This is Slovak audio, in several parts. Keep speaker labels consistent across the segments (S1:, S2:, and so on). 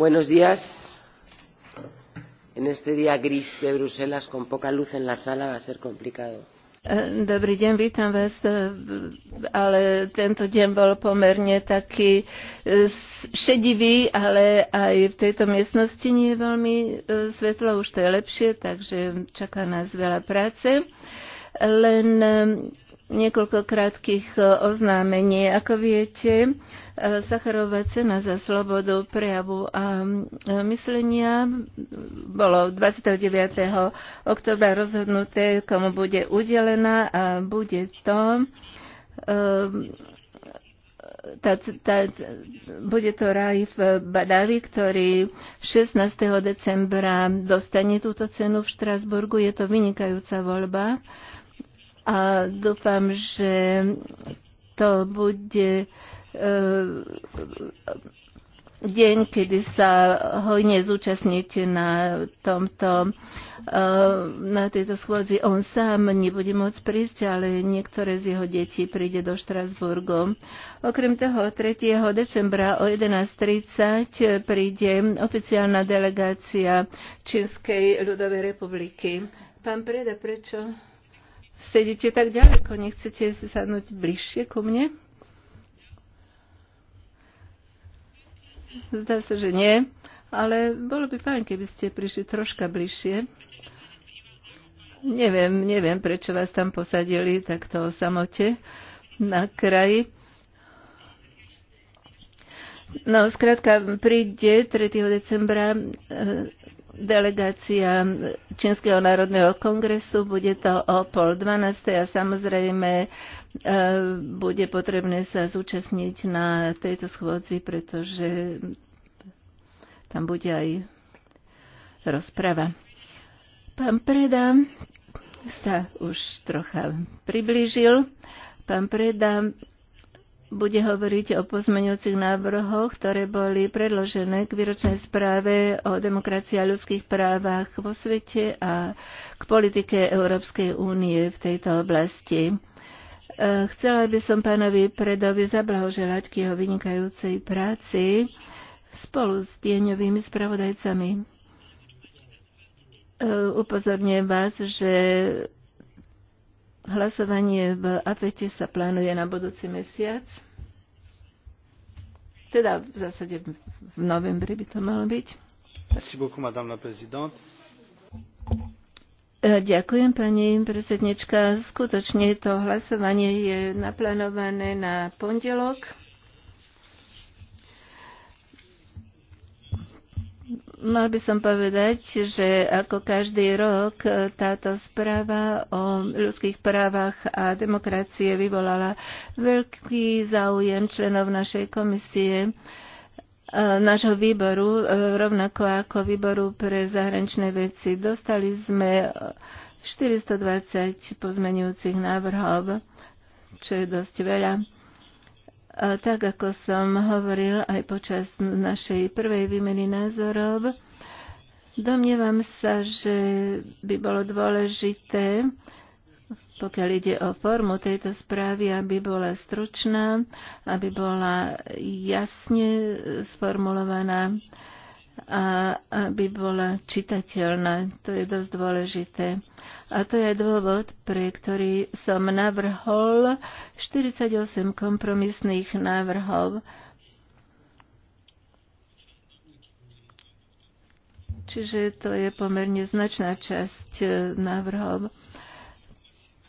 S1: Buenos días. En este día gris de Bruselas, con poca luz en la sala, va a ser complicado.
S2: Eh, dobrý deň, vítam vás, eh, ale tento deň bol pomerne taký eh, šedivý, ale aj v tejto miestnosti nie je veľmi svetlo, už to je lepšie, takže čaká nás veľa práce. Len Niekoľko krátkých e, oznámení. Ako viete, e, Sacharová cena za slobodu prejavu a e, myslenia bolo 29. oktobra rozhodnuté, komu bude udelená a bude to tá, tá, bude to Raif Badavi, ktorý 16. decembra dostane túto cenu v Štrasburgu. Je to vynikajúca voľba. Uh, a dúfam, že to bude eh, deň, kedy sa hojne zúčastníte na tomto, eh, na tejto schôdzi. On sám nebude môcť prísť, ale niektoré z jeho detí príde do Štrasburgu. Okrem toho 3. decembra o 11.30 príde oficiálna delegácia Čínskej ľudovej republiky. Pán Preda, prečo? sedíte tak ďaleko, nechcete sadnúť bližšie ku mne? Zdá sa, že nie, ale bolo by fajn, keby ste prišli troška bližšie. Neviem, neviem, prečo vás tam posadili takto o samote na kraji. No, zkrátka príde 3. decembra eh, delegácia Čínskeho národného kongresu. Bude to o pol dvanástej a samozrejme e, bude potrebné sa zúčastniť na tejto schôdzi, pretože tam bude aj rozprava. Pán Preda sa už trocha priblížil. Pán Preda bude hovoriť o pozmeňujúcich návrhoch, ktoré boli predložené k výročnej správe o demokracii a ľudských právach vo svete a k politike Európskej únie v tejto oblasti. E, chcela by som pánovi Predovi zablahoželať k jeho vynikajúcej práci spolu s tieňovými spravodajcami. E, upozorňujem vás, že Hlasovanie v APETE sa plánuje na budúci mesiac. Teda v zásade v novembri by to malo byť.
S3: Merci beaucoup, madame la présidente.
S2: E, ďakujem, pani predsednička. Skutočne to hlasovanie je naplánované na pondelok. Mal by som povedať, že ako každý rok e, táto správa o ľudských právach a demokracie vyvolala veľký záujem členov našej komisie e, nášho výboru, e, rovnako ako výboru pre zahraničné veci. Dostali sme 420 pozmenujúcich návrhov, čo je dosť veľa tak ako som hovoril aj počas našej prvej výmeny názorov, domnievam sa, že by bolo dôležité, pokiaľ ide o formu tejto správy, aby bola stručná, aby bola jasne sformulovaná a aby bola čitateľná. To je dosť dôležité. A to je dôvod, pre ktorý som navrhol 48 kompromisných návrhov. Čiže to je pomerne značná časť e, návrhov.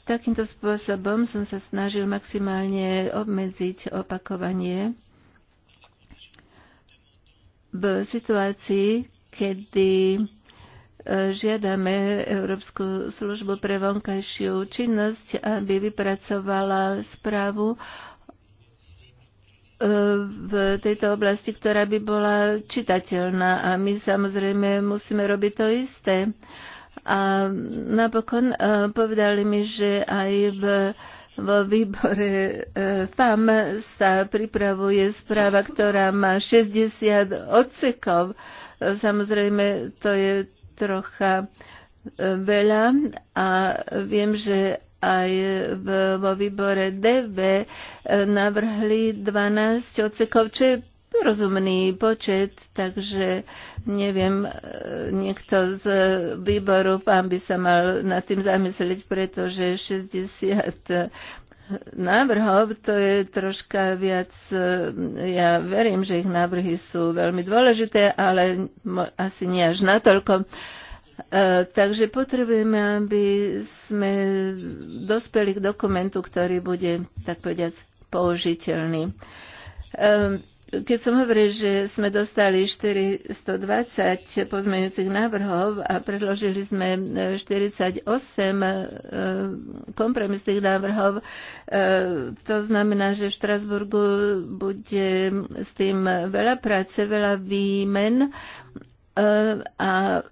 S2: Takýmto spôsobom som sa snažil maximálne obmedziť opakovanie v situácii, kedy e, žiadame Európsku službu pre vonkajšiu činnosť, aby vypracovala správu e, v tejto oblasti, ktorá by bola čitateľná. A my samozrejme musíme robiť to isté. A napokon e, povedali mi, že aj v vo výbore PAM e, sa pripravuje správa, ktorá má 60 odsekov. Samozrejme, to je trocha e, veľa a viem, že aj vo výbore DV e, navrhli 12 odsekov, čo je rozumný počet, takže neviem, e, niekto z výboru pán by sa mal nad tým zamyslieť, pretože 60 návrhov, to je troška viac, e, ja verím, že ich návrhy sú veľmi dôležité, ale asi nie až natoľko. E, takže potrebujeme, aby sme dospeli k dokumentu, ktorý bude, tak povedať, použiteľný. Ehm, keď som hovoril, že sme dostali 420 pozmeňujúcich návrhov a predložili sme 48 eh, eh, kompromisných návrhov, eh, to znamená, že v Štrasburgu bude s tým veľa práce, veľa výmen a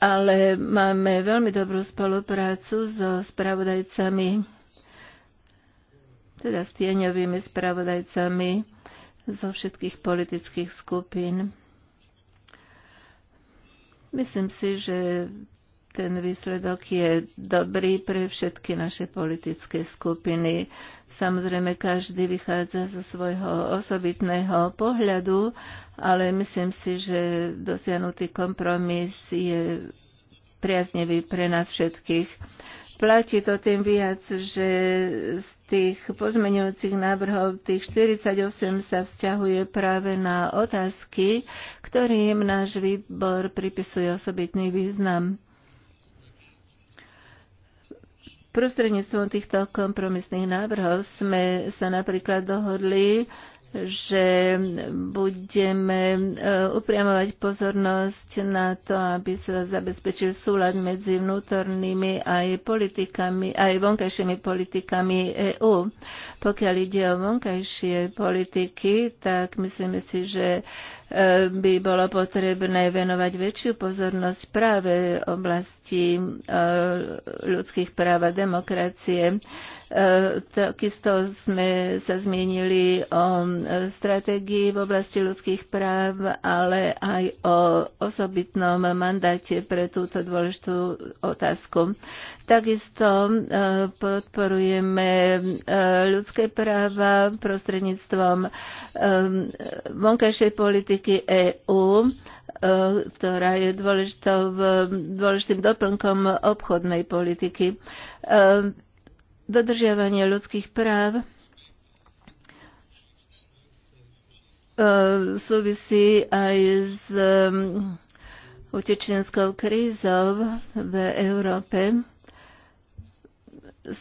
S2: ale máme veľmi dobrú spoluprácu so spravodajcami, teda s tieňovými spravodajcami zo všetkých politických skupín. Myslím si, že ten výsledok je dobrý pre všetky naše politické skupiny. Samozrejme, každý vychádza zo svojho osobitného pohľadu, ale myslím si, že dosiahnutý kompromis je priaznevý pre nás všetkých platí to tým viac, že z tých pozmeňujúcich návrhov tých 48 sa vzťahuje práve na otázky, ktorým náš výbor pripisuje osobitný význam. Prostredníctvom týchto kompromisných návrhov sme sa napríklad dohodli, že budeme e, upriamovať pozornosť na to, aby sa zabezpečil súlad medzi vnútornými aj politikami, aj vonkajšími politikami EÚ. Pokiaľ ide o vonkajšie politiky, tak myslíme si, že by bolo potrebné venovať väčšiu pozornosť práve oblasti e, ľudských práv a demokracie. E, takisto sme sa zmienili o stratégii v oblasti ľudských práv, ale aj o osobitnom mandáte pre túto dôležitú otázku. Takisto e, podporujeme ľudské práva prostredníctvom vonkajšej politiky politiky EÚ, e, ktorá je dôležitým doplnkom obchodnej politiky. E, dodržiavanie ľudských práv e, súvisí aj s um, utečenskou krízou v Európe.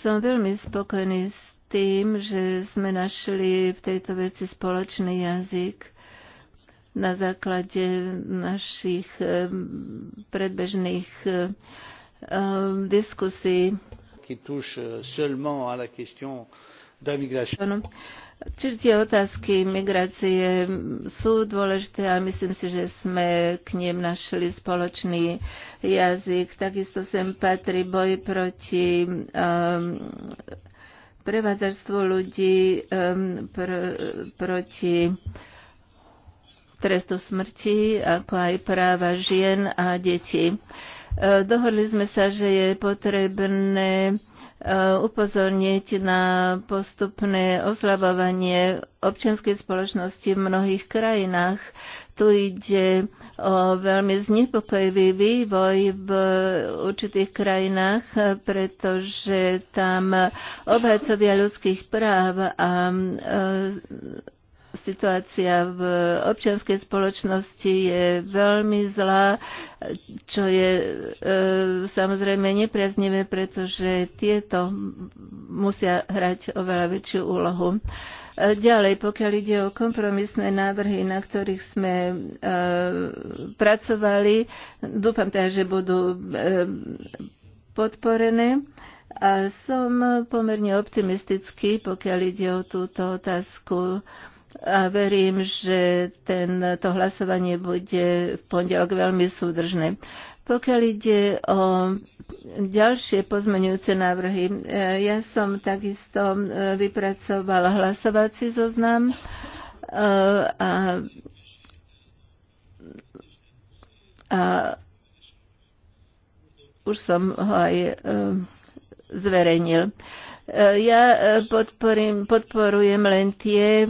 S2: Som veľmi spokojný s tým, že sme našli v tejto veci spoločný jazyk na základe našich eh, predbežných eh, eh, diskusí. Čiže tie otázky migrácie sú dôležité a myslím si, že sme k nim našli spoločný jazyk. Takisto sem patrí boj proti um, prevádzačstvu ľudí um, pr- proti trestu smrti, ako aj práva žien a detí. E, dohodli sme sa, že je potrebné e, upozorniť na postupné oslabovanie občianskej spoločnosti v mnohých krajinách. Tu ide o veľmi znepokojivý vývoj v určitých krajinách, pretože tam obhajcovia ľudských práv a e, situácia v občianskej spoločnosti je veľmi zlá, čo je e, samozrejme nepriaznivé, pretože tieto musia hrať oveľa väčšiu úlohu. E, ďalej, pokiaľ ide o kompromisné návrhy, na ktorých sme e, pracovali, dúfam teda, že budú e, podporené. A som pomerne optimistický, pokiaľ ide o túto otázku. E, a verím, že ten, to hlasovanie bude v pondelok veľmi súdržné. Pokiaľ ide o ďalšie pozmenujúce návrhy, e, ja som takisto e, vypracovala hlasovací zoznam e, a, a už som ho aj zverejnil. E, ja e, podporím, podporujem len tie e,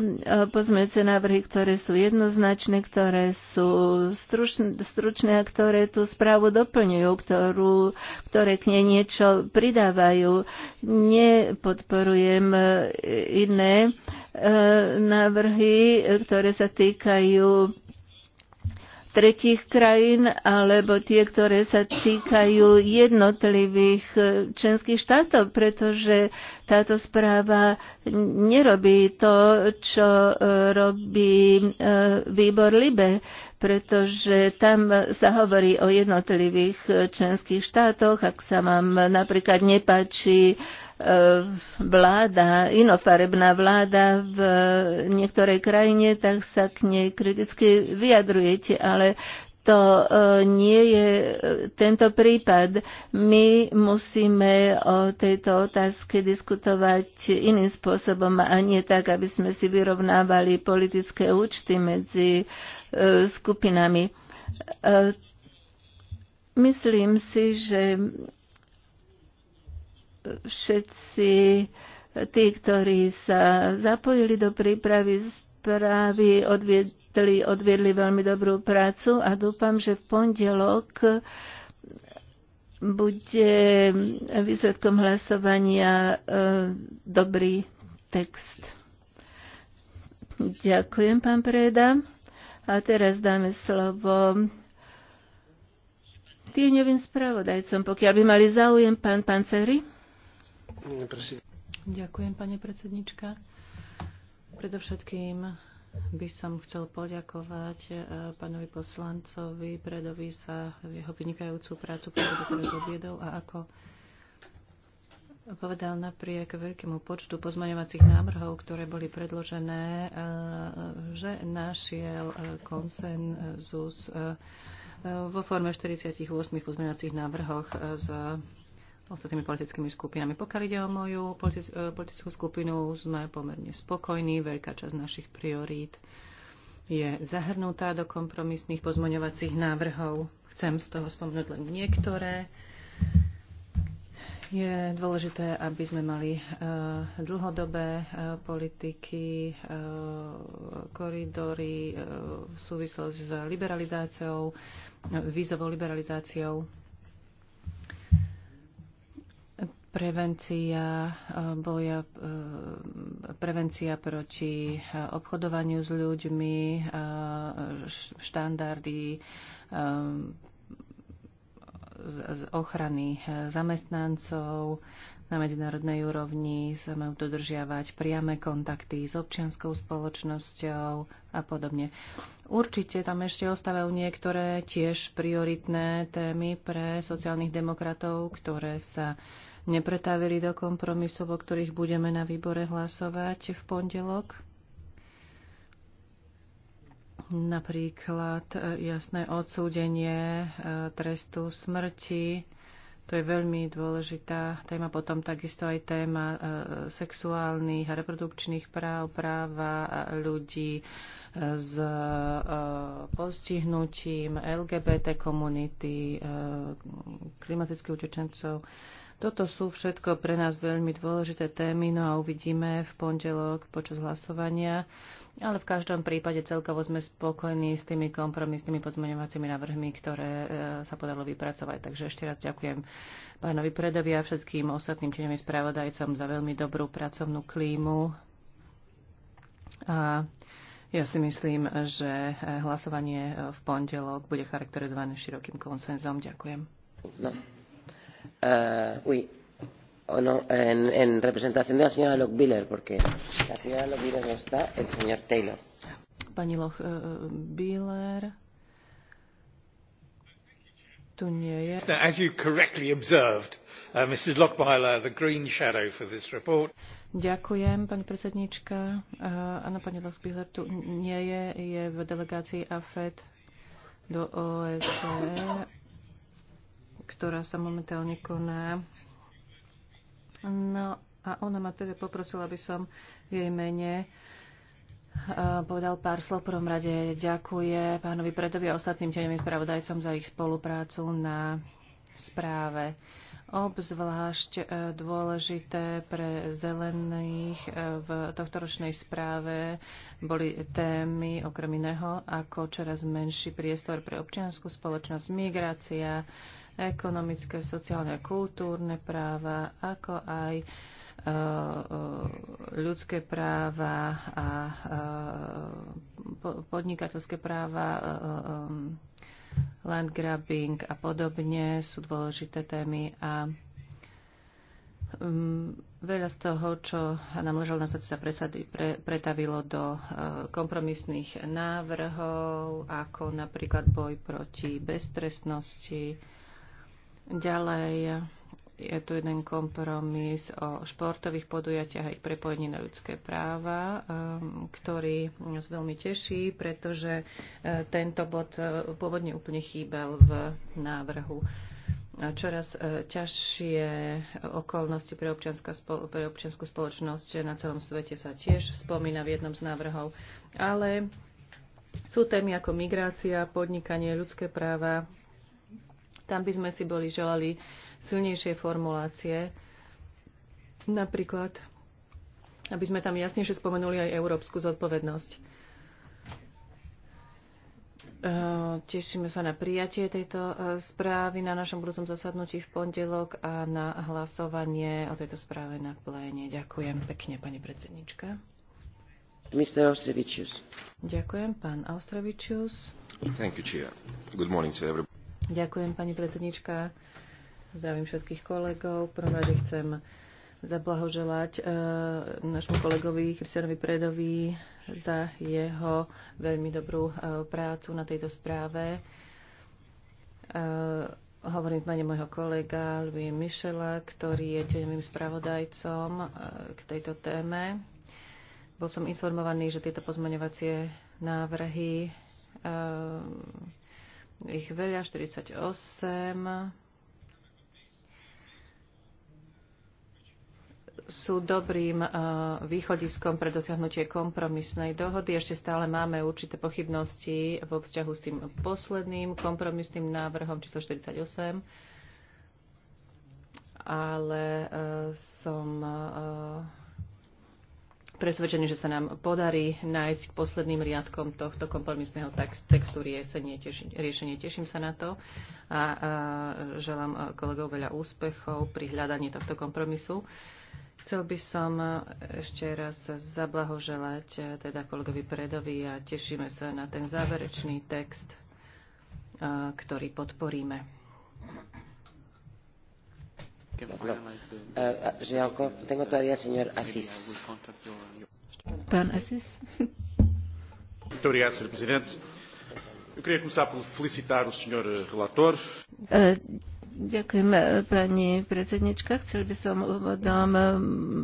S2: pozmeňujúce návrhy, ktoré sú jednoznačné, ktoré sú stručné, stručné a ktoré tú správu doplňujú, ktorú, ktoré k nej niečo pridávajú. Nepodporujem iné návrhy, ktoré sa týkajú tretích krajín alebo tie, ktoré sa týkajú jednotlivých e, členských štátov, pretože táto správa nerobí to, čo e, robí e, výbor LIBE pretože tam sa hovorí o jednotlivých členských štátoch. Ak sa vám napríklad nepáči vláda, inofarebná vláda v niektorej krajine, tak sa k nej kriticky vyjadrujete, ale to e, nie je e, tento prípad. My musíme o tejto otázke diskutovať iným spôsobom a nie tak, aby sme si vyrovnávali politické účty medzi e, skupinami. Myslím si, že všetci tí, ktorí sa zapojili do prípravy správy, odviedli, odviedli veľmi dobrú prácu a dúfam, že v pondelok bude výsledkom hlasovania e, dobrý text. Ďakujem, pán Preda. A teraz dáme slovo tieňovým spravodajcom, pokiaľ by mali záujem pán Panceri. Ďakujem, pani predsednička. Predovšetkým by
S4: som chcel poďakovať e, pánovi poslancovi Predovi za jeho vynikajúcu prácu, ktorú odviedol a ako povedal napriek veľkému počtu pozmaňovacích návrhov, ktoré boli predložené, e, že našiel e, konsenzus vo forme 48 pozmaňovacích návrhoch z ostatnými politickými skupinami. Pokiaľ ide o moju e, politickú skupinu, sme pomerne spokojní. Veľká časť našich priorít je zahrnutá do kompromisných pozmoňovacích návrhov. Chcem z toho spomnúť len niektoré. Je dôležité, aby sme mali e, dlhodobé e, politiky, koridory v súvislosti s liberalizáciou, vízovou liberalizáciou prevencia, eh, boja, eh, prevencia proti eh, obchodovaniu s ľuďmi, štandardy z ochrany zamestnancov na medzinárodnej úrovni sa majú dodržiavať priame kontakty s občianskou spoločnosťou a podobne. Určite tam ešte ostávajú niektoré tiež prioritné témy pre sociálnych demokratov, ktoré sa uh, nepretavili do kompromisov, o ktorých budeme na výbore hlasovať v pondelok. Napríklad e, jasné odsúdenie e, trestu smrti, to je veľmi dôležitá téma, potom takisto aj téma e, sexuálnych a reprodukčných práv, práva ľudí s postihnutím LGBT komunity, klimatických utečencov. Toto sú všetko pre nás veľmi dôležité témy, no a uvidíme v pondelok počas hlasovania. Ale v každom prípade celkovo sme spokojní s tými kompromisnými pozmeňovacími návrhmi, ktoré e, sa podalo vypracovať. Takže ešte raz ďakujem pánovi Predovi a všetkým ostatným tieňovým spravodajcom za veľmi dobrú pracovnú klímu. A ja si myslím, že e, hlasovanie e, v pondelok bude charakterizované širokým konsenzom. Ďakujem.
S1: No. Uh, uy, o no, no eh,
S4: tu nie je.
S3: as you correctly observed, uh, Mrs. Lockbiller, the green shadow for this
S4: report. Ďakujem, pani predsednička. Uh, áno, pani Lochbihler tu nie je, je v delegácii AFED do OSCE ktorá sa momentálne koná. No a ona ma teda poprosila, aby som v jej mene povedal pár slov. V prvom rade ďakuje pánovi Predovi a ostatným tenovým spravodajcom za ich spoluprácu na správe. Obzvlášť e, dôležité pre zelených e, v tohtoročnej správe boli témy, okrem iného, ako čoraz menší priestor pre občianskú spoločnosť, migrácia, ekonomické, sociálne a kultúrne práva, ako aj e, e, ľudské práva a e, podnikateľské práva, land grabbing a podobne sú dôležité témy a mm, veľa z toho, čo nám ležalo na srdci, sa presadi, pre, pretavilo do kompromisných návrhov, ako napríklad boj proti beztrestnosti, Ďalej je tu jeden kompromis o športových podujatiach a ich prepojení na ľudské práva, ehm, ktorý nás veľmi teší, pretože e, tento bod e, pôvodne úplne chýbal v návrhu. Čoraz e, ťažšie okolnosti pre, pre občianskú spoločnosť na celom svete sa tiež spomína v jednom z návrhov, ale sú témy ako migrácia, podnikanie, ľudské práva, tam by sme si boli želali silnejšie formulácie. Napríklad, aby sme tam jasnejšie spomenuli aj európsku zodpovednosť. E, tešíme sa na prijatie tejto e, správy na našom budúcom zasadnutí v pondelok a na hlasovanie o tejto správe na pléne. Ďakujem pekne, pani predsednička.
S1: Mr. Ostrevičius.
S4: Ďakujem, pán Ostrevičius.
S1: Thank you, Chia. Good morning to everybody.
S4: Ďakujem, pani predsednička. Zdravím všetkých kolegov. V prvom rade chcem zablahoželať e, našmu kolegovi Christianovi Predovi za jeho veľmi dobrú e, prácu na tejto správe. E, hovorím v mene môjho kolega Louis Michela, ktorý je tenovým spravodajcom e, k tejto téme. Bol som informovaný, že tieto pozmeňovacie návrhy e, ich veľa, 48. sú dobrým eh, východiskom pre dosiahnutie kompromisnej dohody. Ešte stále máme určité pochybnosti vo vzťahu s tým posledným kompromisným návrhom číslo 48, ale eh, som eh, presvedčení, že sa nám podarí nájsť k posledným riadkom tohto kompromisného textu riešenie. Teším, riešenie. Teším sa na to a, želám e, kolegov veľa úspechov pri hľadaní tohto kompromisu. Chcel by som e, ešte raz zablahoželať e, teda kolegovi Predovi a tešíme sa na ten záverečný text, ktorý podporíme.
S1: Eh, eh, tengo todavía señor Asís. Pán Asís. Muito obrigado,
S3: Sr. Presidente. Eu queria começar por felicitar o Sr. Eh, relator. Uh,
S2: Ďakujem, pani predsednička. Chcel by som úvodom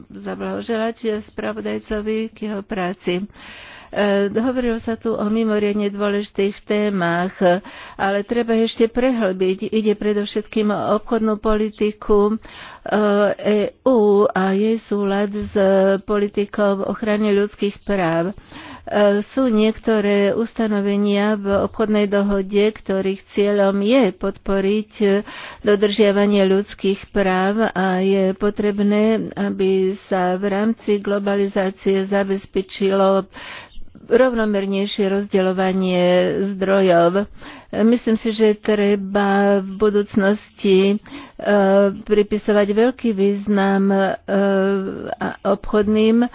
S2: zablahoželať spravodajcovi k jeho práci. Uh, E, hovorilo sa tu o mimoriadne dôležitých témach, e, ale treba ešte prehlbiť. Ide predovšetkým o obchodnú politiku EÚ e a jej súlad s politikou ochrany ľudských práv sú niektoré ustanovenia v obchodnej dohode, ktorých cieľom je podporiť dodržiavanie ľudských práv a je potrebné, aby sa v rámci globalizácie zabezpečilo rovnomernejšie rozdeľovanie zdrojov. Myslím si, že treba v budúcnosti e, pripisovať veľký význam e, obchodným e,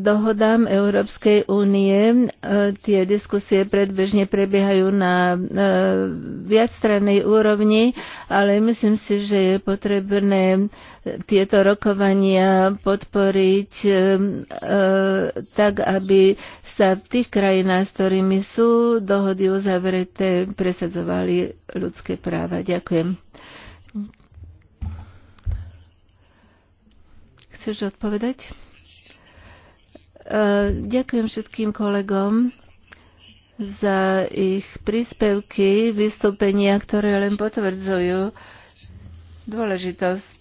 S2: dohodám Európskej únie. Tie diskusie predbežne prebiehajú na viacstrannej úrovni, ale myslím si, že je potrebné tieto rokovania podporiť tak, aby sa v tých krajinách, s ktorými sú dohody uzavreté, presadzovali ľudské práva. Ďakujem. Chceš odpovedať? E, ďakujem všetkým kolegom za ich príspevky, vystúpenia, ktoré len potvrdzujú dôležitosť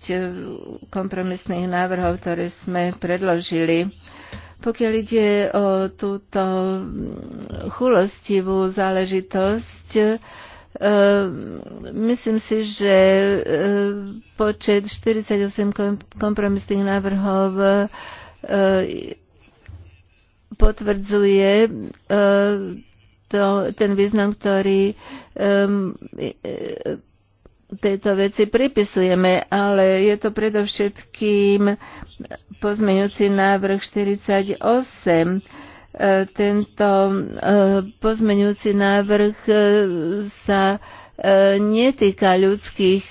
S2: kompromisných návrhov, ktoré sme predložili. Pokiaľ ide o túto chulostivú záležitosť, E, myslím si, že e, počet 48 kompromisných návrhov e, potvrdzuje to, ten význam, ktorý tejto veci pripisujeme, ale je to predovšetkým pozmeňujúci návrh 48 E, tento e, pozmeňujúci návrh e, sa netýka ľudských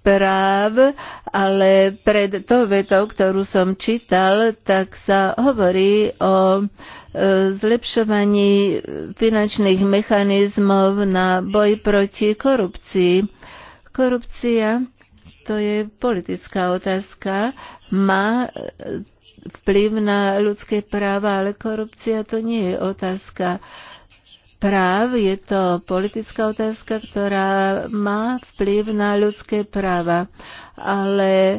S2: práv, ale pred tou vetou, ktorú som čítal, tak sa hovorí o zlepšovaní finančných mechanizmov na boj proti korupcii. Korupcia, to je politická otázka, má vplyv na ľudské práva, ale korupcia to nie je otázka práv, je to politická otázka, ktorá má vplyv na ľudské práva. Ale e,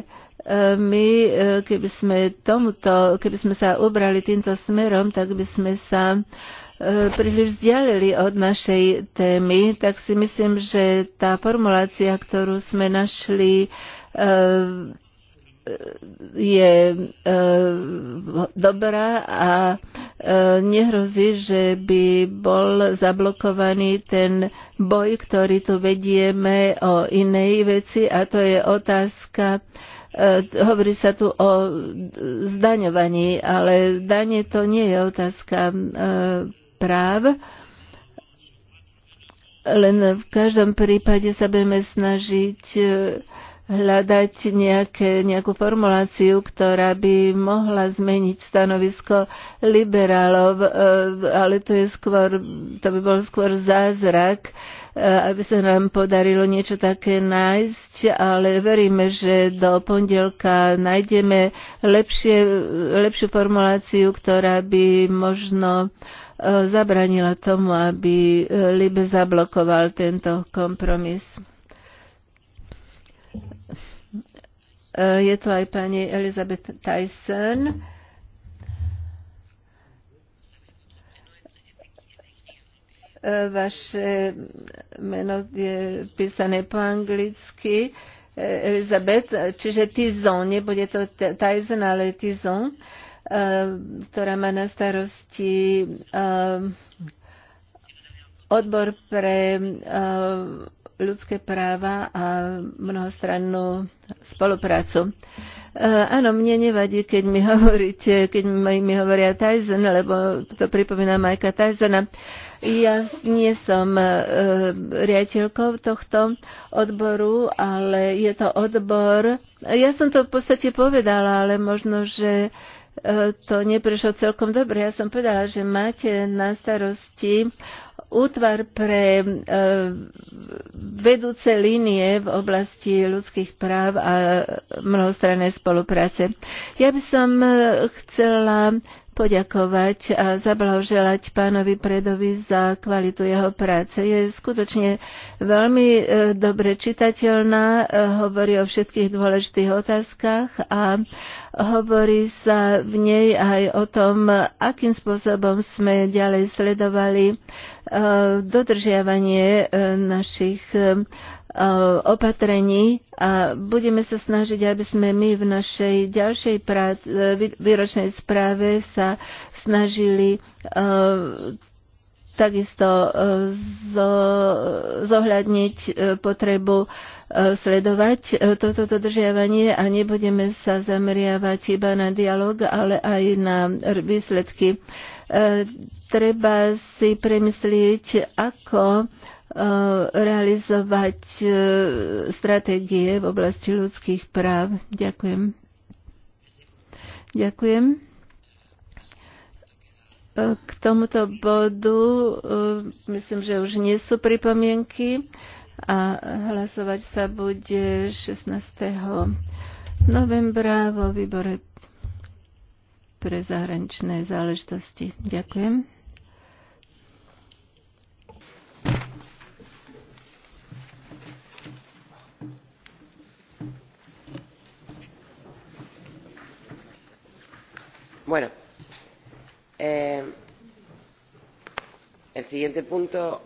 S2: my, e, keby sme, tomuto, keby sme sa ubrali týmto smerom, tak by sme sa e, príliš vzdialili od našej témy, tak si myslím, že tá formulácia, ktorú sme našli, je e, dobrá a e, nehrozí, že by bol zablokovaný ten boj, ktorý tu vedieme o inej veci a to je otázka e, hovorí sa tu o zdaňovaní, ale danie to nie je otázka práv. Len v každom prípade sa budeme snažiť hľadať nejaké, nejakú formuláciu, ktorá by mohla zmeniť stanovisko liberálov, e, ale to, je skôr, to by bol skôr zázrak, e, aby sa nám podarilo niečo také nájsť, ale veríme, že do pondelka nájdeme lepšie, lepšiu formuláciu, ktorá by možno e, zabranila tomu, aby Libe zablokoval tento kompromis. Eh, je to aj pani Elizabeth Tyson. Eh, vaše meno je písané po anglicky. Eh, Elizabeth, čiže Tyson, nebude to Tyson, ale Tyson, ktorá má na starosti odbor pre ľudské práva a mnohostrannú spoluprácu. E, áno, mne nevadí, keď mi hovoríte, keď mi, mi hovoria Tyson, lebo to pripomína Majka Tysona. Ja nie som e, riaditeľkou tohto odboru, ale je to odbor. Ja som to v podstate povedala, ale možno, že e, to neprešlo celkom dobre. Ja som povedala, že máte na starosti Útvar pre e, vedúce línie v oblasti ľudských práv a mnohostranné spolupráce. Ja by som e, chcela poďakovať a zablahoželať pánovi Predovi za kvalitu jeho práce. Je skutočne veľmi e, dobre čitateľná, e, hovorí o všetkých dôležitých otázkach a hovorí sa v nej aj o tom, akým spôsobom sme ďalej sledovali e, dodržiavanie našich Eh, opatrení a budeme sa snažiť, aby sme my v našej ďalšej práci, eh, výročnej správe sa snažili eh, takisto zohľadniť potrebu sledovať toto dodržiavanie a nebudeme sa zameriavať iba na dialog, ale aj na výsledky. Treba si premyslieť, ako realizovať e, stratégie v oblasti ľudských práv. Ďakujem. Ďakujem. E, k tomuto bodu e, myslím, že už nie sú pripomienky a hlasovať sa bude 16. novembra vo výbore pre zahraničné záležitosti. Ďakujem.
S1: Bueno, eh, el siguiente punto.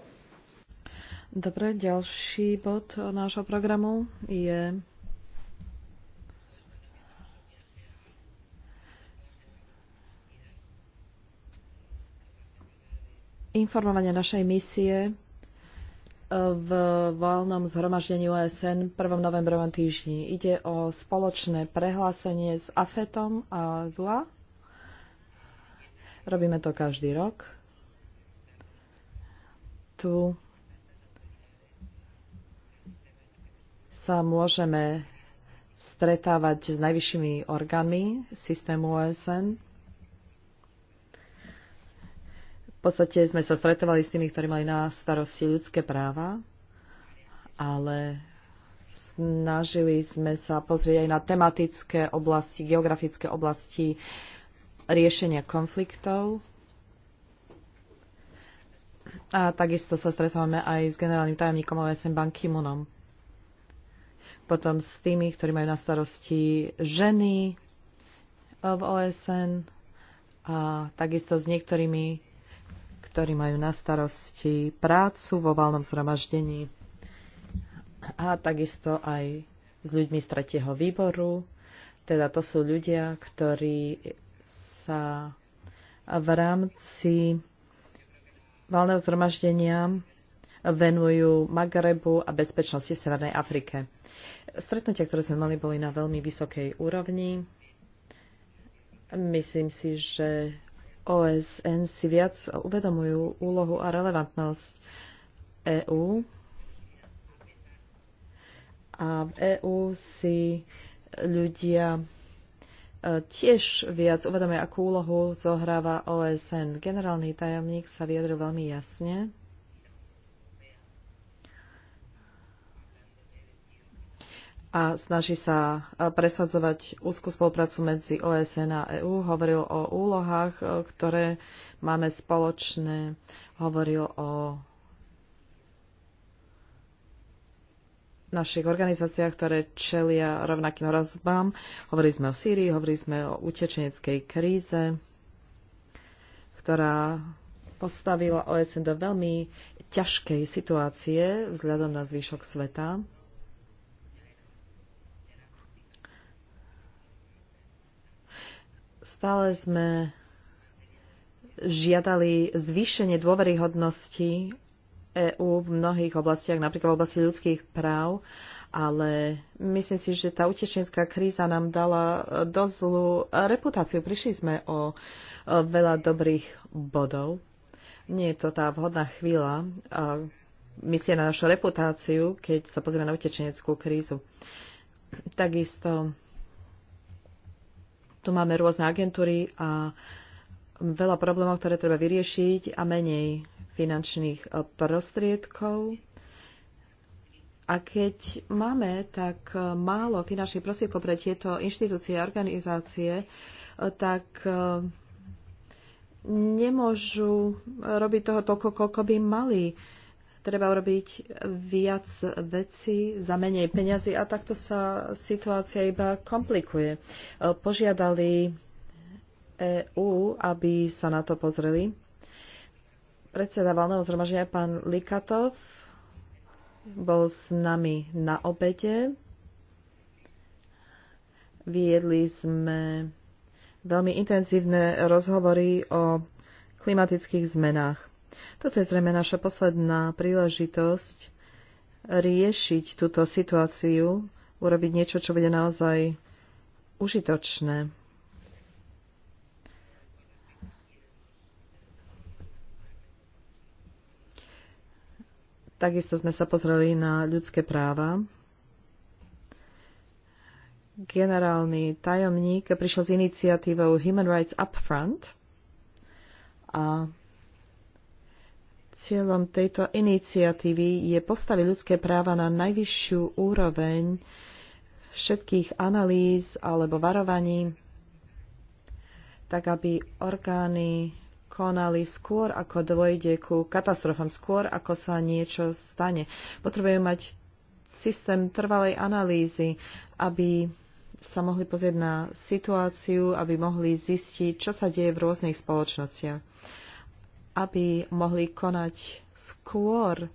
S5: Dobre, ďalší bod nášho programu je informovanie našej misie v valnom zhromaždení OSN 1. novembrovom týždni. Ide o spoločné prehlásenie s AFETom a DUA Robíme to každý rok. Tu sa môžeme stretávať s najvyššími orgánmi systému OSN. V podstate sme sa stretovali s tými, ktorí mali na starosti ľudské práva, ale snažili sme sa pozrieť aj na tematické oblasti, geografické oblasti riešenia konfliktov. A takisto sa stretávame aj s generálnym tajomníkom OSN Ban Ki-moonom. Potom s tými, ktorí majú na starosti ženy eh, v OSN a takisto s niektorými, ktorí majú na starosti prácu vo valnom zhromaždení a takisto aj s ľuďmi z tretieho výboru. Teda to sú ľudia, ktorí sa v rámci valného zhromaždenia venujú Magrebu a bezpečnosti v Severnej Afrike. Stretnutia, ktoré sme mali, boli na veľmi vysokej úrovni. Myslím si, že OSN si viac uvedomujú úlohu a relevantnosť EÚ. A v EÚ si ľudia tiež viac uvedomuje, akú úlohu zohráva OSN. Generálny tajomník sa vyjadril veľmi jasne. a snaží sa e, presadzovať úzkú spoluprácu medzi OSN a EÚ. Hovoril o úlohách, e, ktoré máme spoločné. Hovoril o našich organizáciách, ktoré čelia rovnakým hrozbám. Hovorili sme o Sýrii, hovorili sme o utečeneckej kríze, ktorá postavila OSN do veľmi ťažkej situácie vzhľadom na zvyšok sveta. Stále sme žiadali zvýšenie dôveryhodnosti EÚ v mnohých oblastiach, napríklad v oblasti ľudských práv, ale myslím si, že tá utečenská kríza nám dala e, dosť zlú e, reputáciu. Prišli sme o e, veľa dobrých bodov. Nie je to tá vhodná chvíľa myslia na našu reputáciu, keď sa pozrieme na utečeneckú krízu. Takisto tu máme rôzne agentúry a veľa problémov, ktoré treba vyriešiť a menej finančných eh, prostriedkov. A keď máme tak eh, málo finančných prostriedkov pre tieto inštitúcie a organizácie, eh, tak nemôžu robiť toho toľko, koľko by mali. Treba urobiť viac vecí za menej peňazí a takto sa situácia iba komplikuje. Požiadali EÚ, aby sa na to pozreli predseda valného zhromaždenia pán Likatov bol s nami na obede. Viedli sme veľmi intenzívne rozhovory o klimatických zmenách. Toto je zrejme naša posledná príležitosť riešiť túto situáciu, urobiť niečo, čo bude naozaj užitočné. Takisto sme sa pozreli na ľudské práva. Generálny tajomník prišiel s iniciatívou Human Rights Upfront a cieľom tejto iniciatívy je postaviť ľudské práva na najvyššiu úroveň všetkých analýz alebo varovaní, tak aby orgány konali skôr, ako dôjde ku katastrofám, skôr, ako sa niečo stane. Potrebujeme mať systém trvalej analýzy, aby sa mohli pozrieť na situáciu, aby mohli zistiť, čo sa deje v rôznych spoločnostiach. Aby mohli konať skôr,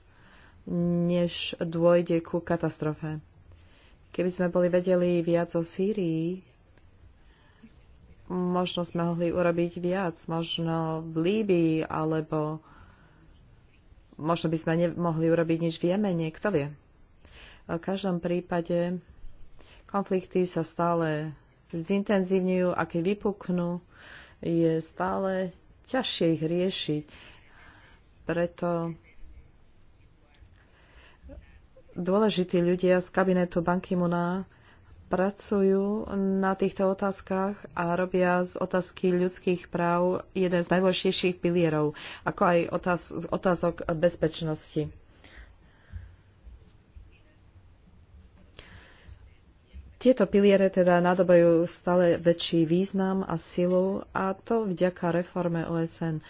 S5: než dôjde ku katastrofe. Keby sme boli vedeli viac o Sýrii, možno sme mohli urobiť viac, možno v Líbii, alebo možno by sme nemohli urobiť nič v Jemene, kto vie. V každom prípade konflikty sa stále zintenzívňujú a keď vypuknú, je stále ťažšie ich riešiť. Preto dôležití ľudia z kabinetu Banky Muna pracujú na týchto otázkach a robia z otázky ľudských práv jeden z najdôležitejších pilierov, ako aj otáz, otázok bezpečnosti. Tieto piliere teda nadobajú stále väčší význam a silu a to vďaka reforme OSN.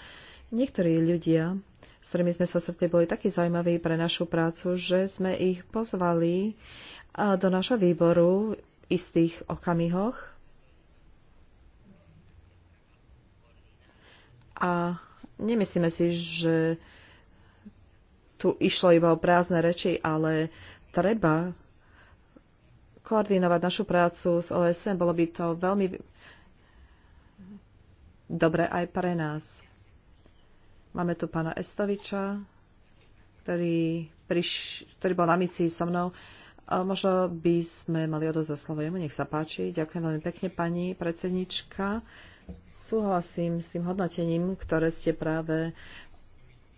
S5: Niektorí ľudia, s ktorými sme sa stretli, boli takí zaujímaví pre našu prácu, že sme ich pozvali do našho výboru istých okamihoch. A nemyslíme si, že tu išlo iba o prázdne reči, ale treba koordinovať našu prácu s OSN. Bolo by to veľmi dobre aj pre nás. Máme tu pána Estoviča, ktorý, priš- ktorý bol na misii so mnou. Uh, a možno by sme mali odozdať slovo jemu. Nech sa páči. Ďakujem veľmi pekne, pani predsednička. Súhlasím s tým hodnotením, ktoré ste práve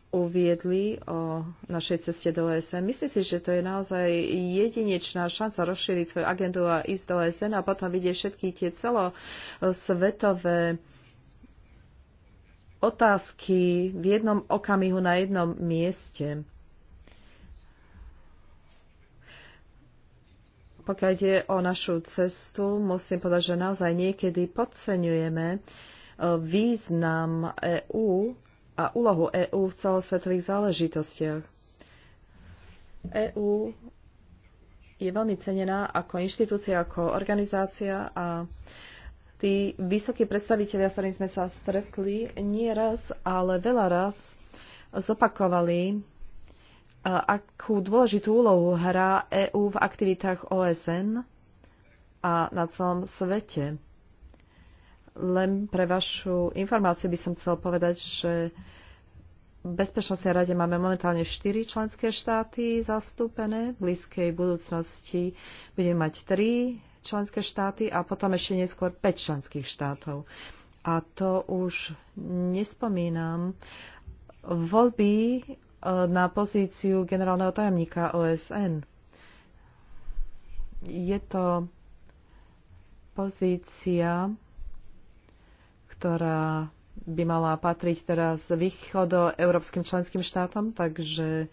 S5: uviedli o našej ceste do OSN. Myslím si, že to je naozaj jedinečná šanca rozšíriť svoju agendu a ísť do OSN a potom vidieť všetky tie celosvetové otázky v jednom okamihu na jednom mieste. Pokiaľ ide o našu cestu, musím povedať, že naozaj niekedy podceňujeme e, význam EÚ a úlohu EÚ v celosvetových záležitostiach. EÚ je veľmi cenená ako inštitúcia, ako organizácia a tí vysokí predstavitelia, s ktorými sme sa stretli, nie raz, ale veľa raz zopakovali akú dôležitú úlohu hrá EÚ v aktivitách OSN a na celom svete. Len pre vašu informáciu by som chcel povedať, že v Bezpečnostnej rade máme momentálne 4 členské štáty zastúpené. V blízkej budúcnosti budeme mať 3 členské štáty a potom ešte neskôr 5 členských štátov. A to už nespomínam voľby na pozíciu generálneho tajomníka OSN. Je to pozícia, ktorá by mala patriť teraz východo európskym členským štátom, takže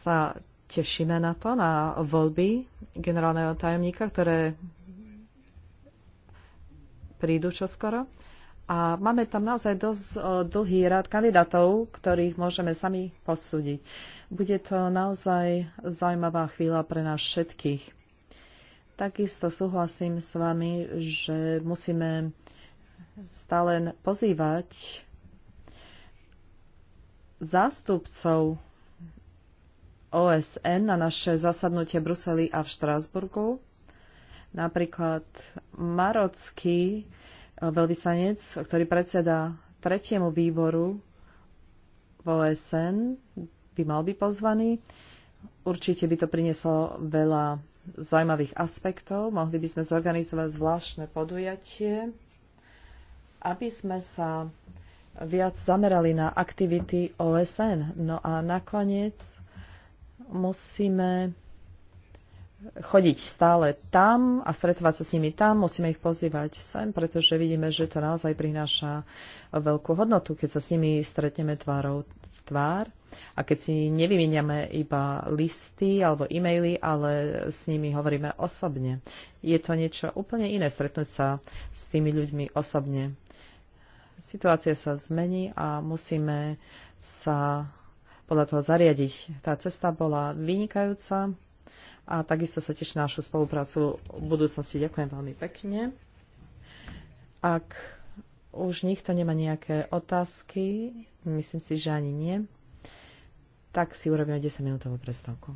S5: sa tešíme na to, na voľby generálneho tajomníka, ktoré prídu čoskoro. skoro. A máme tam naozaj dosť e, dlhý rad kandidátov, ktorých môžeme sami posúdiť. Bude to naozaj zaujímavá chvíľa pre nás všetkých. Takisto súhlasím s vami, že musíme stále pozývať zástupcov OSN na naše zasadnutie Bruseli a v Štrásburgu. Napríklad marocký veľvyslanec, ktorý predseda tretiemu výboru v OSN, by mal byť pozvaný. Určite by to prinieslo veľa zaujímavých aspektov. Mohli by sme zorganizovať zvláštne podujatie, aby sme sa viac zamerali na aktivity OSN. No a nakoniec musíme chodiť stále tam a stretávať sa s nimi tam, musíme ich pozývať sem, pretože vidíme, že to naozaj prináša veľkú hodnotu, keď sa s nimi stretneme tvárou v tvár a keď si nevymieňame iba listy alebo e-maily, ale s nimi hovoríme osobne. Je to niečo úplne iné stretnúť sa s tými ľuďmi osobne. Situácia sa zmení a musíme sa podľa toho zariadiť. Tá cesta bola vynikajúca a takisto sa teším na našu spoluprácu v budúcnosti. Ďakujem veľmi pekne. Ak už nikto nemá nejaké otázky, myslím si, že ani nie, tak si urobíme 10-minútovú prestávku.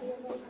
S3: Ďakujem.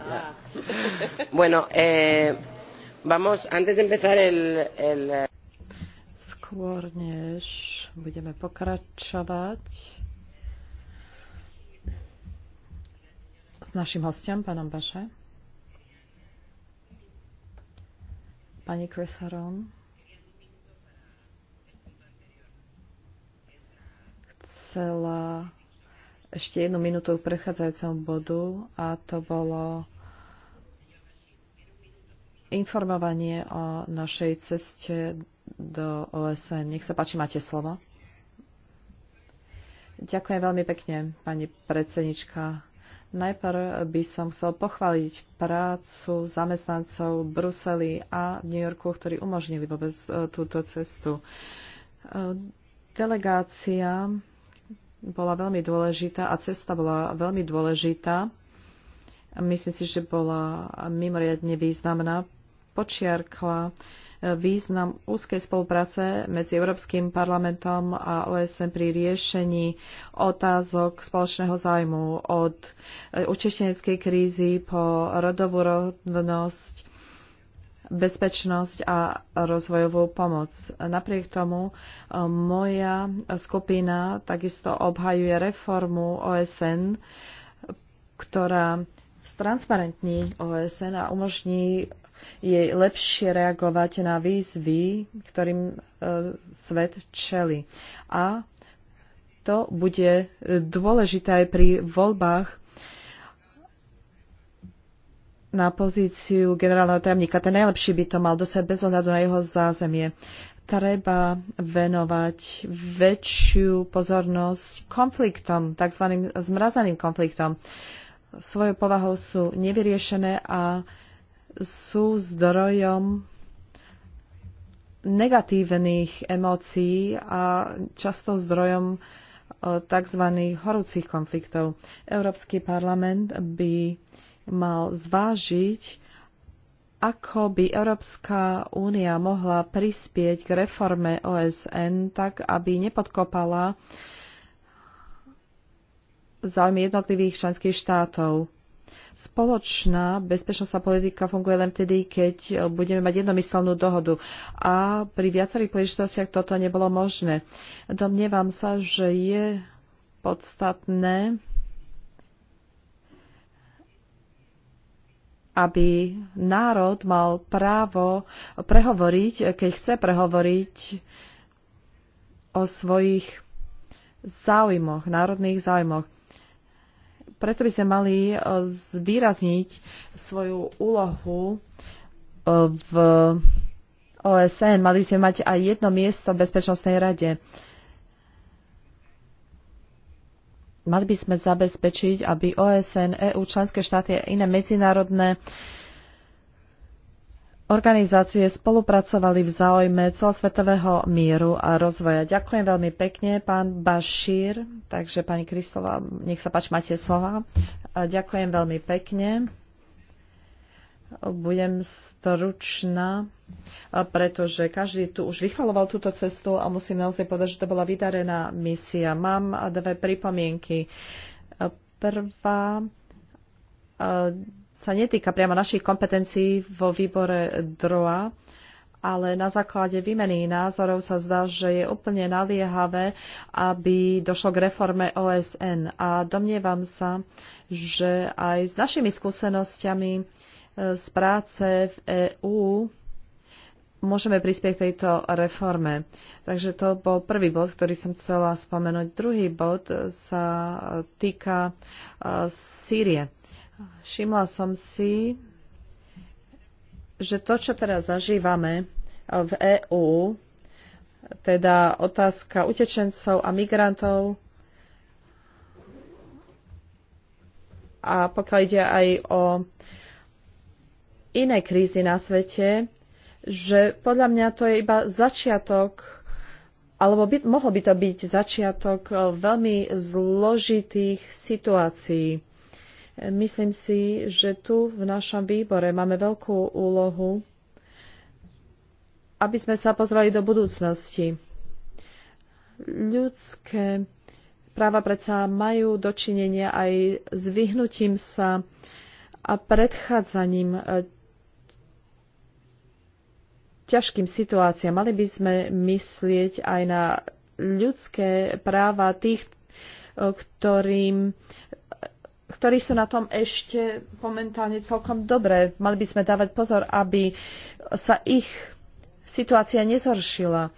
S1: Ah. bueno, eh, vamos, antes de empezar el, el...
S5: Skôr než budeme pokračovať s našim hostiom, pánom Baše. Pani Chris Haron. ešte jednu minútu v prechádzajúcom bodu a to bolo informovanie o našej ceste do OSN. Nech sa páči, máte slovo. Ďakujem veľmi pekne, pani predsednička. Najprv by som chcel pochváliť prácu zamestnancov v Bruseli a v New Yorku, ktorí umožnili vôbec e, túto cestu. E, delegácia bola veľmi dôležitá a cesta bola veľmi dôležitá. Myslím si, že bola mimoriadne významná. Počiarkla eh, význam úzkej spolupráce medzi Európskym parlamentom a OSN pri riešení otázok spoločného zájmu od eh, učešteneckej krízy po rodovú rovnosť bezpečnosť a rozvojovú pomoc. Napriek tomu e, moja skupina takisto obhajuje reformu OSN, ktorá stransparentní OSN a umožní jej lepšie reagovať na výzvy, ktorým e, svet čeli. A to bude dôležité aj pri voľbách na pozíciu generálneho tajomníka. Ten najlepší by to mal dosať bez ohľadu na jeho zázemie. Treba venovať väčšiu pozornosť konfliktom, tzv. zmrazaným konfliktom. Svojou povahou sú nevyriešené a sú zdrojom negatívnych emócií a často zdrojom eh, tzv. horúcich konfliktov. Európsky parlament by mal zvážiť, ako by Európska únia mohla prispieť k reforme OSN tak, aby nepodkopala záujmy jednotlivých členských štátov. Spoločná bezpečnostná politika funguje len vtedy, keď budeme mať jednomyselnú dohodu. A pri viacerých príležitostiach toto nebolo možné. Domnievam sa, že je podstatné aby národ mal právo prehovoriť, keď chce prehovoriť o svojich záujmoch, národných záujmoch. Preto by sme mali e, zvýrazniť svoju úlohu e, v OSN. Mali sme mať aj jedno miesto v Bezpečnostnej rade. mali by sme zabezpečiť, aby OSN, EU, členské štáty a iné medzinárodné organizácie spolupracovali v záujme celosvetového míru a rozvoja. Ďakujem veľmi pekne, pán Bašír. Takže, pani Kristova, nech sa páči, máte slova. Ďakujem veľmi pekne budem stručná, pretože každý tu už vychvaloval túto cestu a musím naozaj povedať, že to bola vydarená misia. Mám dve pripomienky. Prvá sa netýka priamo našich kompetencií vo výbore DROA, ale na základe výmeny názorov sa zdá, že je úplne naliehavé, aby došlo k reforme OSN. A domnievam sa, že aj s našimi skúsenostiami z práce v EÚ môžeme prispieť k tejto reforme. Takže to bol prvý bod, ktorý som chcela spomenúť. Druhý bod sa týka e, Sýrie. Všimla som si, že to, čo teraz zažívame e, v EÚ, teda otázka utečencov a migrantov, a pokiaľ ide aj o iné krízy na svete, že podľa mňa to je iba začiatok, alebo by, mohol by to byť začiatok e, veľmi zložitých situácií. Myslím si, že tu v našom výbore máme veľkú úlohu, aby sme sa pozreli do budúcnosti. Ľudské práva predsa majú dočinenia aj s vyhnutím sa a predchádzaním e, ťažkým situáciám. Mali by sme myslieť aj na ľudské práva tých, e, ktorým ktorí sú na tom ešte momentálne celkom dobré. Mali by sme dávať pozor, aby sa ich situácia nezhoršila.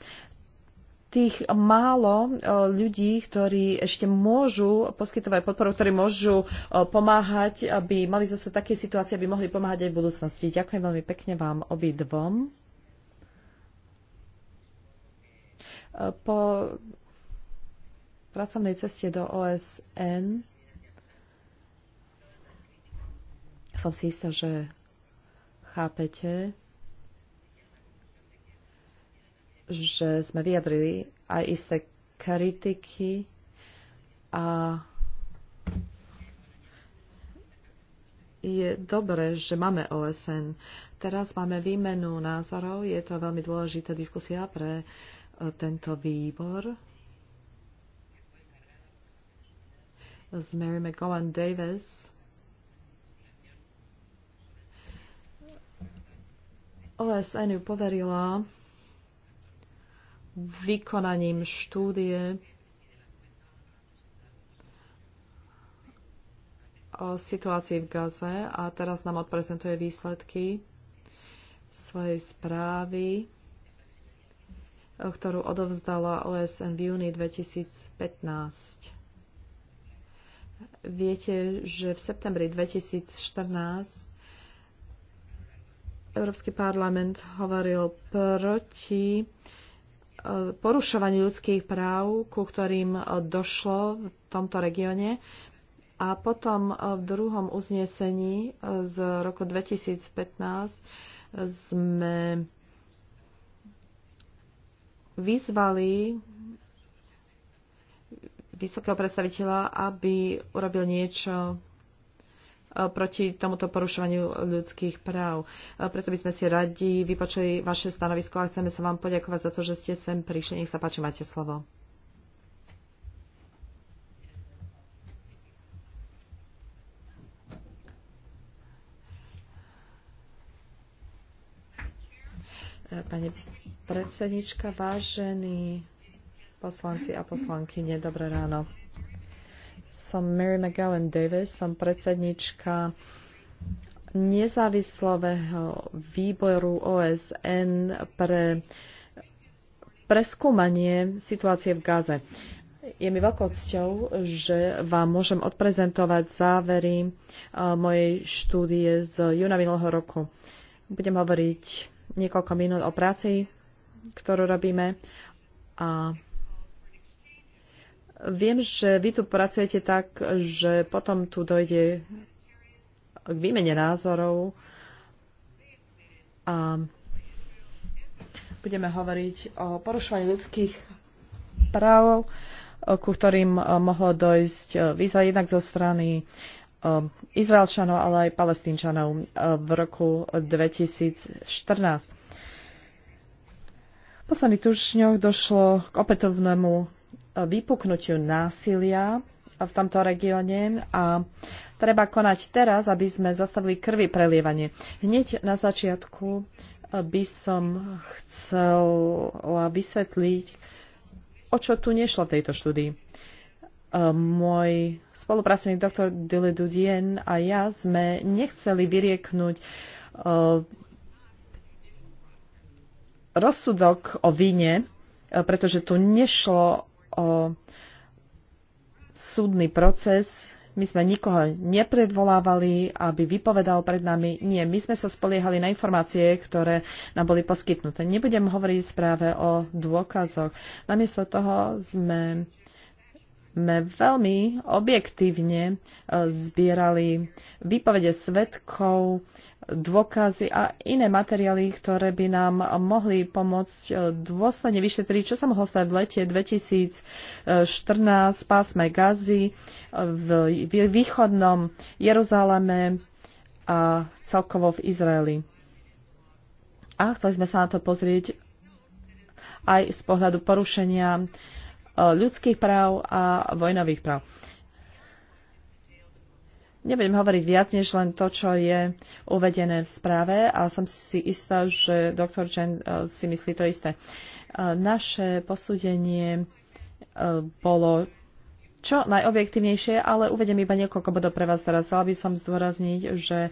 S5: Tých málo e, ľudí, ktorí ešte môžu poskytovať podporu, ktorí môžu e, pomáhať, aby mali zase také situácie, aby mohli pomáhať aj v budúcnosti. Ďakujem veľmi pekne vám obidvom. Po pracovnej ceste do OSN som si istá, že chápete, že sme vyjadrili aj isté kritiky a je dobré, že máme OSN. Teraz máme výmenu názorov, je to veľmi dôležitá diskusia pre uh, tento výbor s Mary McGowan Davis OSN ju poverila vykonaním štúdie o situácii v Gaze a teraz nám odprezentuje výsledky svojej správy ktorú odovzdala OSN v júni 2015. Viete, že v septembri 2014 Európsky parlament hovoril proti e, porušovaniu ľudských práv, ku ktorým e, došlo v tomto regióne. A potom e, v druhom uznesení z roku 2015 sme vyzvali vysokého predstaviteľa, aby urobil niečo e, proti tomuto porušovaniu ľudských práv. E, preto by sme si radi vypočuli vaše stanovisko a chceme sa vám poďakovať za to, že ste sem prišli. Nech sa páči, máte slovo. E, Pane predsednička, vážení poslanci a poslankyne, dobré ráno. Som Mary McGowan Davis, som predsednička nezávislého výboru OSN pre preskúmanie situácie v Gaze. Je mi veľkou cťou, že vám môžem odprezentovať závery e, mojej štúdie z júna minulého roku. Budem hovoriť niekoľko minút o práci ktorú robíme. A viem, že vy tu pracujete tak, že potom tu dojde k výmene názorov a budeme hovoriť o porušovaní ľudských práv, ku ktorým eh, mohlo dojsť eh, výzva jednak zo strany eh, Izraelčanov, ale aj Palestínčanov v roku 2014 posledných týždňoch došlo k opätovnému e, vypuknutiu násilia e, v tomto regióne a treba konať teraz, aby sme zastavili krvi prelievanie. Hneď na začiatku e, by som chcela vysvetliť, o čo tu nešlo v tejto štúdii. Môj spolupracovník doktor Dile Dudien a ja sme nechceli vyrieknúť rozsudok o vine, e, pretože tu nešlo o súdny proces, my sme nikoho nepredvolávali, aby vypovedal pred nami. Nie, my sme sa spoliehali na informácie, ktoré nám boli poskytnuté. Nebudem hovoriť správe o dôkazoch. Namiesto toho sme sme veľmi objektívne e, zbierali výpovede svetkov, dôkazy a iné materiály, ktoré by nám mohli pomôcť e, dôsledne vyšetriť, čo sa mohlo stať v lete 2014 v pásme Gazy, e, v východnom Jeruzaleme a celkovo v Izraeli. A chceli sme sa na to pozrieť aj z pohľadu porušenia ľudských práv a vojnových práv. Nebudem hovoriť viac než len to, čo je uvedené v správe a som si istá, že doktor Chen eh, si myslí to isté. Eh, naše posúdenie eh, bolo čo najobjektívnejšie, ale uvedem iba niekoľko bodov pre vás teraz. Chcela by som zdôrazniť, že e,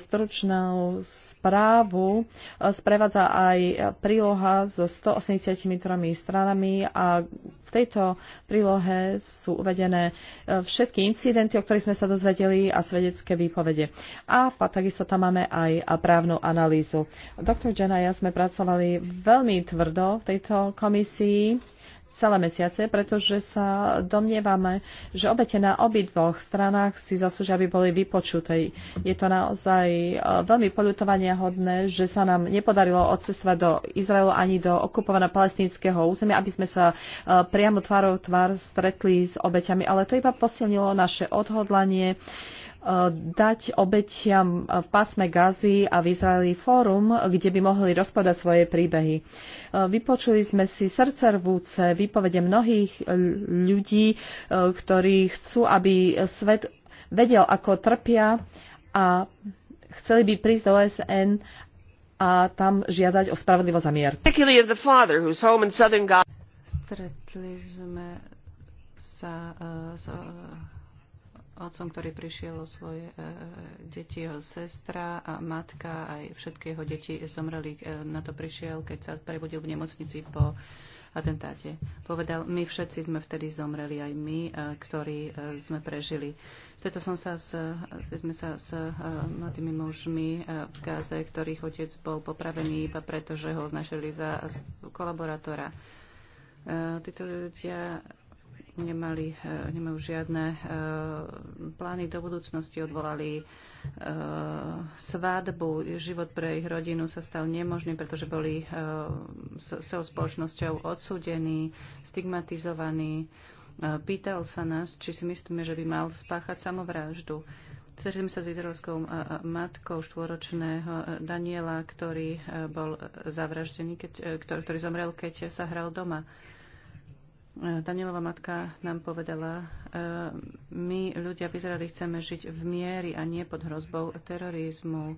S5: stručnú správu e, sprevádza aj príloha so 183 stranami a v tejto prílohe sú uvedené e, všetky incidenty, o ktorých sme sa dozvedeli a svedecké výpovede. A takisto tam máme aj právnu analýzu. Doktor Jen a ja sme pracovali veľmi tvrdo v tejto komisii celé mesiace, pretože sa domnievame, že obete na obidvoch stranách si zaslúžia, aby boli vypočuté. Je to naozaj e, veľmi poľutovania hodné, že sa nám nepodarilo odcestovať do Izraelu ani do okupovaného palestínskeho územia, aby sme sa e, priamo tvárov tvár stretli s obeťami, ale to iba posilnilo naše odhodlanie uh, dať obetiam v pásme Gazy a v Izraeli fórum, kde by mohli rozpadať svoje príbehy. Vypočuli sme si srdcervúce výpovede mnohých ľudí, ktorí chcú, aby svet vedel, ako trpia a chceli by prísť do OSN a tam žiadať o spravodlivo za mier.
S1: Stretli
S4: sme sa uh, eh, so, uh, eh, otcom, ktorý prišiel o svoje e, e, deti, jeho sestra a matka, aj všetky jeho deti zomreli. E, na to prišiel, keď sa prebudil v nemocnici po atentáte. Povedal, my všetci sme vtedy zomreli, aj my, ktorí sme prežili. Preto som sa s, sme sa s mladými mužmi v Gáze, ktorých otec bol popravený iba preto, že ho označili za kolaborátora. Títo ľudia nemali, e, nemajú žiadne e, plány do budúcnosti, odvolali e, svadbu, život pre ich rodinu sa stal nemožný, pretože boli so spoločnosťou odsúdení, stigmatizovaní. Pýtal sa nás, či si myslíme, že by mal spáchať samovraždu. Cezím sa s izraelskou matkou štvoročného Daniela, ktorý bol zavraždený, keď, ktorý, ktorý zomrel, keď sa hral doma. Uh, E, Danielova matka nám povedala, e, my ľudia v Izraeli chceme žiť v miery a nie pod hrozbou terorizmu.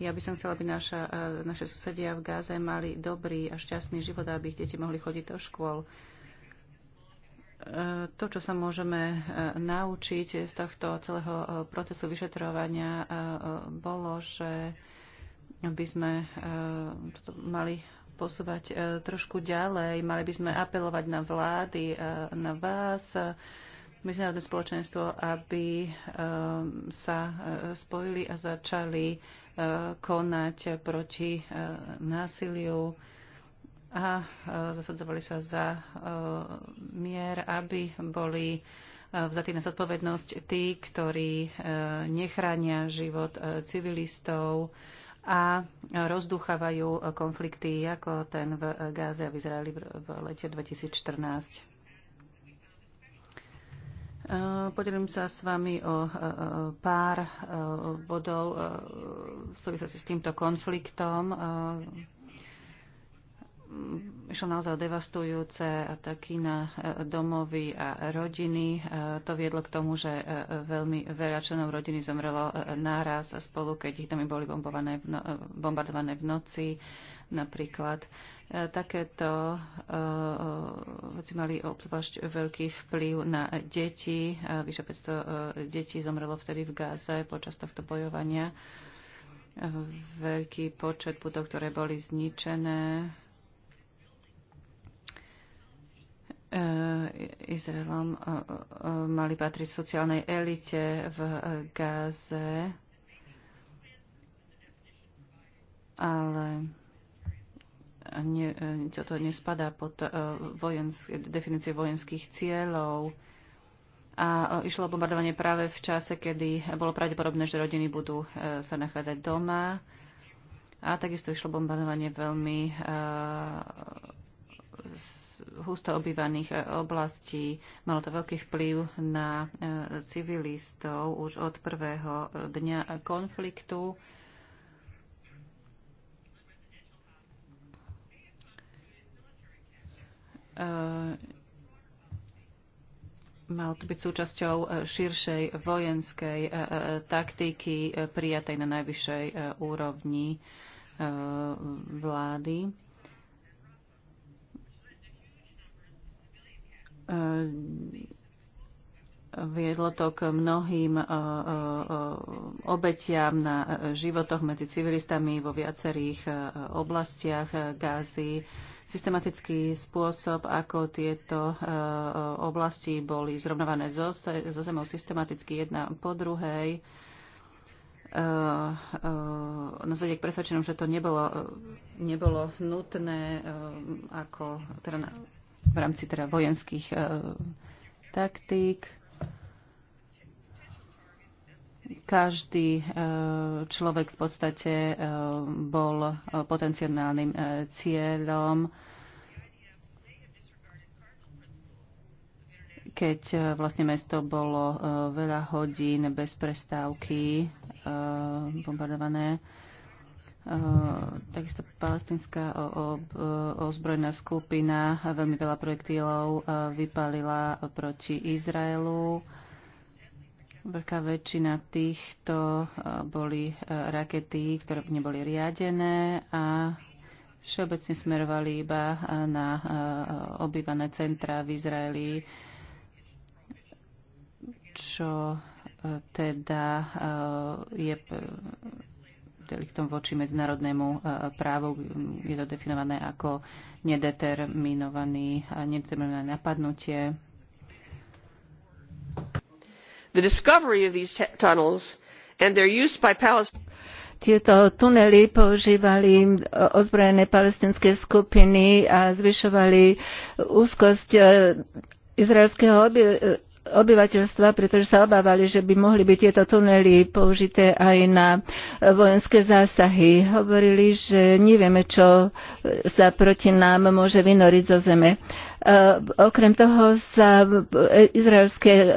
S4: Ja by som chcela, aby naša, e, naše susedia v Gáze mali dobrý a šťastný život, aby ich deti mohli chodiť do škôl. To, čo sa môžeme naučiť z tohto celého procesu vyšetrovania, bolo, že by sme mali posúvať e, trošku ďalej. Mali by sme apelovať na vlády, e, na vás, medzinárodné spoločenstvo, aby e, sa spojili a začali konať proti násiliu a zasadzovali sa za mier, aby boli vzatí na zodpovednosť tí, ktorí nechránia život civilistov, a rozduchávajú konflikty ako ten v Gáze a v Izraeli v lete 2014. E, Podelím sa s vami o e, e, pár bodov v súvislosti s týmto konfliktom, Mm, išlo naozaj o devastujúce ataky na e, domovy a rodiny. E, to viedlo k tomu, že e, veľmi veľa členov rodiny zomrelo náraz spolu, keď ich domy boli bombované, no-, bombardované v noci napríklad. Takéto veci mali obzvlášť veľký vplyv na deti. Vyše 500 detí zomrelo vtedy v Gáze počas tohto bojovania. Veľký počet budov, ktoré boli zničené, Eh, Izraelom eh, eh, mali patriť sociálnej elite v Gáze, ale toto nespadá pod vojenské, definície vojenských cieľov. A išlo o bombardovanie práve v čase, kedy bolo pravdepodobné, že rodiny budú sa nachádzať doma. A takisto išlo bombardovanie veľmi uh, husto obývaných e, oblastí. Malo to veľký vplyv na e, civilistov už od prvého e, dňa konfliktu. mal to byť súčasťou širšej vojenskej taktiky prijatej na najvyššej úrovni vlády. Ehm, viedlo to k mnohým eh, eh, obetiam na životoch medzi civilistami vo viacerých eh, oblastiach Gázy. Systematický spôsob, ako tieto oblasti boli zrovnované so zemou systematicky jedna po druhej, ehm, na vedie k presvedčenom, že to nebolo, nebolo nutné, ehm, ako, teda v rámci teda vojenských e, taktík. Každý e, človek v podstate e, bol potenciálnym cieľom. keď vlastne mesto bolo veľa hodín bez prestávky bombardované. Ehm, takisto palestinská ozbrojená skupina veľmi veľa projektílov e, vypalila proti Izraelu. Veľká väčšina týchto e, boli e, rakety, ktoré neboli riadené a všeobecne smerovali iba na obývané centra v Izraeli, čo teda je deliktom voči medzinárodnému e, právu. Je to definované ako nedeterminovaný, e, nedeterminované
S2: napadnutie. The discovery of these
S1: tunnels and their use by Palestine
S2: tieto tunely používali e, ozbrojené palestinské skupiny a zvyšovali úzkosť izraelského oby- obyvateľstva, pretože sa obávali, že by mohli byť tieto tunely použité aj na vojenské zásahy. Hovorili, že nevieme, čo sa proti nám môže vynoriť zo zeme. E, okrem toho sa izraelské e,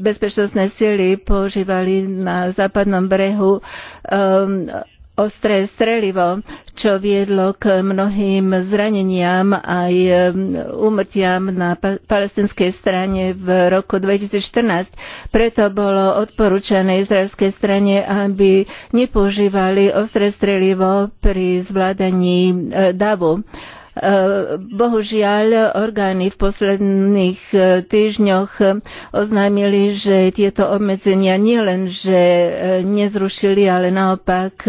S2: bezpečnostné sily používali na západnom brehu e, ostré strelivo, čo viedlo k mnohým zraneniam aj um, úmrtiam na palestinskej strane v roku 2014. Preto bolo odporúčané izraelskej strane, aby nepoužívali ostré strelivo pri zvládaní eh, davu. Eh, bohužiaľ, orgány v posledných eh, týždňoch eh, oznámili, že tieto obmedzenia nielen, že nezrušili, ale naopak,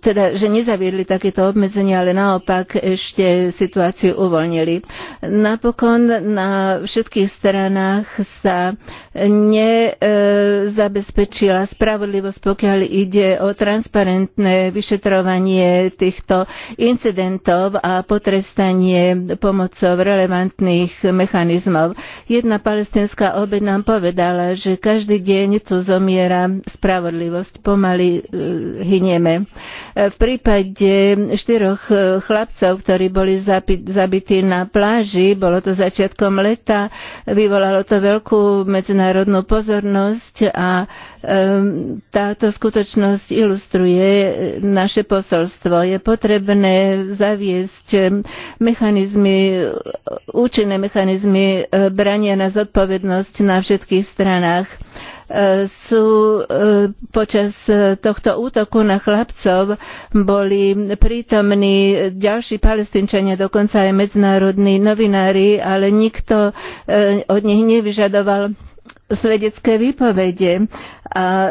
S2: teda, že nezaviedli takéto obmedzenia, ale naopak ešte situáciu uvoľnili. Napokon na všetkých stranách sa nezabezpečila spravodlivosť, pokiaľ ide o transparentné vyšetrovanie týchto incidentov a potrestanie pomocou relevantných mechanizmov. Jedna palestinská obed nám povedala, že každý deň tu zomiera spravodlivosť, pomaly e, hynieme. E, v prípade štyroch e, chlapcov, ktorí boli zabití na pláži, bolo to začiatkom leta, vyvolalo to veľkú medzinárodnú pozornosť a Ehm, táto skutočnosť ilustruje naše posolstvo. Je potrebné zaviesť ehm, mechanizmy, účinné mechanizmy ehm, brania na zodpovednosť na všetkých stranách sú počas tohto útoku na chlapcov boli prítomní ďalší palestinčania, dokonca aj medzinárodní novinári, ale nikto od nich nevyžadoval svedecké výpovede a e,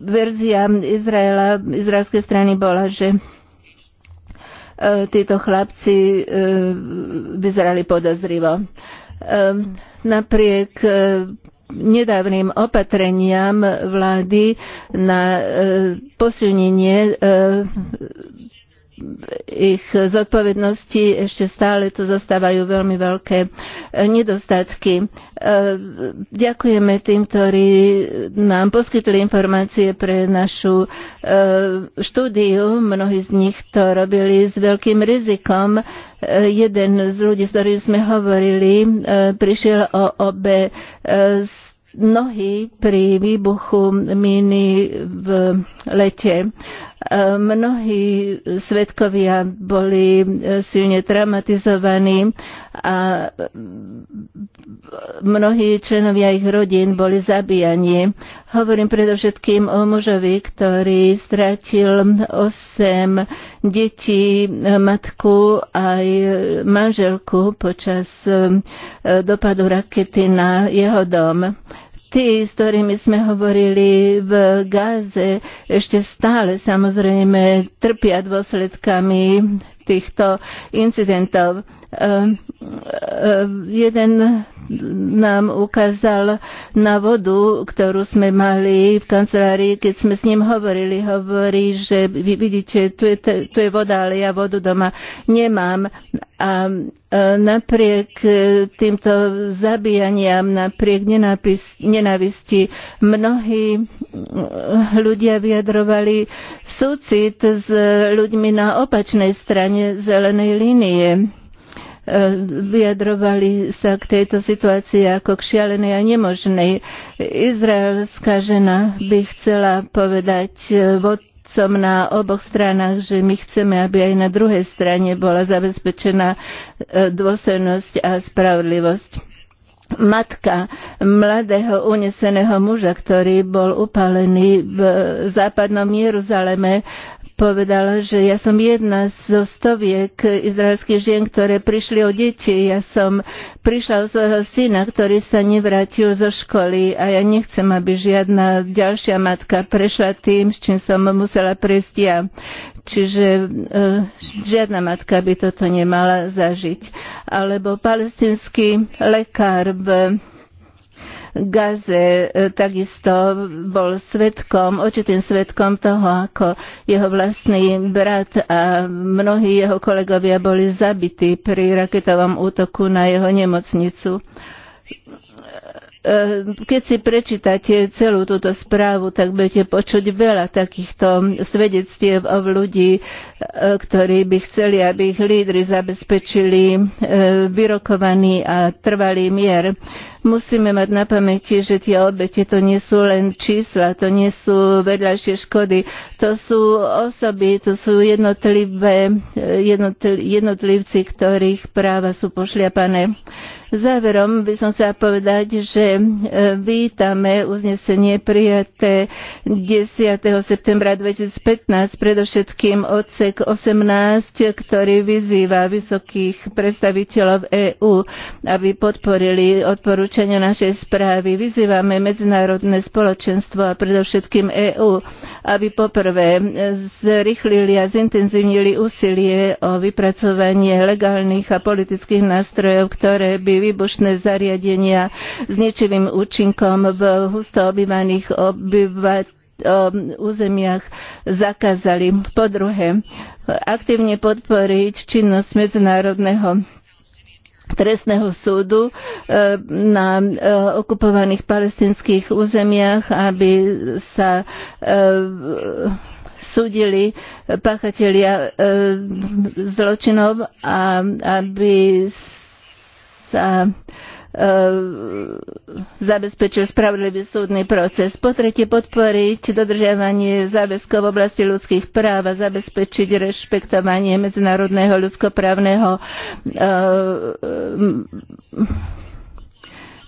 S2: verzia Izraela, izraelskej strany bola, že e, títo chlapci e, vyzerali podozrivo. Napriek nedávnym opatreniam vlády na posilnenie ich zodpovednosti ešte stále to zostávajú veľmi veľké e, nedostatky. E, ďakujeme tým, ktorí nám poskytli informácie pre našu e, štúdiu. Mnohí z nich to robili s veľkým rizikom. Jeden z ľudí, s ktorým sme hovorili, prišiel o obe nohy pri výbuchu míny v lete. Mnohí svetkovia boli e, silne traumatizovaní a e, mnohí členovia ich rodín boli zabíjani. Hovorím predovšetkým o mužovi, ktorý strátil 8 detí, e, matku aj manželku počas dopadu rakety na jeho dom tí, s ktorými sme hovorili v Gáze, ešte stále samozrejme trpia dôsledkami týchto incidentov. Eh, eh, jeden nám ukázal na vodu, ktorú sme mali v kancelárii, keď sme s ním hovorili. Hovorí, že vy vidíte, tu je, tu je voda, ale ja vodu doma nemám. A napriek e, týmto zabíjaniam, napriek nenávisti, mnohí e, ľudia vyjadrovali súcit s ľuďmi na opačnej strane zelenej línie e, vyjadrovali sa k tejto situácii ako k šialenej a nemožnej. Izraelská žena by chcela povedať vod zástupcom na oboch stranách, že my chceme, aby aj na druhej strane bola zabezpečená e, dôstojnosť a spravodlivosť matka mladého uneseného muža, ktorý bol upálený v západnom Jeruzaleme povedala, že ja som jedna zo stoviek izraelských žien, ktoré prišli o deti. Ja som prišla o svojho syna, ktorý sa nevrátil zo školy a ja nechcem, aby žiadna ďalšia matka prešla tým, s čím som musela prejsť ja. Čiže uh, žiadna matka by toto nemala zažiť. Alebo palestinský lekár v Gaze e, takisto bol svetkom, očitým svetkom toho, ako jeho vlastný brat a mnohí jeho kolegovia boli zabití pri raketovom útoku na jeho nemocnicu. Eh, keď si prečítate celú túto správu, tak budete počuť veľa takýchto svedectiev o ľudí, eh, ktorí by chceli, aby ich lídry zabezpečili eh, vyrokovaný a trvalý mier. Musíme mať na pamäti, že tie obete to nie sú len čísla, to nie sú vedľajšie škody, to sú osoby, to sú jednotlivé, jednotlivci, ktorých práva sú pošliapané. Záverom by som chcela povedať, že e, vítame uznesenie prijaté 10. septembra 2015, predovšetkým odsek 18, ktorý vyzýva vysokých predstaviteľov EÚ, aby podporili odporúčania našej správy. Vyzývame medzinárodné spoločenstvo a predovšetkým EÚ, aby poprvé zrychlili a zintenzívnili úsilie o vypracovanie legálnych a politických nástrojov, ktoré by výbušné zariadenia s ničivým účinkom v husto obývaných obyvateľov um, územiach zakázali. Po druhé, aktívne podporiť činnosť Medzinárodného trestného súdu eh, na eh, okupovaných palestinských územiach, aby sa eh, súdili pachatelia zločinov a aby sa zabezpečil spravodlivý súdny proces. Po tretie, podporiť dodržiavanie záväzkov v oblasti ľudských práv a zabezpečiť rešpektovanie medzinárodného ľudskoprávneho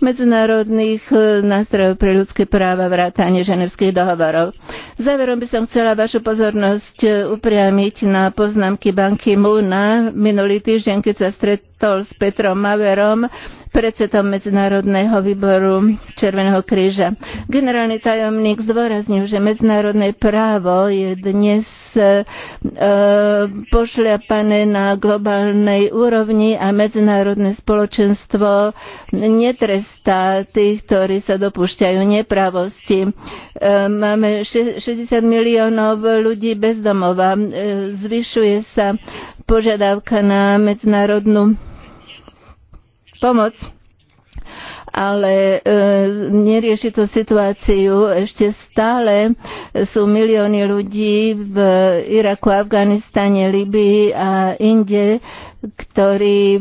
S2: medzinárodných e, nástrojov pre ľudské práva vrátanie ženevských dohovorov. Záverom by som chcela vašu pozornosť e, upriamiť na poznámky banky Múna minulý týždeň, keď sa stretli stôl s Petrom Maverom, predsedom Medzinárodného výboru Červeného kríža. Generálny tajomník zdôraznil, že medzinárodné právo je dnes e, e pošľapané na globálnej úrovni a medzinárodné spoločenstvo netrestá tých, ktorí sa dopúšťajú nepravosti. E, máme 60 miliónov ľudí bez domova. E, zvyšuje sa požiadavka na medzinárodnú pomoc ale e, nerieši to situáciu. Ešte stále sú milióny ľudí v Iraku, Afganistane, Libii a inde, ktorí e,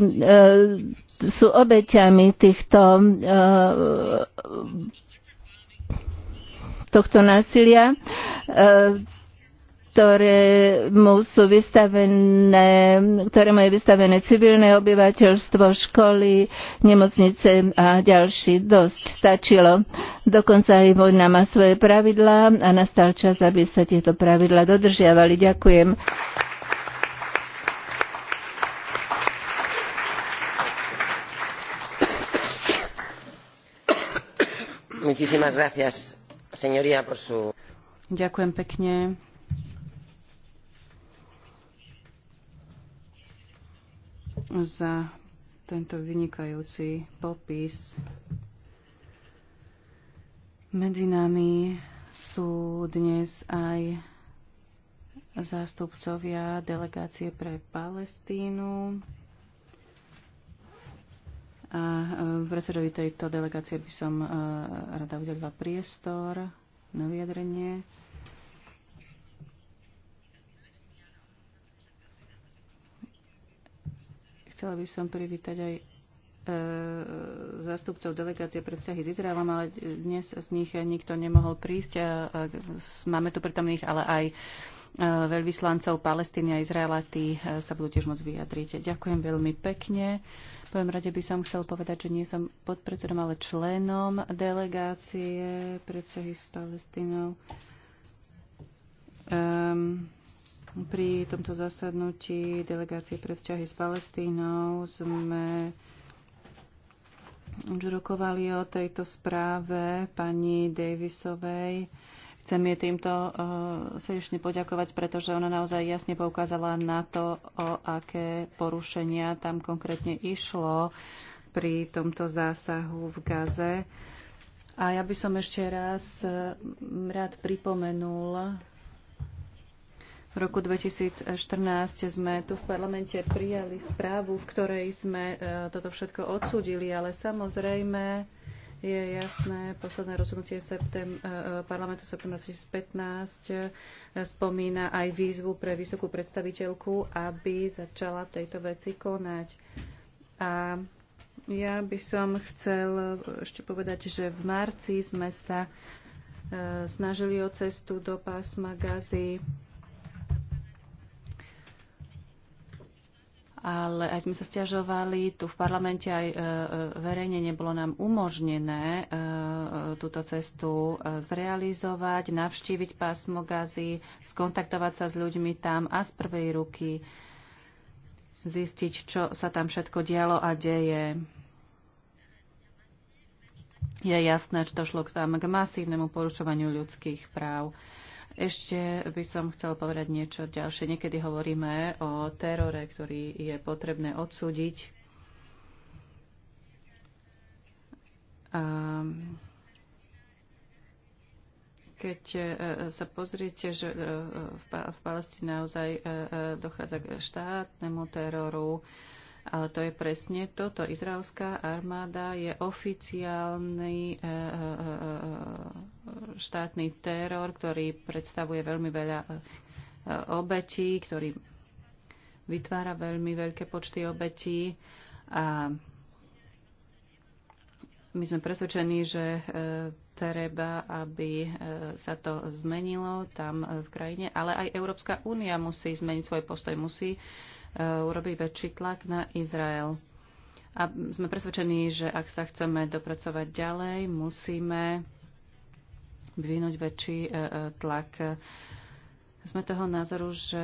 S2: sú obeťami týchto e, tohto násilia. E, ktorému sú vystavené, ktorému je vystavené civilné obyvateľstvo, školy, nemocnice a ďalší. Dosť stačilo. Dokonca aj vojna má svoje pravidlá a nastal čas, aby sa tieto pravidlá dodržiavali. Ďakujem.
S1: Muchísimas gracias, señoría, por su...
S4: Ďakujem pekne za tento vynikajúci popis. Medzi nami sú dnes aj zástupcovia delegácie pre Palestínu. A e, predsedovi tejto delegácie by som e, rada udelila priestor na vyjadrenie. Chcela by som privítať aj e, zástupcov delegácie pre vzťahy s Izraelom, ale dnes z nich nikto nemohol prísť. a Máme tu pritomných, ale aj e, veľvyslancov Palestíny a Izraela, tí e, sa budú tiež môcť vyjadriť. Ďakujem veľmi pekne. Poviem rade by som chcel povedať, že nie som podpredsedom, ale členom delegácie pre vzťahy s Palestínou. Um, pri tomto zasadnutí delegácie pre vzťahy s Palestínou sme už rokovali o tejto správe pani Davisovej. Chcem jej týmto uh, srdečne poďakovať, pretože ona naozaj jasne poukázala na to, o aké porušenia tam konkrétne išlo pri tomto zásahu v Gaze. A ja by som ešte raz eh, rád pripomenul v roku 2014 sme tu v parlamente prijali správu, v ktorej sme e, toto všetko odsudili, ale samozrejme je jasné, posledné rozhodnutie septem, e, e, parlamentu septembra 2015 spomína aj výzvu pre vysokú predstaviteľku, aby začala tejto veci konať. A ja by som chcel ešte povedať, že v marci sme sa snažili o cestu do pásma Gazy ale aj sme sa stiažovali tu v parlamente, aj e, e, verejne nebolo nám umožnené e, túto cestu zrealizovať, navštíviť pásmo gazy, skontaktovať sa s ľuďmi tam a z prvej ruky zistiť, čo sa tam všetko dialo a deje. Je jasné, že došlo tam k masívnemu porušovaniu ľudských práv. Ešte by som chcel povedať niečo ďalšie. Niekedy hovoríme o terore, ktorý je potrebné odsúdiť. A keď e, sa pozriete, že e, v Palestine naozaj e, dochádza k štátnemu teroru, ale to je presne toto. Izraelská armáda je oficiálny e, e, e, štátny teror, ktorý predstavuje veľmi veľa obetí, ktorý vytvára veľmi veľké počty obetí a my sme presvedčení, že treba, aby sa to zmenilo tam v krajine, ale aj Európska únia musí zmeniť svoj postoj, musí Eh, urobiť väčší tlak na Izrael. A sme presvedčení, že ak sa chceme dopracovať ďalej, musíme vyvinúť väčší eh, eh, tlak. Sme toho názoru, že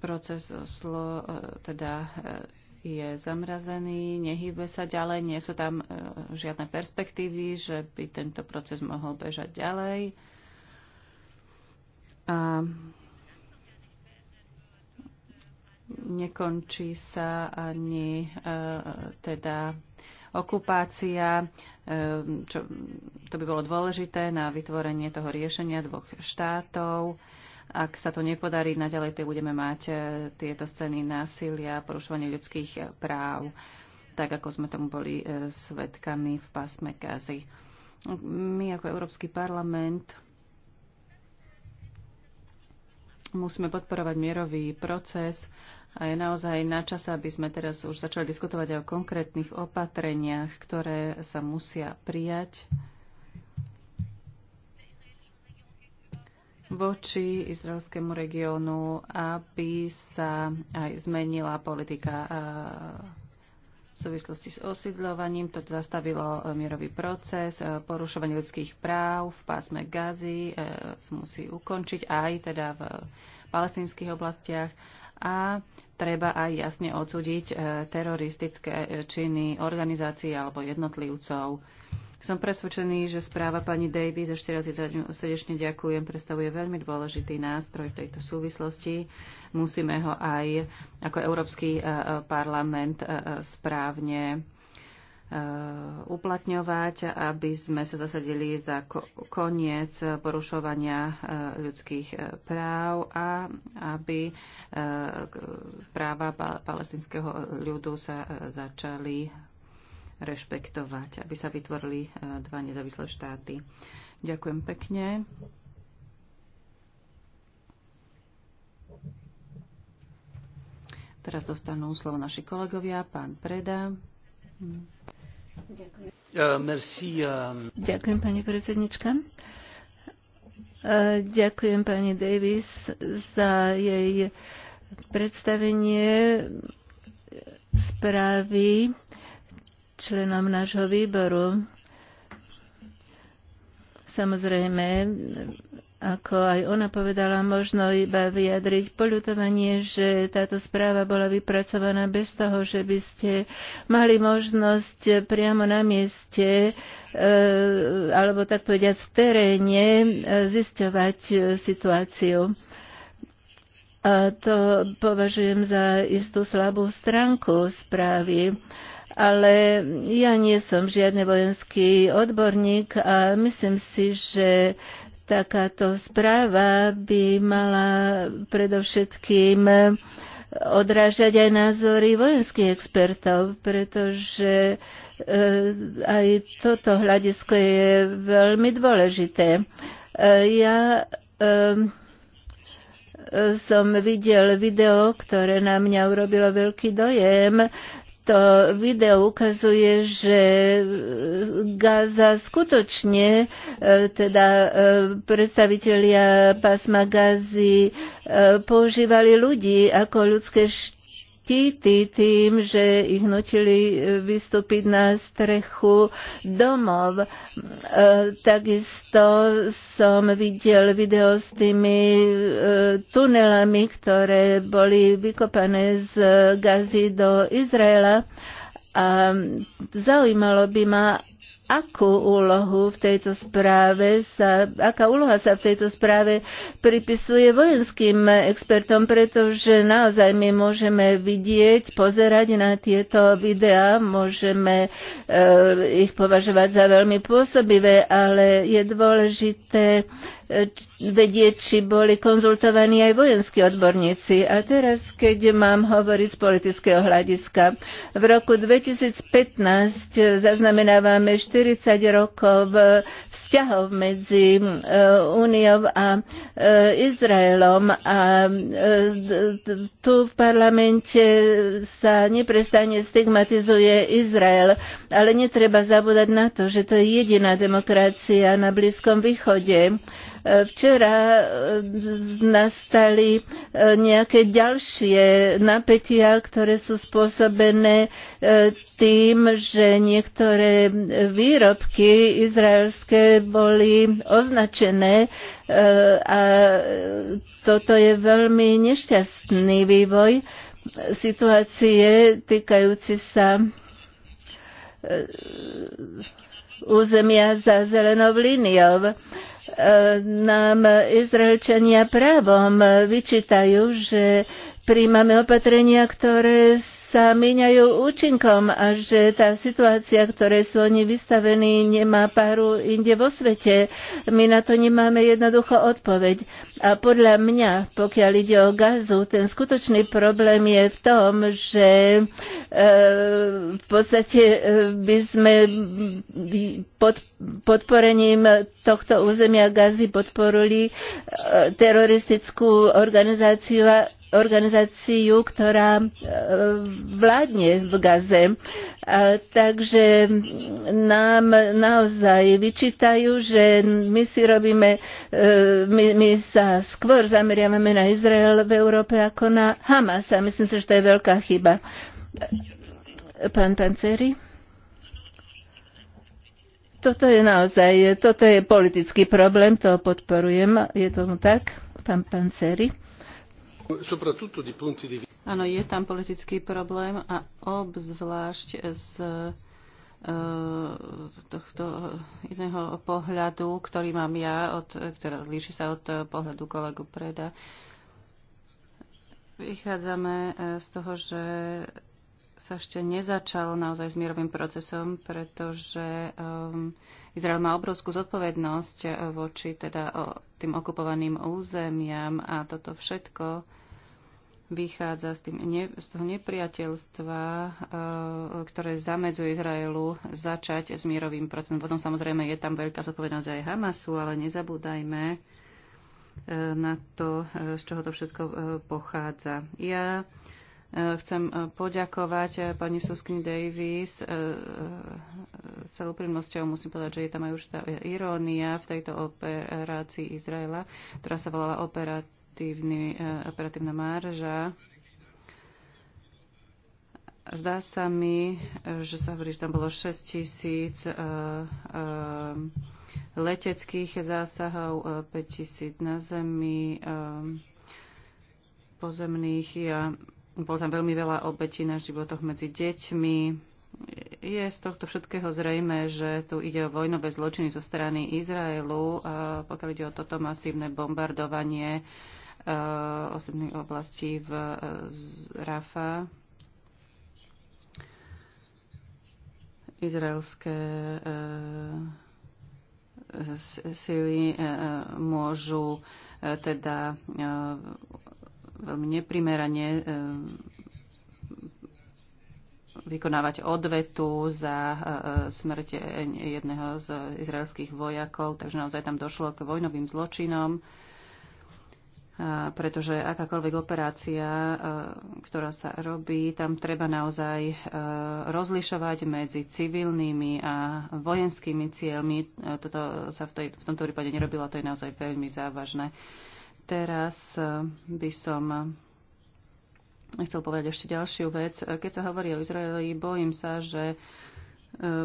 S4: proces oslo teda je zamrazený, nehybe sa ďalej, nie sú tam žiadne perspektívy, že by tento proces mohol bežať ďalej. A nekončí sa ani e, teda okupácia, e, čo, to by bolo dôležité na vytvorenie toho riešenia dvoch štátov. Ak sa to nepodarí, naďalej tie budeme mať e, tieto scény násilia, porušovanie ľudských práv, tak ako sme tomu boli svetkami v pásme Gazy. My ako Európsky parlament musíme podporovať mierový proces a je naozaj na čas, aby sme teraz už začali diskutovať aj o konkrétnych opatreniach, ktoré sa musia prijať voči izraelskému regiónu, aby sa aj zmenila politika v súvislosti s osídľovaním. To zastavilo e, mierový proces, e, porušovanie ľudských práv v pásme Gazy e, musí ukončiť aj teda v palestinských oblastiach a treba aj jasne odsúdiť e, teroristické e, činy organizácií alebo jednotlivcov. Som presvedčený, že správa pani Davis, ešte raz jej srdečne ďakujem, predstavuje veľmi dôležitý nástroj v tejto súvislosti. Musíme ho aj ako Európsky e, parlament správne Eh, uplatňovať, aby sme sa zasadili za koniec porušovania eh, ľudských eh, práv a aby práva palestinského ľudu sa začali rešpektovať, aby sa vytvorili dva nezávislé štáty. Ďakujem pekne. Teraz dostanú slovo naši kolegovia, pán Preda. Ďakujem.
S2: pani predsednička. E, ďakujem pani Davis za jej predstavenie správy členom nášho výboru. Samozrejme, ako aj ona povedala, možno iba vyjadriť poľutovanie, že táto správa bola vypracovaná bez toho, že by ste mali možnosť priamo na mieste, e, alebo tak povediať v teréne, e, zisťovať e, situáciu. A to považujem za istú slabú stránku správy ale ja nie som žiadny vojenský odborník a myslím si, že Takáto správa by mala predovšetkým odrážať aj názory vojenských expertov, pretože eh, aj toto hľadisko je veľmi dôležité. Eh, ja eh, som videl video, ktoré na mňa urobilo veľký dojem to video ukazuje, že e, Gaza skutočne, e, teda e, predstavitelia pásma Gazy používali ľudí ako ľudské št- štíty tým, že ich nutili e, vystúpiť na strechu domov. E, takisto som videl video s tými e, tunelami, ktoré boli vykopané z Gazy do Izraela. A zaujímalo by ma, akú úlohu v tejto správe sa, aká úloha sa v tejto správe pripisuje vojenským expertom, pretože naozaj my môžeme vidieť, pozerať na tieto videá, môžeme e, ich považovať za veľmi pôsobivé, ale je dôležité vedieť, či boli konzultovaní aj vojenskí odborníci. A teraz, keď mám hovoriť z politického hľadiska, v roku 2015 zaznamenávame 40 rokov vzťahov medzi eh, Úniou a eh, Izraelom a eh, tu v parlamente sa neprestane stigmatizuje Izrael, ale netreba zabúdať na to, že to je jediná demokracia na Blízkom východe. Včera nastali nejaké ďalšie napätia, ktoré sú spôsobené tým, že niektoré výrobky izraelské boli označené e, a toto je veľmi nešťastný vývoj situácie týkajúci sa e, územia za zelenou líniou. E, nám Izraelčania právom vyčítajú, že príjmame opatrenia, ktoré sa míňajú účinkom a že tá situácia, ktoré sú oni vystavení, nemá páru inde vo svete. My na to nemáme jednoducho odpoveď. A podľa mňa, pokiaľ ide o gazu, ten skutočný problém je v tom, že e, v podstate e, by sme pod, podporením tohto územia gazy podporili e, teroristickú organizáciu a organizáciu, ktorá e, vládne v Gaze. A, e, takže nám naozaj vyčítajú, že my si robíme, e, my, my sa skôr zameriavame na Izrael v Európe ako na Hamas a myslím si, že to je veľká chyba. Pán Panceri? Toto je naozaj, toto je politický problém, to podporujem, je tomu tak, pán Panceri.
S4: Áno, je tam politický problém a obzvlášť z e, tohto iného pohľadu, ktorý mám ja, od, ktorá líši sa od pohľadu kolegu Preda. Vychádzame e, z toho, že sa ešte nezačal naozaj s mierovým procesom, pretože um, Izrael má obrovskú zodpovednosť voči teda o, tým okupovaným územiam a toto všetko vychádza z, tým, ne, z toho nepriateľstva, eh, ktoré zamedzuje Izraelu začať s mierovým procesom. Potom samozrejme je tam veľká zodpovednosť aj Hamasu, ale nezabúdajme eh, na to, eh, z čoho to všetko pochádza. Ja chcem poďakovať pani Suskin Davis. Celú prímnosťou musím povedať, že je tam aj už tá irónia v tejto operácii Izraela, ktorá sa volala operácia operatívna eh, marža. Zdá sa mi, že sa hovorí, že tam bolo 6 tisíc eh, eh, leteckých zásahov, 5 tisíc na zemi, pozemných. Ja, bol tam veľmi veľa obetí na životoch medzi deťmi. Je z tohto všetkého zrejme, že tu ide o vojnové zločiny zo strany Izraelu, pokiaľ ide o toto masívne bombardovanie Eh, osobnej oblasti v eh, Rafa. Izraelské eh, síly môžu teda veľmi neprimerane vykonávať odvetu za smrť jedného z izraelských vojakov, takže naozaj tam došlo k vojnovým zločinom pretože akákoľvek operácia, e, ktorá sa robí, tam treba naozaj e, rozlišovať medzi civilnými a vojenskými cieľmi. E, toto sa v, tej, v tomto prípade nerobilo, to je naozaj veľmi závažné. Teraz by som chcel povedať ešte ďalšiu vec. Keď sa hovorí o Izraeli, bojím sa, že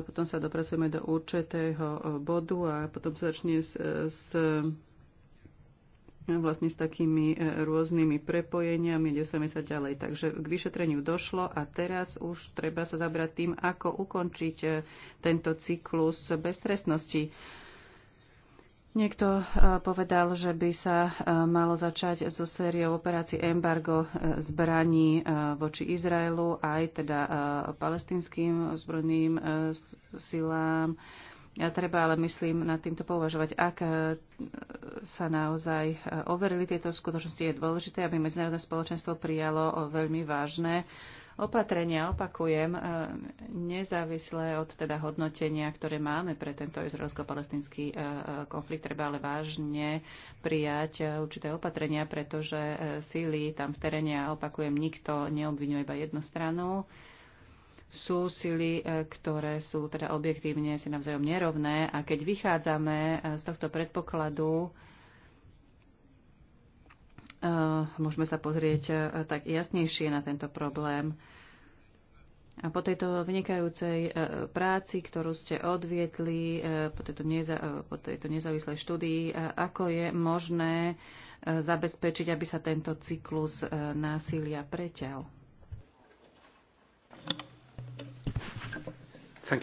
S4: potom sa dopracujeme do určitého bodu a potom začne s, s vlastne s takými e, rôznymi prepojeniami, kde sa sa ďalej. Takže k vyšetreniu došlo a teraz už treba sa zabrať tým, ako ukončiť e, tento cyklus beztrestnosti. Niekto e, povedal, že by sa malo začať so sériou operácií embargo zbraní voči Izraelu aj teda palestinským zbrojným silám ja Treba ale, myslím, nad týmto považovať, ak e, sa naozaj e, overili tieto skutočnosti, je dôležité, aby medzinárodné spoločenstvo prijalo e, veľmi vážne opatrenia, opakujem, nezávisle od teda hodnotenia, ktoré máme pre tento izraelsko-palestinský konflikt, treba ale vážne prijať určité opatrenia, pretože síly tam v teréne, a opakujem, nikto neobvinuje iba jednu stranu sú sily, e, ktoré sú teda objektívne si navzájom nerovné a keď vychádzame e, z tohto predpokladu, e, môžeme sa pozrieť tak jasnejšie na tento problém. A po tejto vynikajúcej práci, ktorú ste odvietli, po tejto, neza, po tejto nezávislej štúdii, ako je možné zabezpečiť, aby sa tento cyklus násilia preťal? Uh,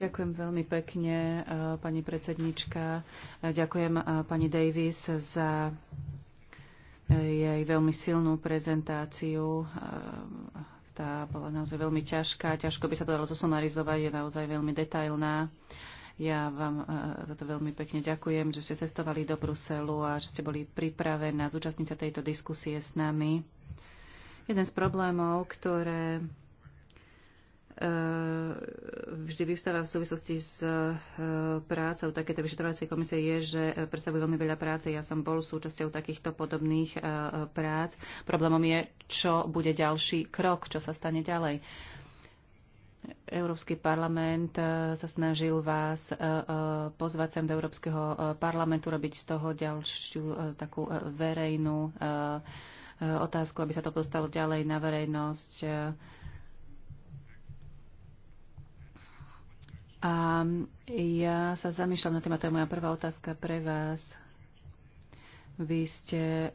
S4: ďakujem veľmi pekne, uh, pani predsednička. Uh, ďakujem pani Davis za jej veľmi silnú prezentáciu. Tá bola naozaj veľmi ťažká. Ťažko by sa to dalo zosumarizovať, je naozaj veľmi detailná. Ja vám za to veľmi pekne ďakujem, že ste cestovali do Bruselu a že ste boli pripravená zúčastniť sa tejto diskusie s nami. Jeden z problémov, ktoré e, vždy vyvstáva v súvislosti s e, prácou takéto vyšetrovacej komisie je, že e, predstavujú veľmi veľa práce. Ja som bol súčasťou takýchto podobných prác. Problémom je, čo bude ďalší krok, čo sa stane ďalej. Európsky parlament sa snažil vás pozvať sem do Európskeho parlamentu, robiť z toho ďalšiu takú verejnú Eh, otázku, aby sa to postalo ďalej na verejnosť. Eh, a ja sa zamýšľam na a to je moja prvá otázka pre vás. Vy ste uh, eh,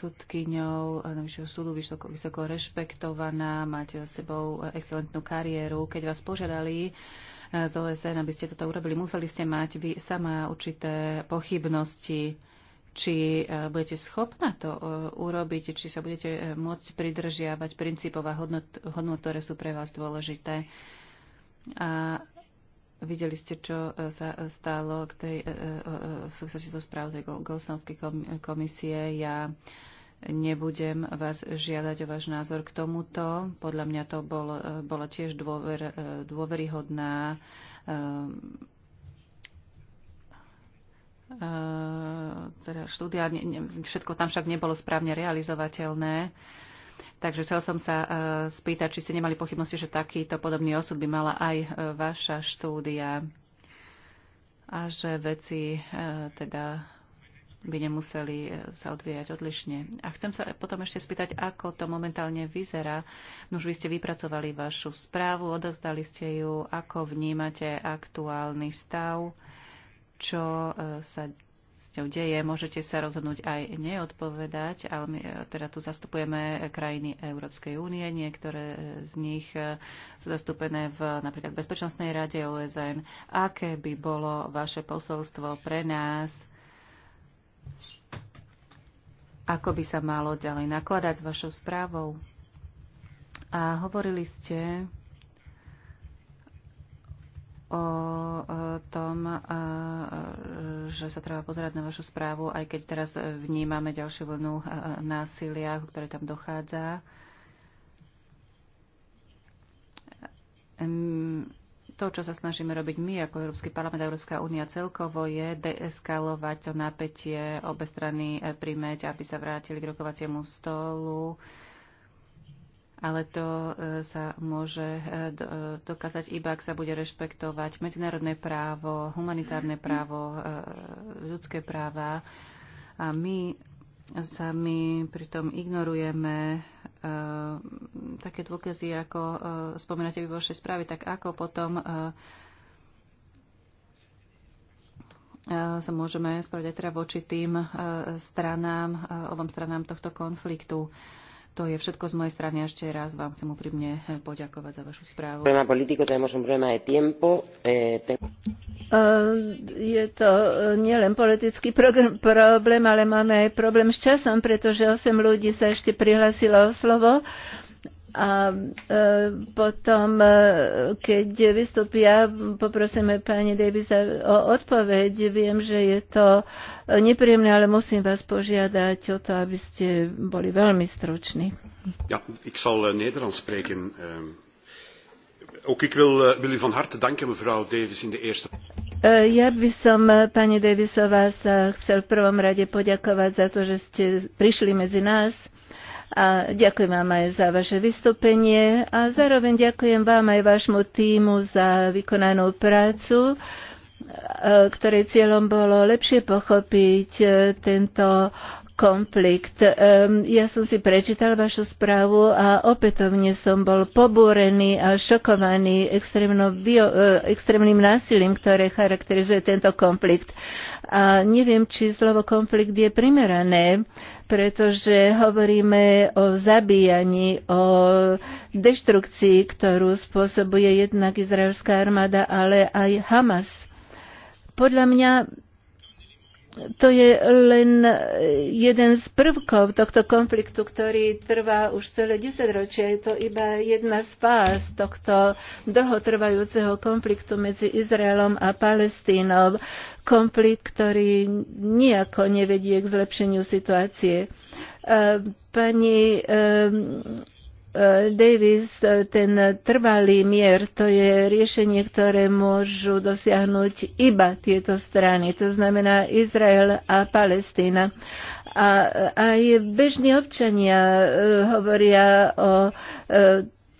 S4: sudkyňou Najvyššieho súdu, vysoko, vysoko rešpektovaná, máte za sebou excelentnú kariéru. Keď vás požiadali uh, z OSN, aby ste toto urobili, museli ste mať vy sama určité pochybnosti či e, budete schopná to e, urobiť, či sa budete e, môcť pridržiavať princípov a hodnot, hodnot ktoré sú pre vás dôležité. A videli ste, čo sa stalo k tej, v súvislosti so správou tej Golsonskej komisie. Ja nebudem vás žiadať o váš názor k tomuto. Podľa mňa to bolo, bola tiež dôver, dôveryhodná Eh, teda štúdia, všetko tam však nebolo správne realizovateľné. Takže chcel som sa eh, spýtať, či ste nemali pochybnosti, že takýto podobný osud by mala aj eh, vaša štúdia a že veci teda by nemuseli sa odvíjať odlišne. A chcem sa potom ešte spýtať, ako to momentálne vyzerá. No už vy ste vypracovali vašu správu, odovzdali ste ju, ako vnímate aktuálny stav čo e, sa s ňou deje. Môžete sa rozhodnúť aj neodpovedať, ale my e, teda tu zastupujeme krajiny Európskej únie. Niektoré e, z nich sú zastúpené v napríklad Bezpečnostnej rade OSN. Aké by bolo vaše posolstvo pre nás? Ako by sa malo ďalej nakladať s vašou správou? A hovorili ste o tom, že sa treba pozerať na vašu správu, aj keď teraz vnímame ďalšiu vlnu násilia, ktoré tam dochádza. To, čo sa snažíme robiť my ako Európsky parlament a Európska únia celkovo, je deeskalovať to napätie, obe strany e, primeť, aby sa vrátili k rokovaciemu stolu ale to e, sa môže e, e, dokázať iba, ak sa bude rešpektovať medzinárodné právo, humanitárne právo, ľudské práva. A my sa my pritom ignorujeme také dôkazy, ako spomínate vy vo vašej správe, tak ako potom sa môžeme spravať aj teda voči tým stranám, obom stranám tohto konfliktu. To je všetko z mojej strany. Ešte raz vám chcem úprimne poďakovať za vašu správu. Problema
S1: tenemos un problema de
S2: tiempo. Eh, ten... Eh, je to eh, nielen politický problém, ale máme aj problém s časom, pretože 8 ľudí sa ešte prihlasilo o slovo a e, potom, e, keď vystúpia, poprosíme pani Davisa o odpoveď. Viem, že je to nepríjemné, ale musím vás požiadať o to, aby ste boli veľmi struční.
S3: Ja, ik zal eh, Nederlands spreken. Ehm, ook ik wil, eh, wil u van harte danken, mevrouw
S1: Davis, in de eerste...
S2: E, ja by som, eh, pani Davisová, sa chcel v prvom rade poďakovať za to, že ste prišli medzi nás a ďakujem vám aj za vaše vystúpenie a zároveň ďakujem vám aj vášmu týmu za vykonanú prácu, e, ktorej cieľom bolo lepšie pochopiť e, tento konflikt. E, ja som si prečítal vašu správu a opätovne som bol pobúrený a šokovaný bio, extrémnym násilím, ktoré charakterizuje tento konflikt. A neviem, či slovo konflikt je primerané, pretože hovoríme o zabíjaní, o deštrukcii, ktorú spôsobuje jednak izraelská armáda, ale aj Hamas. Podľa mňa to je len jeden z prvkov tohto konfliktu, ktorý trvá už celé ročia. Je to iba jedna z fáz tohto dlhotrvajúceho konfliktu medzi Izraelom a Palestínou konflikt, ktorý nejako nevedie k zlepšeniu situácie. E, pani e, e, Davis, ten trvalý mier, to je riešenie, ktoré môžu dosiahnuť iba tieto strany, to znamená Izrael a Palestína. A aj bežní občania hovoria o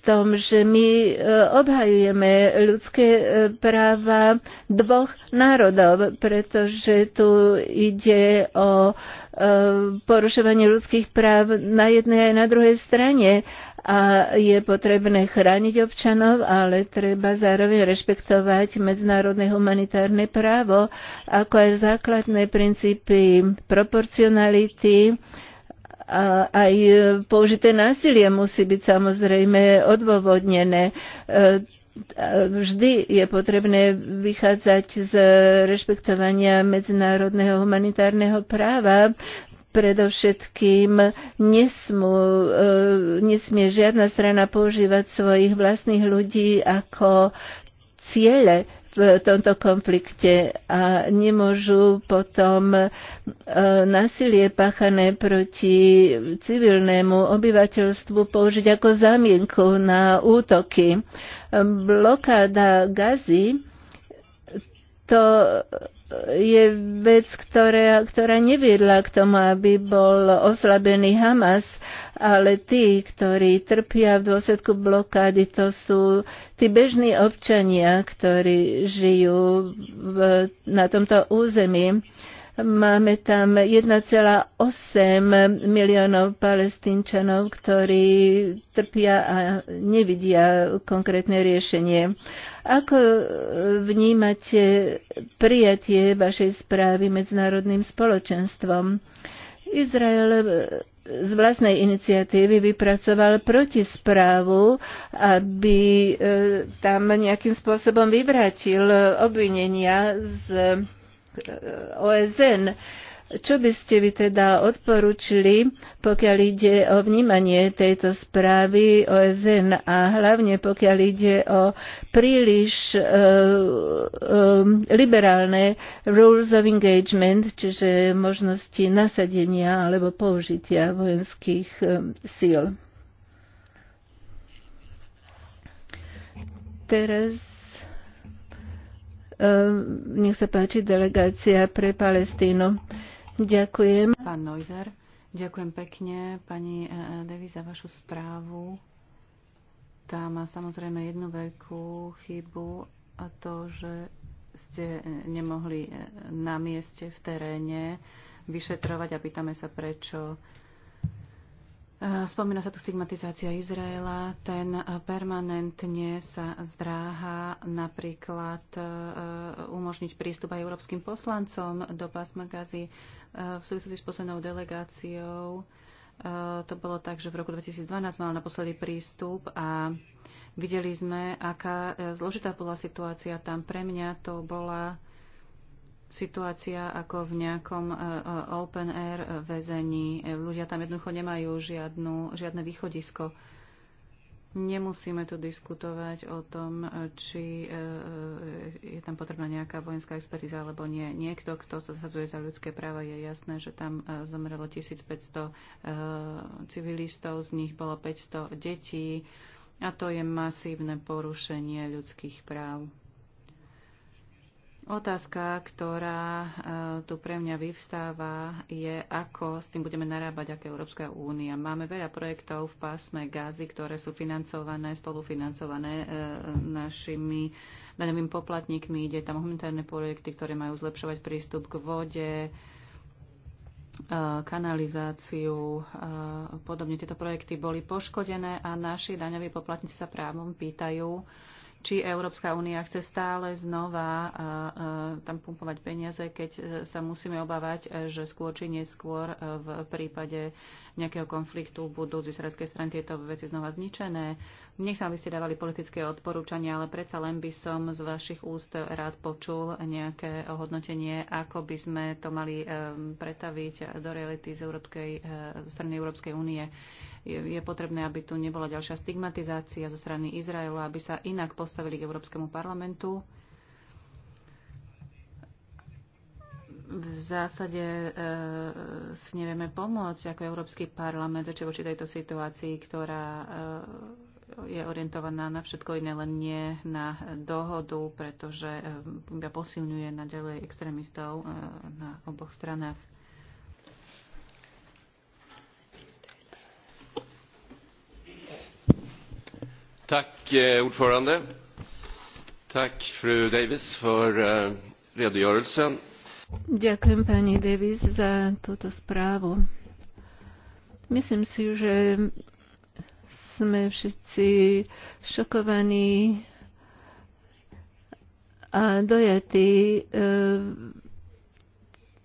S2: tom, že my e, obhajujeme ľudské e, práva dvoch národov, pretože tu ide o e, porušovanie ľudských práv na jednej aj na druhej strane a je potrebné chrániť občanov, ale treba zároveň rešpektovať medzinárodné humanitárne právo, ako aj základné princípy proporcionality, a aj e, použité násilie musí byť samozrejme odôvodnené e, vždy je potrebné vychádzať z rešpektovania medzinárodného humanitárneho práva. Predovšetkým nesmú, e, nesmie žiadna strana používať svojich vlastných ľudí ako ciele v tomto konflikte a nemôžu potom e, násilie páchané proti civilnému obyvateľstvu použiť ako zamienku na útoky. Blokáda Gazy to je vec, ktorá, ktorá neviedla k tomu, aby bol oslabený Hamas, ale tí, ktorí trpia v dôsledku blokády, to sú tí bežní občania, ktorí žijú v, na tomto území. Uh, Máme tam 1,8 miliónov palestínčanov, ktorí trpia a nevidia konkrétne riešenie. Ako vnímate prijatie vašej správy medzinárodným spoločenstvom? Izrael z vlastnej iniciatívy vypracoval protisprávu, aby e, tam nejakým spôsobom vyvrátil obvinenia z OSN. Čo by ste vy teda odporúčili, pokiaľ ide o vnímanie tejto správy OSN a hlavne pokiaľ ide o príliš uh, um, liberálne rules of engagement, čiže možnosti nasadenia alebo použitia vojenských um, síl? Teraz Ehm, nech sa páči delegácia pre Palestínu. Ďakujem. Pán Neuser,
S4: ďakujem pekne pani eh, Devi za vašu správu. Tá má samozrejme jednu veľkú chybu a to, že ste eh, nemohli eh, na mieste v teréne vyšetrovať a pýtame sa, prečo Eh, spomína sa tu stigmatizácia Izraela, ten eh, permanentne sa zdráha napríklad eh, umožniť prístup aj európskym poslancom do pásma Gazy v súvislosti s poslednou delegáciou. To bolo tak, že v roku 2012 mal naposledy prístup a videli sme, aká zložitá bola situácia tam. Pre mňa to bola situácia ako v nejakom e, e, open air väzení. E, ľudia tam jednoducho nemajú žiadnu, žiadne východisko. Nemusíme tu diskutovať o tom, či je tam potrebná nejaká vojenská expertiza alebo nie. Niekto, kto sa zasadzuje za ľudské práva, je jasné, že tam zomrelo 1500 civilistov, z nich bolo 500 detí a to je masívne porušenie ľudských práv. Otázka, ktorá eh, tu pre mňa vyvstáva, je, ako s tým budeme narábať, aké Európska únia. Máme veľa projektov v pásme Gazy, ktoré sú financované, spolufinancované eh, našimi daňovými poplatníkmi. Ide tam humanitárne projekty, ktoré majú zlepšovať prístup k vode, eh, kanalizáciu. Podobne tieto projekty boli poškodené a naši daňoví poplatníci sa právom pýtajú, či Európska únia chce stále znova tam pumpovať peniaze, keď e, sa musíme obávať, e, že skôr či neskôr e, v prípade nejakého konfliktu budú z izraelskej strany tieto veci znova zničené. Nechcem, aby ste dávali politické odporúčania, ale predsa len by som z vašich úst rád počul nejaké hodnotenie, ako by sme to mali pretaviť do reality z, Európskej, z strany Európskej únie. Je potrebné, aby tu nebola ďalšia stigmatizácia zo strany Izraela, aby sa inak postavili k Európskemu parlamentu. v zásade e, si nevieme pomôcť ako Európsky parlament či voči tejto situácii, ktorá e, je orientovaná na všetko iné, len nie na dohodu, pretože e, posilňuje naďalej extrémistov e, na oboch stranách.
S3: Tack eh, ordförande. Tack fru Davis för eh, redogörelsen.
S2: Ďakujem pani Davis za túto správu. Myslím si, že sme všetci šokovaní a dojatí eh,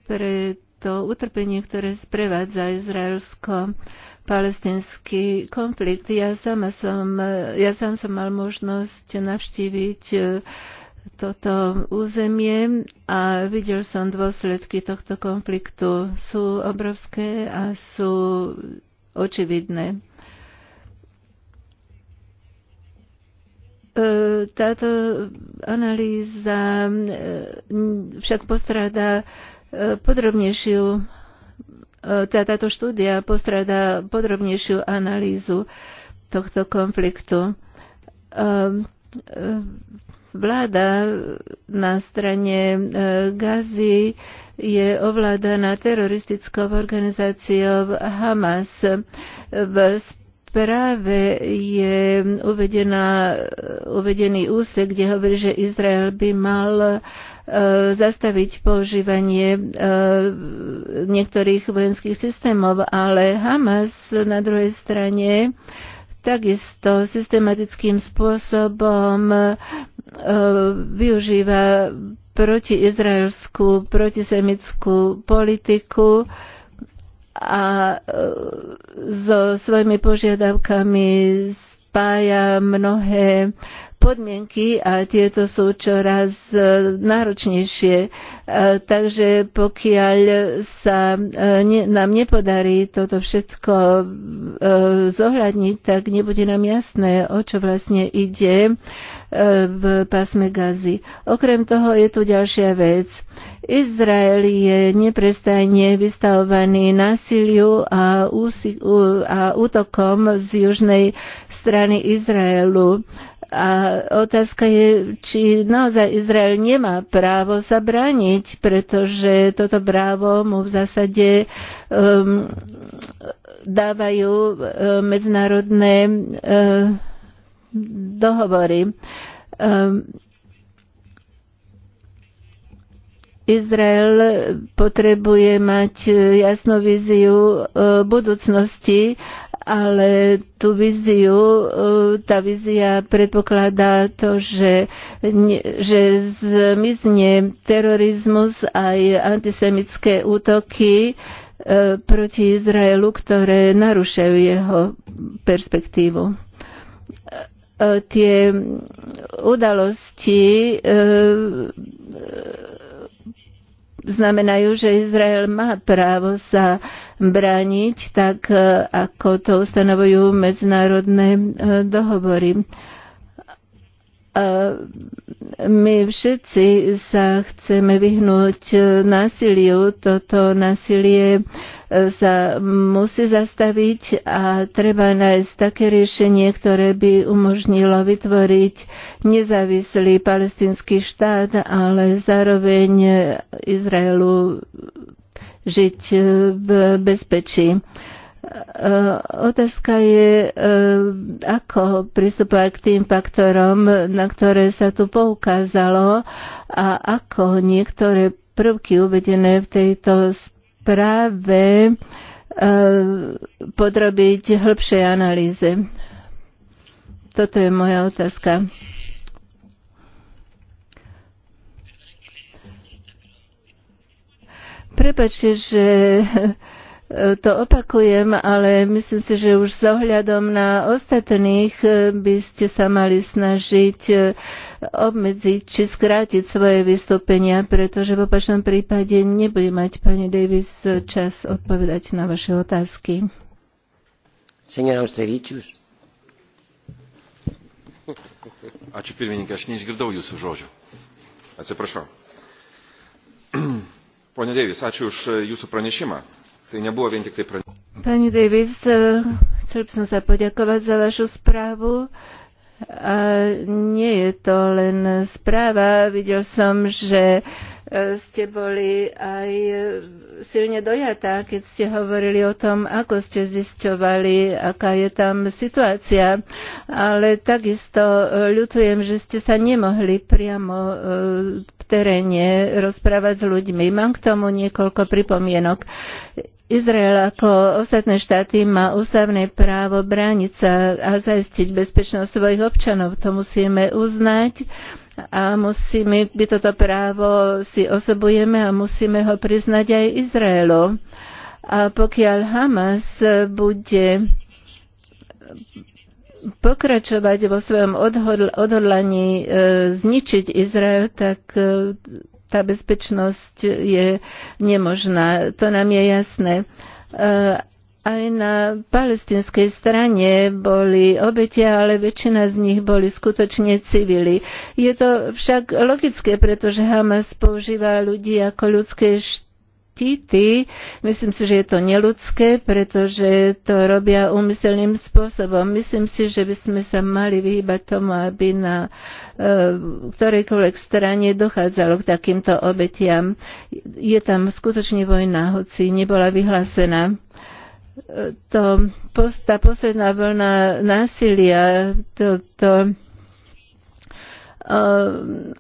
S2: pred to utrpenie, ktoré sprevádza izraelsko-palestinský konflikt. Ja, sama som, ja sám som mal možnosť navštíviť e, toto územie a videl som dôsledky tohto konfliktu. Sú obrovské a sú očividné. E, táto analýza e, však postrada podrobnejšiu, e, tá, teda táto štúdia postrada podrobnejšiu analýzu tohto konfliktu. E, e, vláda na strane Gazy je ovládaná teroristickou organizáciou Hamas. V správe je uvedená, uvedený úsek, kde hovorí, že Izrael by mal E, zastaviť používanie e, niektorých vojenských systémov, ale Hamas na druhej strane takisto systematickým spôsobom e, využíva protiizraelskú, protisemickú politiku a so svojimi požiadavkami spája mnohé podmienky a tieto sú čoraz e, náročnejšie. E, takže pokiaľ sa e, nám nepodarí toto všetko zohľadniť, tak nebude nám jasné, o čo vlastne ide v pásme Gazy. Okrem toho je tu ďalšia vec. Izrael je neprestajne vystavovaný násiliu a, úsi- a útokom z južnej strany Izraelu a otázka je, či naozaj Izrael nemá právo sa brániť, pretože toto právo mu v zásade um, dávajú um, medzinárodné um, dohovory. Um, Izrael potrebuje mať uh, jasnú víziu budúcnosti ale tú viziu, e, tá vizia predpokladá to, že, že zmizne terorizmus aj antisemické útoky e, proti Izraelu, ktoré narušajú jeho perspektívu e, tie udalosti znamenajú, že Izrael má právo sa brániť tak, e, ako to ustanovujú medzinárodné e, dohovory. A e, my všetci sa chceme vyhnúť násiliu. Toto násilie sa musí zastaviť a treba nájsť také riešenie, ktoré by umožnilo vytvoriť nezávislý palestinský štát, ale zároveň Izraelu žiť v bezpečí. E, otázka je, e, ako pristupovať k tým faktorom, na ktoré sa tu poukázalo a ako niektoré prvky uvedené v tejto práve e, podrobiť hĺbšej analýze. Toto je moja otázka. Prepačte, že to opakujem, ale myslím si, že už s ohľadom na ostatných e, by ste sa mali snažiť e, obmedziť či skrátiť svoje vystúpenia, pretože v opačnom prípade nebude mať pani Davis čas odpovedať na vaše otázky.
S1: Senora Austrevičius. Ačiū pirmininkai, aš neišgirdau jūsų žodžių. Atsiprašau. Pone Davis, ačiū už jūsų pranešimą. Tai nebuvo vien tik tai pranešimas.
S2: Pani Davis, e, chcel by som sa poďakovať za vašu správu. A nie je to len správa. Videl som, že e, ste boli aj silne dojatá, keď ste hovorili o tom, ako ste zisťovali, aká je tam situácia. Ale takisto e, ľutujem, že ste sa nemohli priamo e, v teréne rozprávať s ľuďmi. Mám k tomu niekoľko pripomienok. Izrael ako ostatné štáty má ústavné právo brániť sa a zaistiť bezpečnosť svojich občanov. To musíme uznať a musíme, by toto právo si osobujeme a musíme ho priznať aj Izraelu. A pokiaľ Hamas bude pokračovať vo svojom odhodl- odhodlaní e, zničiť Izrael, tak e, tá bezpečnosť je nemožná. To nám je jasné. E, aj na palestinskej strane boli obete, ale väčšina z nich boli skutočne civili. Je to však logické, pretože Hamas používa ľudí ako ľudské št- Titi. Myslím si, že je to neludské, pretože to robia úmyselným spôsobom. Myslím si, že by sme sa mali vyhýbať tomu, aby na e, ktorejkoľvek strane dochádzalo k takýmto obetiam. Je tam skutočne vojna, hoci nebola vyhlásená e, to, tá posledná vlna násilia, to, to e, uh,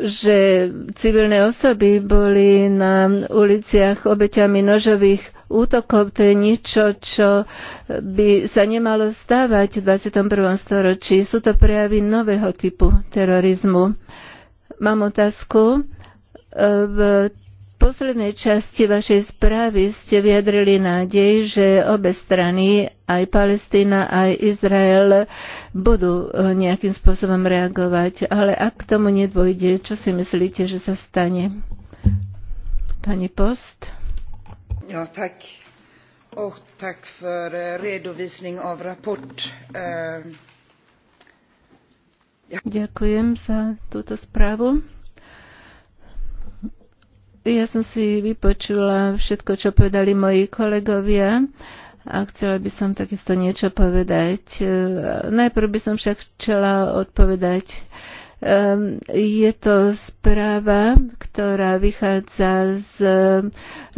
S2: že civilné osoby boli na uliciach obeťami nožových útokov. To je niečo, čo by sa nemalo stávať v 21. storočí. Sú to prejavy nového typu terorizmu. Mám otázku. V poslednej časti vašej správy ste vyjadrili nádej, že obe strany, aj Palestína, aj Izrael, budú e, nejakým spôsobom reagovať. Ale ak k tomu nedôjde, čo si myslíte, že sa stane? Pani Post? Ja, tak.
S5: Och, tack för eh, redovisning av rapport. Eh.
S2: Ďakujem za túto správu. Ja som si vypočula všetko, čo povedali moji kolegovia a chcela by som takisto niečo povedať. Najprv by som však chcela odpovedať Ehm, je to správa, ktorá vychádza z ehm,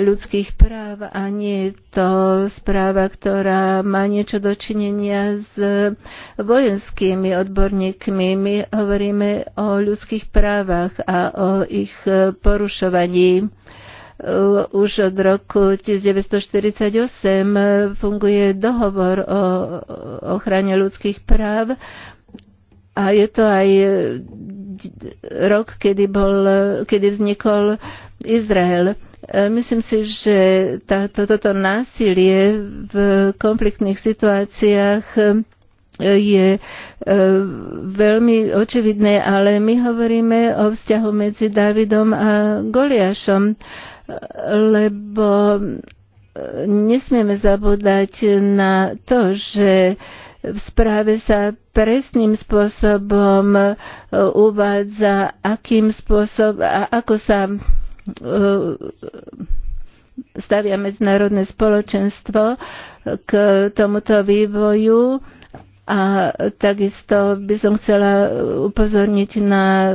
S2: ľudských práv a nie je to správa, ktorá má niečo dočinenia s ehm, vojenskými odborníkmi. My hovoríme o ľudských právach a o ich porušovaní už od roku 1948 funguje dohovor o ochrane ľudských práv a je to aj e, rok, kedy, bol, e, kedy vznikol Izrael. E, myslím si, že to, toto násilie v konfliktných situáciách je veľmi očividné, ale my hovoríme o vzťahu medzi Dávidom a Goliášom, lebo nesmieme zabúdať na to, že v správe sa presným spôsobom e, uvádza, akým spôsob, a ako sa e, stavia medzinárodné spoločenstvo k tomuto vývoju. A takisto by som chcela upozorniť na e,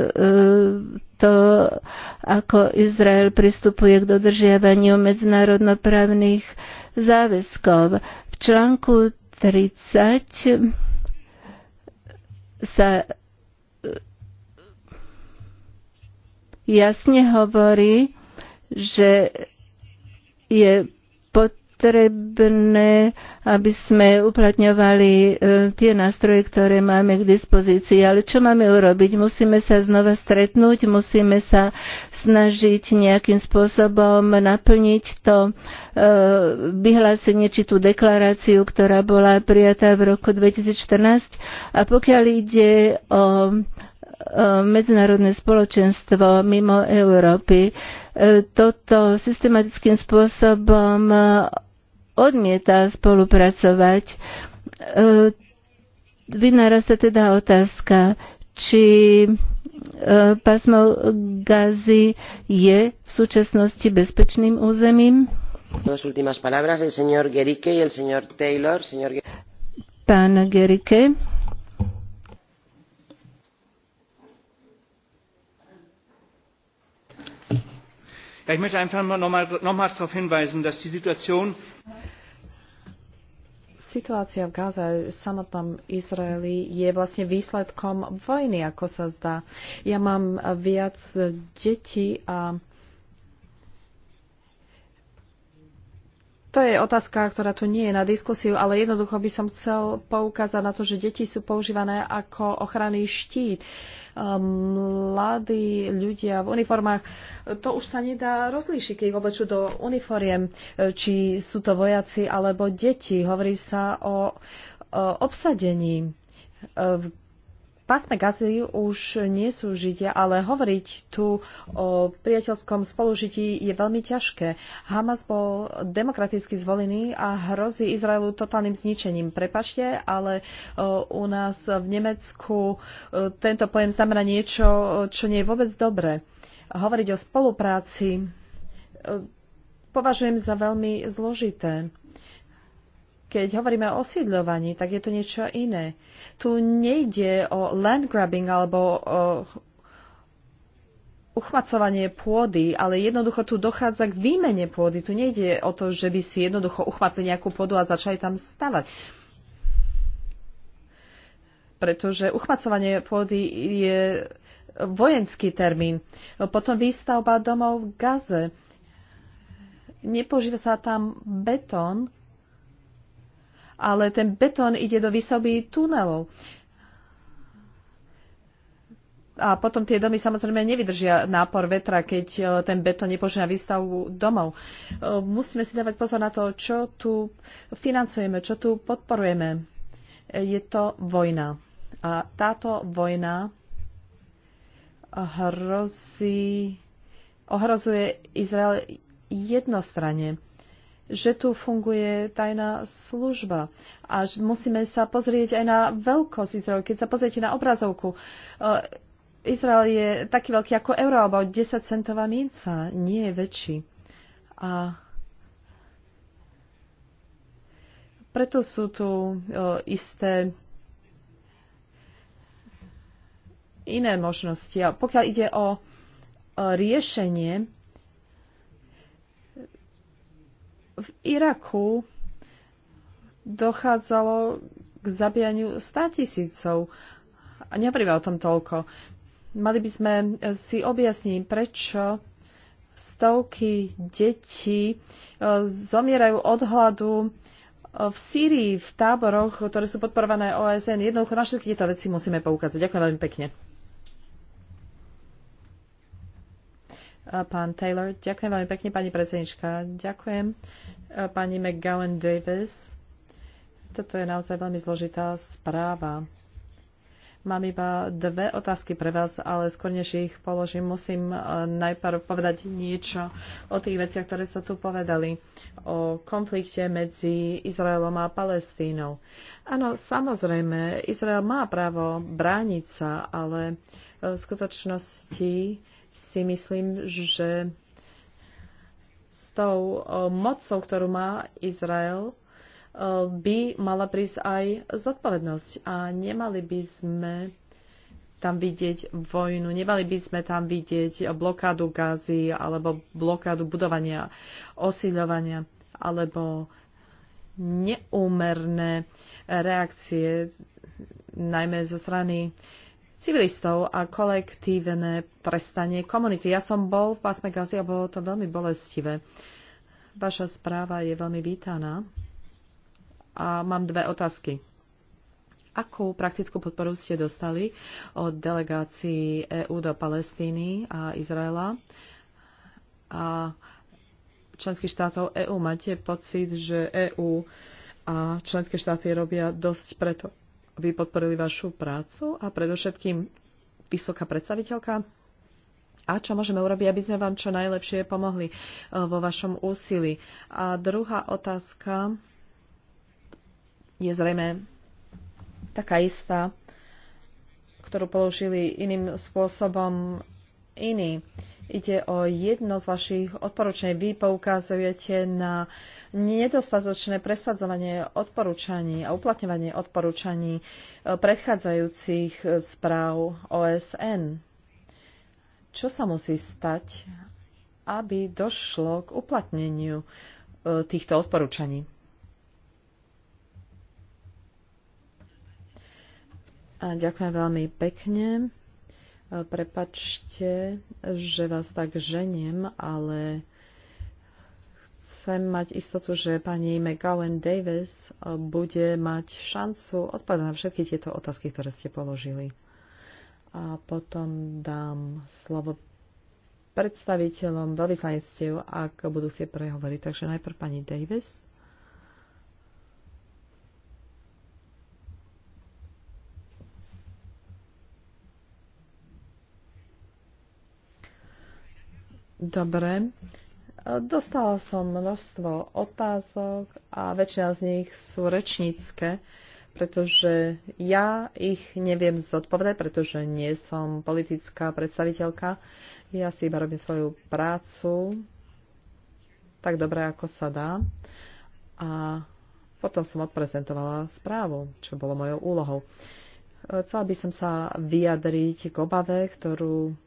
S2: to, ako Izrael pristupuje k dodržiavaniu medzinárodnoprávnych záväzkov. V článku 30 sa e, e, jasne hovorí, že je potrebné, aby sme uplatňovali e, tie nástroje, ktoré máme k dispozícii. Ale čo máme urobiť? Musíme sa znova stretnúť, musíme sa snažiť nejakým spôsobom naplniť to e, vyhlásenie či tú deklaráciu, ktorá bola prijatá v roku 2014. A pokiaľ ide o e, medzinárodné spoločenstvo mimo Európy toto systematickým spôsobom odmieta spolupracovať. E, Vynára sa teda otázka, či e, pásmo Gazy je v súčasnosti bezpečným územím.
S1: Dos últimas palabras, el señor Gerike y el señor Taylor. Señor...
S2: Pán Gerike.
S3: Ja, ich möchte einfach nochmals noch darauf hinweisen, dass die Situation
S5: Situácia v Gáze v samotnom Izraeli je vlastne výsledkom vojny, ako sa zdá. Ja mám viac detí a To je otázka, ktorá tu nie je na diskusiu, ale jednoducho by som chcel poukázať na to, že deti sú používané ako ochranný štít. Uh, mladí ľudia v uniformách, to už sa nedá rozlíšiť, keď oblečú do uniforiem, či sú to vojaci alebo deti. Hovorí sa o obsadení pásme Gazy už nie sú Židia, ale hovoriť tu o priateľskom spolužití je veľmi ťažké. Hamas bol demokraticky zvolený a hrozí Izraelu totálnym zničením. Prepačte, ale u nás v Nemecku tento pojem znamená niečo, čo nie je vôbec dobré. Hovoriť o spolupráci považujem za veľmi zložité keď hovoríme o osídľovaní, tak je to niečo iné. Tu nejde o land grabbing alebo o uchmacovanie pôdy, ale jednoducho tu dochádza k výmene pôdy. Tu nejde o to, že by si jednoducho uchmatli nejakú pôdu a začali tam stavať. Pretože uchmacovanie pôdy je vojenský termín. Potom výstavba domov v Gaze. Nepožíva sa tam betón, ale ten betón ide do výstavby tunelov. A potom tie domy samozrejme nevydržia nápor vetra, keď e, ten betón nepožíva výstavbu domov. E, musíme si dávať pozor na to, čo tu financujeme, čo tu podporujeme. E, je to vojna. A táto vojna hrozí, ohrozuje Izrael jednostranne že tu funguje tajná služba. A musíme sa pozrieť aj na veľkosť Izraelu. Keď sa pozriete na obrazovku, eh, Izrael je taký veľký ako euro, alebo 10 centová minca, nie je väčší. A preto sú tu eh, isté iné možnosti. A pokiaľ ide o eh, riešenie, v Iraku dochádzalo k zabíjaniu 100 tisícov. A neprive o tom toľko. Mali by sme si objasniť, prečo stovky detí e, zomierajú od hladu e, v Sýrii, v táboroch, ktoré sú podporované OSN. Jednoducho na všetky tieto veci musíme poukázať. Ďakujem veľmi pekne. Pán Taylor, ďakujem veľmi pekne, pani predsednička. Ďakujem pani McGowan Davis. Toto je naozaj veľmi zložitá správa. Mám iba dve otázky pre vás, ale skôr než ich položím, musím najprv povedať niečo o tých veciach, ktoré sa tu povedali. O konflikte medzi Izraelom a Palestínou. Áno, samozrejme, Izrael má právo brániť sa, ale v skutočnosti si myslím, že s tou eh, mocou, ktorú má Izrael, eh, by mala prísť aj zodpovednosť a nemali by sme tam vidieť vojnu, nemali by sme tam vidieť blokádu gázy alebo blokádu budovania, osíľovania alebo neúmerné reakcie najmä zo strany civilistov a kolektívne prestanie komunity. Ja som bol v pásme Gazi a bolo to veľmi bolestivé. Vaša správa je veľmi vítaná a mám dve otázky. Akú praktickú podporu ste dostali od delegácií EÚ do Palestíny a Izraela a členských štátov EÚ? Máte pocit, že EÚ a členské štáty robia dosť preto, aby podporili vašu prácu a predovšetkým vysoká predstaviteľka a čo môžeme urobiť, aby sme vám čo najlepšie pomohli e, vo vašom úsilí. A druhá otázka je zrejme taká istá, ktorú položili iným spôsobom iní. Ide o jedno z vašich odporúčaní. Vy poukazujete na nedostatočné presadzovanie odporúčaní a uplatňovanie odporúčaní e, predchádzajúcich správ OSN. Čo sa musí stať, aby došlo k uplatneniu e, týchto odporúčaní? A ďakujem veľmi pekne. E, prepačte, že vás tak ženiem, ale chcem mať istotu, že pani McGowan Davis e, bude mať šancu odpovedať na všetky tieto otázky, ktoré ste položili. A potom dám slovo predstaviteľom veľvyslanectiev, ak budú si prehovoriť. Takže najprv pani Davis. Dobre. Dostala som množstvo otázok a väčšina z nich sú rečnícke, pretože ja ich neviem zodpovedať, pretože nie som politická predstaviteľka. Ja si iba robím svoju prácu tak dobre, ako sa dá. A potom som odprezentovala správu, čo bolo mojou úlohou. Chcela by som sa vyjadriť k obave, ktorú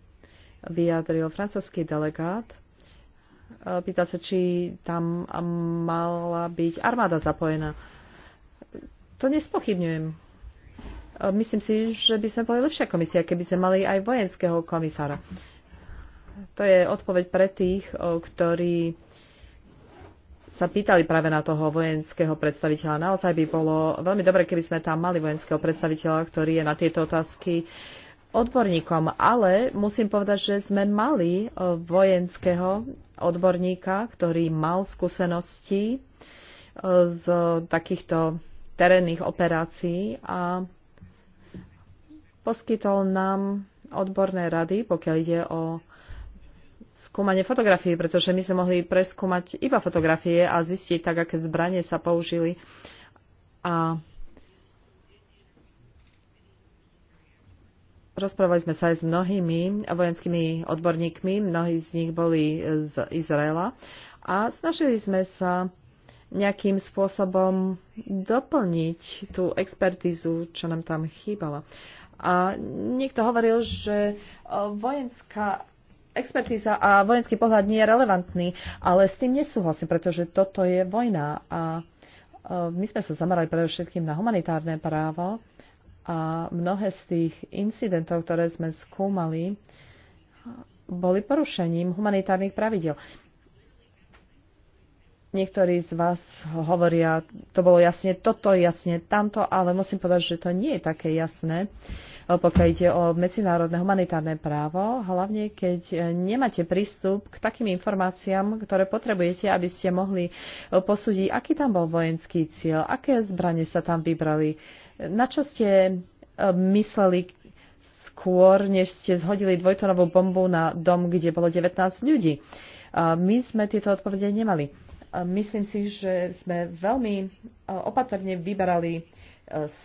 S5: vyjadril francúzsky delegát. E, pýta sa, či tam mala byť armáda zapojená. To nespochybňujem. E, myslím si, že by sme boli lepšia komisia, keby sme mali aj vojenského komisára. To je odpoveď pre tých, ktorí sa pýtali práve na toho vojenského predstaviteľa. Naozaj by bolo veľmi dobre, keby sme tam mali vojenského predstaviteľa, ktorý je na tieto otázky odborníkom, ale musím povedať, že sme mali e, vojenského odborníka, ktorý mal skúsenosti e, z takýchto terénnych operácií a poskytol nám odborné rady, pokiaľ ide o skúmanie fotografií, pretože my sme mohli preskúmať iba fotografie a zistiť tak, aké zbranie sa použili a Rozprávali sme sa aj s mnohými vojenskými odborníkmi, mnohí z nich boli z Izraela a snažili sme sa nejakým spôsobom doplniť tú expertízu, čo nám tam chýbala. A niekto hovoril, že e, vojenská expertíza a vojenský pohľad nie je relevantný, ale s tým nesúhlasím, pretože toto je vojna a e, my sme sa zamerali predovšetkým na humanitárne právo a mnohé z tých incidentov, ktoré sme skúmali, boli porušením humanitárnych pravidel. Niektorí z vás hovoria, to bolo jasne toto, jasne tamto, ale musím povedať, že to nie je také jasné. Uh, Eh, pokiaľ ide o medzinárodné humanitárne právo, hlavne keď eh, nemáte prístup k takým informáciám, ktoré potrebujete, aby ste mohli eh, posúdiť, aký tam bol vojenský cieľ, aké zbranie sa tam vybrali, na čo ste mysleli skôr, než ste zhodili dvojtonovú bombu na dom, kde bolo 19 ľudí. My sme tieto odpovede nemali. Myslím si, že sme veľmi opatrne vyberali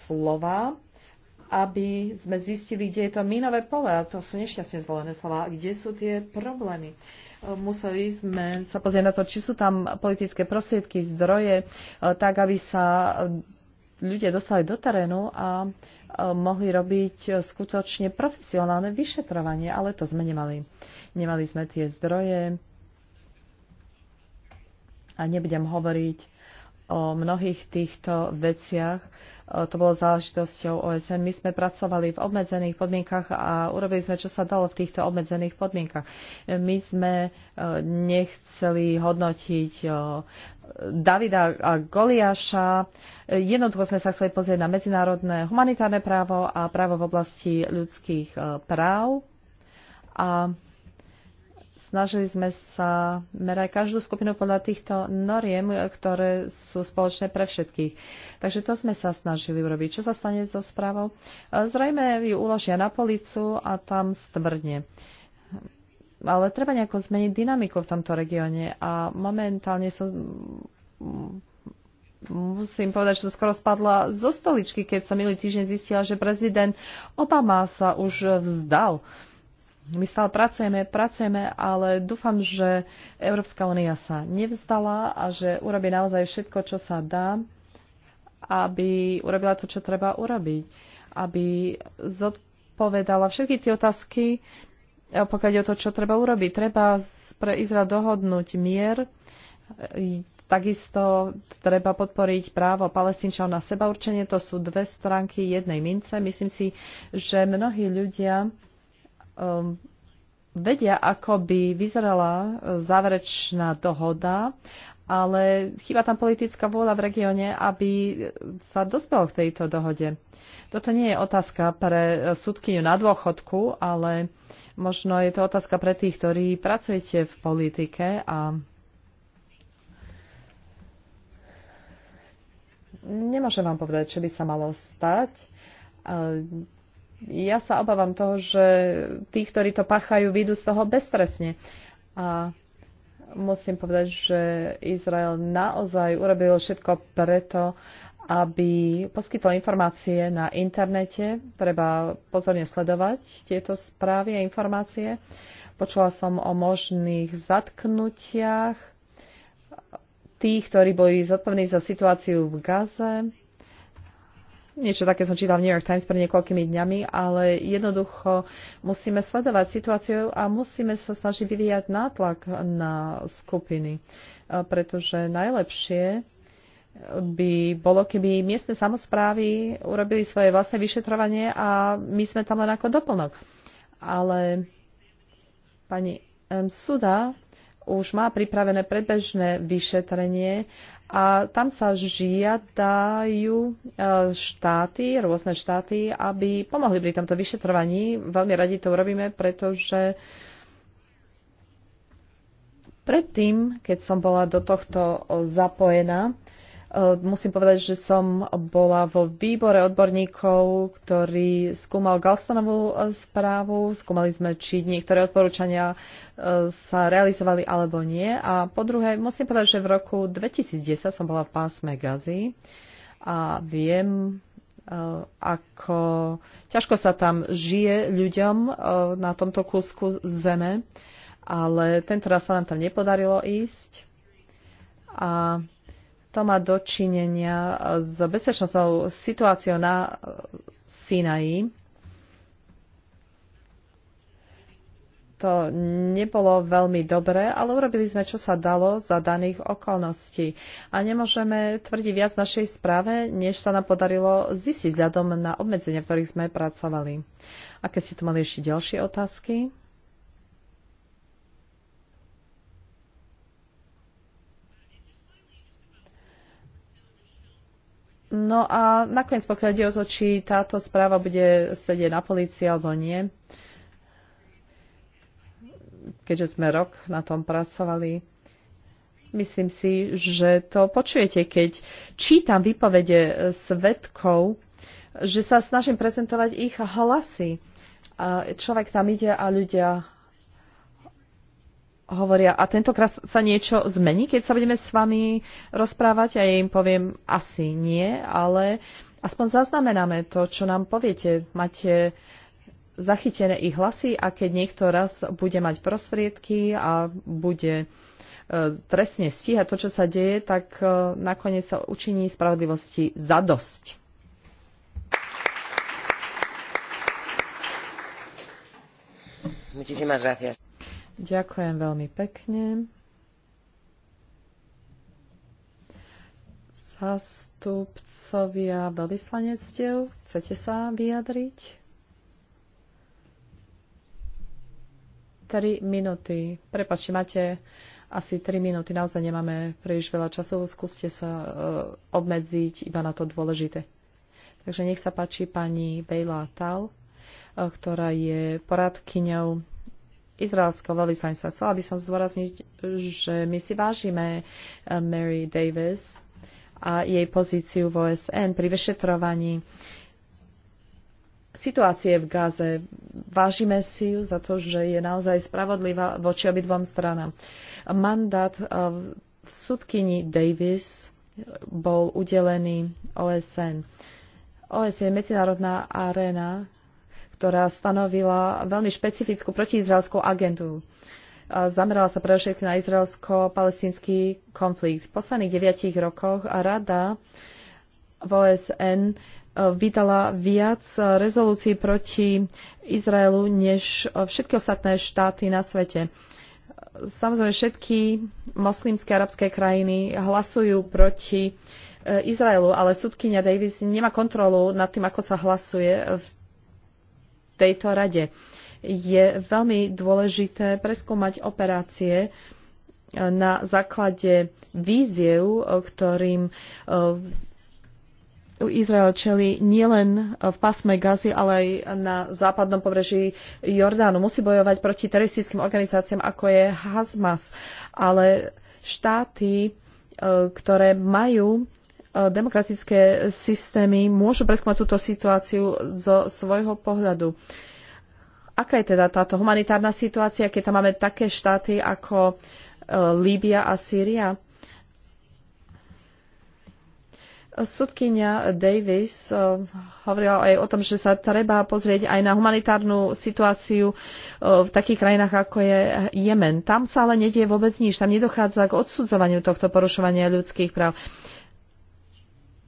S5: slova, aby sme zistili, kde je to mínové pole. A to sú nešťastne zvolené slova. Kde sú tie problémy? E, museli sme sa pozrieť na to, či sú tam politické prostriedky, zdroje, e, tak aby sa e, ľudia dostali do terénu a mohli robiť skutočne profesionálne vyšetrovanie, ale to sme nemali. Nemali sme tie zdroje a nebudem hovoriť o mnohých týchto veciach. To bolo záležitosťou OSN. My sme pracovali v obmedzených podmienkach a urobili sme, čo sa dalo v týchto obmedzených podmienkach. My sme nechceli hodnotiť Davida a Goliáša. Jednoducho sme sa chceli pozrieť na medzinárodné humanitárne právo a právo v oblasti ľudských práv. A snažili sme sa merať každú skupinu podľa týchto noriem, ktoré sú spoločné pre všetkých. Takže to sme sa snažili urobiť. Čo sa stane so správou? Zrejme ju uložia na policu a tam stvrdne. Ale treba nejako zmeniť dynamiku v tomto regióne a momentálne som musím povedať, že to skoro spadla zo stoličky, keď som minulý týždeň zistila, že prezident Obama sa už vzdal my stále pracujeme, pracujeme, ale dúfam, že Európska únia sa nevzdala a že urobí naozaj všetko, čo sa dá, aby urobila to, čo treba urobiť. Aby zodpovedala všetky tie otázky, eh, pokiaľ je o to, čo treba urobiť. Treba pre Izrael dohodnúť mier, eh, Takisto treba podporiť právo palestínčov na seba určenie. To sú dve stránky jednej mince. Myslím si, že mnohí ľudia um, vedia, ako by vyzerala e, záverečná dohoda, ale chýba tam politická vôľa v regióne, aby sa dospelo k tejto dohode. Toto nie je otázka pre e, súdkyňu na dôchodku, ale možno je to otázka pre tých, ktorí pracujete v politike a nemôžem vám povedať, čo by sa malo stať e, ja sa obávam toho, že tí, ktorí to páchajú, vyjdú z toho beztresne. A musím povedať, že Izrael naozaj urobil všetko preto, aby poskytol informácie na internete. Treba pozorne sledovať tieto správy a informácie. Počula som o možných zatknutiach tých, ktorí boli zodpovední za situáciu v Gaze Niečo také som čítal v New York Times pred niekoľkými dňami, ale jednoducho musíme sledovať situáciu a musíme sa snažiť vyvíjať nátlak na skupiny, e, pretože najlepšie by bolo, keby miestne samozprávy urobili svoje vlastné vyšetrovanie a my sme tam len ako doplnok. Ale pani Suda už má pripravené predbežné vyšetrenie a tam sa žiadajú e, štáty, rôzne štáty, aby pomohli pri tomto vyšetrovaní. Veľmi radi to urobíme, pretože predtým, keď som bola do tohto zapojená, Eh, musím povedať, že som bola vo výbore odborníkov, ktorý skúmal Galstonovú eh, správu. Skúmali sme, či niektoré odporúčania eh, sa realizovali alebo nie. A po druhé, musím povedať, že v roku 2010 som bola v pásme Gazy a viem, ako ťažko sa tam žije ľuďom na tomto kúsku zeme, ale tento raz sa nám tam nepodarilo ísť. A to má dočinenia s bezpečnostnou situáciou na Sinaji. To nebolo veľmi dobré, ale urobili sme, čo sa dalo za daných okolností. A nemôžeme tvrdiť viac v našej správe, než sa nám podarilo zistiť vzhľadom na obmedzenia, v ktorých sme pracovali. Aké ste tu mali ešte ďalšie otázky? No a nakoniec, pokiaľ ide o to, či táto správa bude sedieť na polícii alebo nie, keďže sme rok na tom pracovali, myslím si, že to počujete, keď čítam výpovede svetkov, že sa snažím prezentovať ich hlasy. A človek tam ide a ľudia hovoria, a tentokrát sa niečo zmení, keď sa budeme s vami rozprávať? A ja im poviem, asi nie, ale aspoň zaznamenáme to, čo nám poviete. Máte zachytené ich hlasy a keď niekto raz bude mať prostriedky a bude e, trestne stíhať to, čo sa deje, tak e, nakoniec sa učiní spravodlivosti za dosť.
S1: Muchísimas gracias.
S5: Ďakujem veľmi pekne. Zastupcovia veľvyslanectiev, chcete sa vyjadriť? 3 minúty. Prepačte, máte asi 3 minúty, naozaj nemáme príliš veľa času, skúste sa e, obmedziť iba na to dôležité. Takže nech sa páči pani Bejla Tal, e, ktorá je poradkyňou izraelského veľvyslanectva. Chcela by som zdôrazniť, že my si vážime eh, Mary Davis a jej pozíciu v OSN pri vyšetrovaní situácie v Gaze. Vážime si ju za to, že je naozaj spravodlivá voči obidvom stranám. Mandát eh, v sudkyni Davis bol udelený OSN. OSN je medzinárodná aréna, ktorá stanovila veľmi špecifickú protiizraelskú agendu. Zamerala sa predovšetkým na izraelsko-palestínsky konflikt. V posledných deviatich rokoch rada v OSN e, vydala viac e, rezolúcií proti Izraelu než e, všetky ostatné štáty na svete. Samozrejme, všetky moslimské arabské krajiny hlasujú proti Izraelu, ale súdkynia Davis nemá kontrolu nad tým, ako sa hlasuje v tejto rade. Je veľmi dôležité preskúmať operácie e, na základe víziev, e, ktorým e, Izrael čeli nielen v pásme Gazy, ale aj na západnom pobreží Jordánu. Musí bojovať proti teroristickým organizáciám, ako je Hamas. Ale štáty, ktoré majú Eh, demokratické systémy môžu preskúmať túto situáciu zo svojho pohľadu. Aká je teda táto humanitárna situácia, keď tam máme také štáty ako eh, Líbia a Sýria? Sudkynia Davis eh, hovorila aj o tom, že sa treba pozrieť aj na humanitárnu situáciu v takých krajinách, ako je Jemen. Tam sa ale nedie vôbec nič. Tam nedochádza k odsudzovaniu tohto porušovania ľudských práv.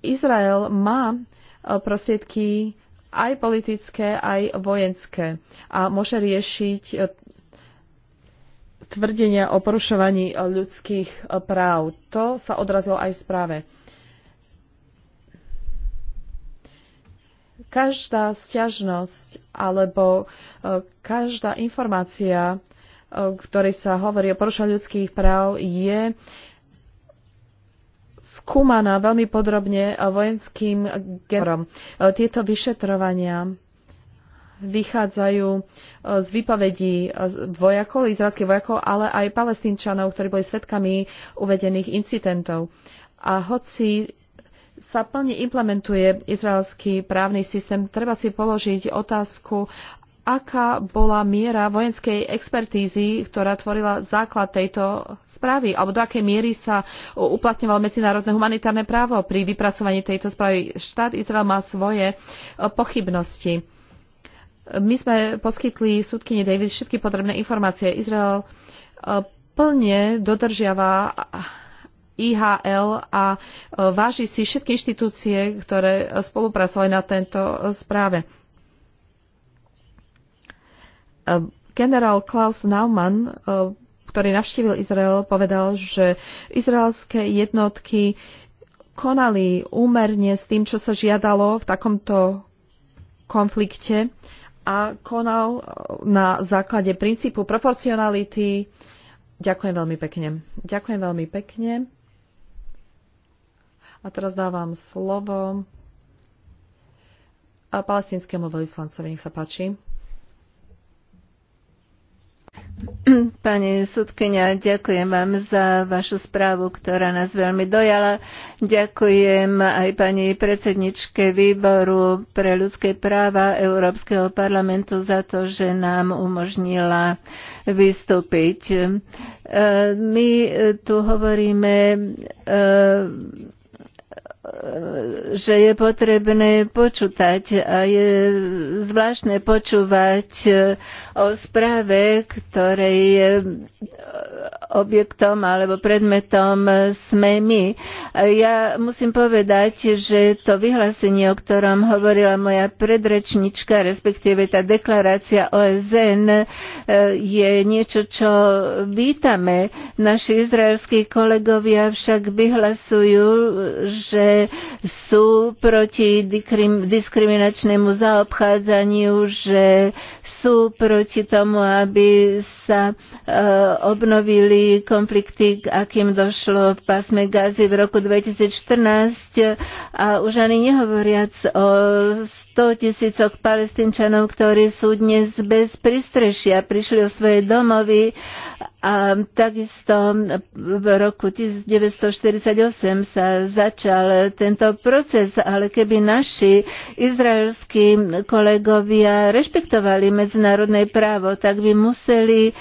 S5: Izrael má e, prostriedky aj politické, aj vojenské a môže riešiť e, tvrdenia o porušovaní e, ľudských práv. To sa odrazilo aj v správe. Každá sťažnosť alebo každá informácia, ktorej sa hovorí o porušovaní ľudských práv, je skúmaná veľmi podrobne vojenským generom. Tieto vyšetrovania vychádzajú e, z výpovedí e, vojakov, izraelských vojakov, ale aj palestínčanov, ktorí boli svetkami uvedených incidentov. A hoci sa plne implementuje izraelský právny systém, treba si položiť otázku, aká bola miera vojenskej expertízy, ktorá tvorila základ tejto správy, alebo do akej miery sa uplatňovalo medzinárodné humanitárne právo pri vypracovaní tejto správy. Štát Izrael má svoje e, pochybnosti. My sme poskytli súdkyni David všetky potrebné informácie. Izrael e, plne dodržiava IHL a e, váži si všetky inštitúcie, ktoré spolupracovali na tento správe. Eh, generál Klaus Naumann, eh, ktorý navštívil Izrael, povedal, že izraelské jednotky konali úmerne s tým, čo sa žiadalo v takomto konflikte a konal eh, na základe princípu proporcionality. Ďakujem veľmi pekne. Ďakujem veľmi pekne. A teraz dávam slovo palestinskému veľvyslancovi. Nech sa páči.
S2: Pani sudkynia, ďakujem vám za vašu správu, ktorá nás veľmi dojala. Ďakujem aj pani predsedničke výboru pre ľudské práva Európskeho parlamentu za to, že nám umožnila vystúpiť. E, my tu hovoríme e, že je potrebné počútať a je zvláštne počúvať e, o správe, ktorej e, objektom alebo predmetom sme my. Ja musím povedať, že to vyhlásenie, o ktorom hovorila moja predrečnička, respektíve tá deklarácia OSN, e, je niečo, čo vítame. Naši izraelskí kolegovia však vyhlasujú, že sú proti diskriminačnému zaobchádzaniu, že sú proti tomu, aby sa e, obnovili konflikty, k akým došlo v pásme Gazy v roku 2014 a už ani nehovoriac o 100 tisícoch palestinčanov, ktorí sú dnes bez pristrešia, prišli o svoje domovy a takisto v roku 1948 sa začal tento proces, ale keby naši izraelskí kolegovia rešpektovali medzinárodné právo, tak by museli e,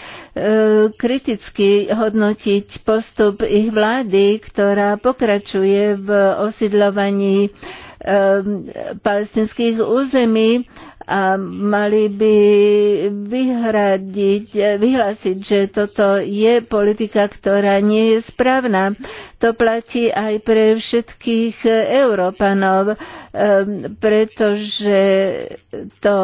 S2: kriticky hodnotiť postup ich vlády, ktorá pokračuje v osidľovaní e, palestinských území a mali by vyhradiť, vyhlásiť, že toto je politika, ktorá nie je správna. To platí aj pre všetkých Európanov. Ehm, pretože to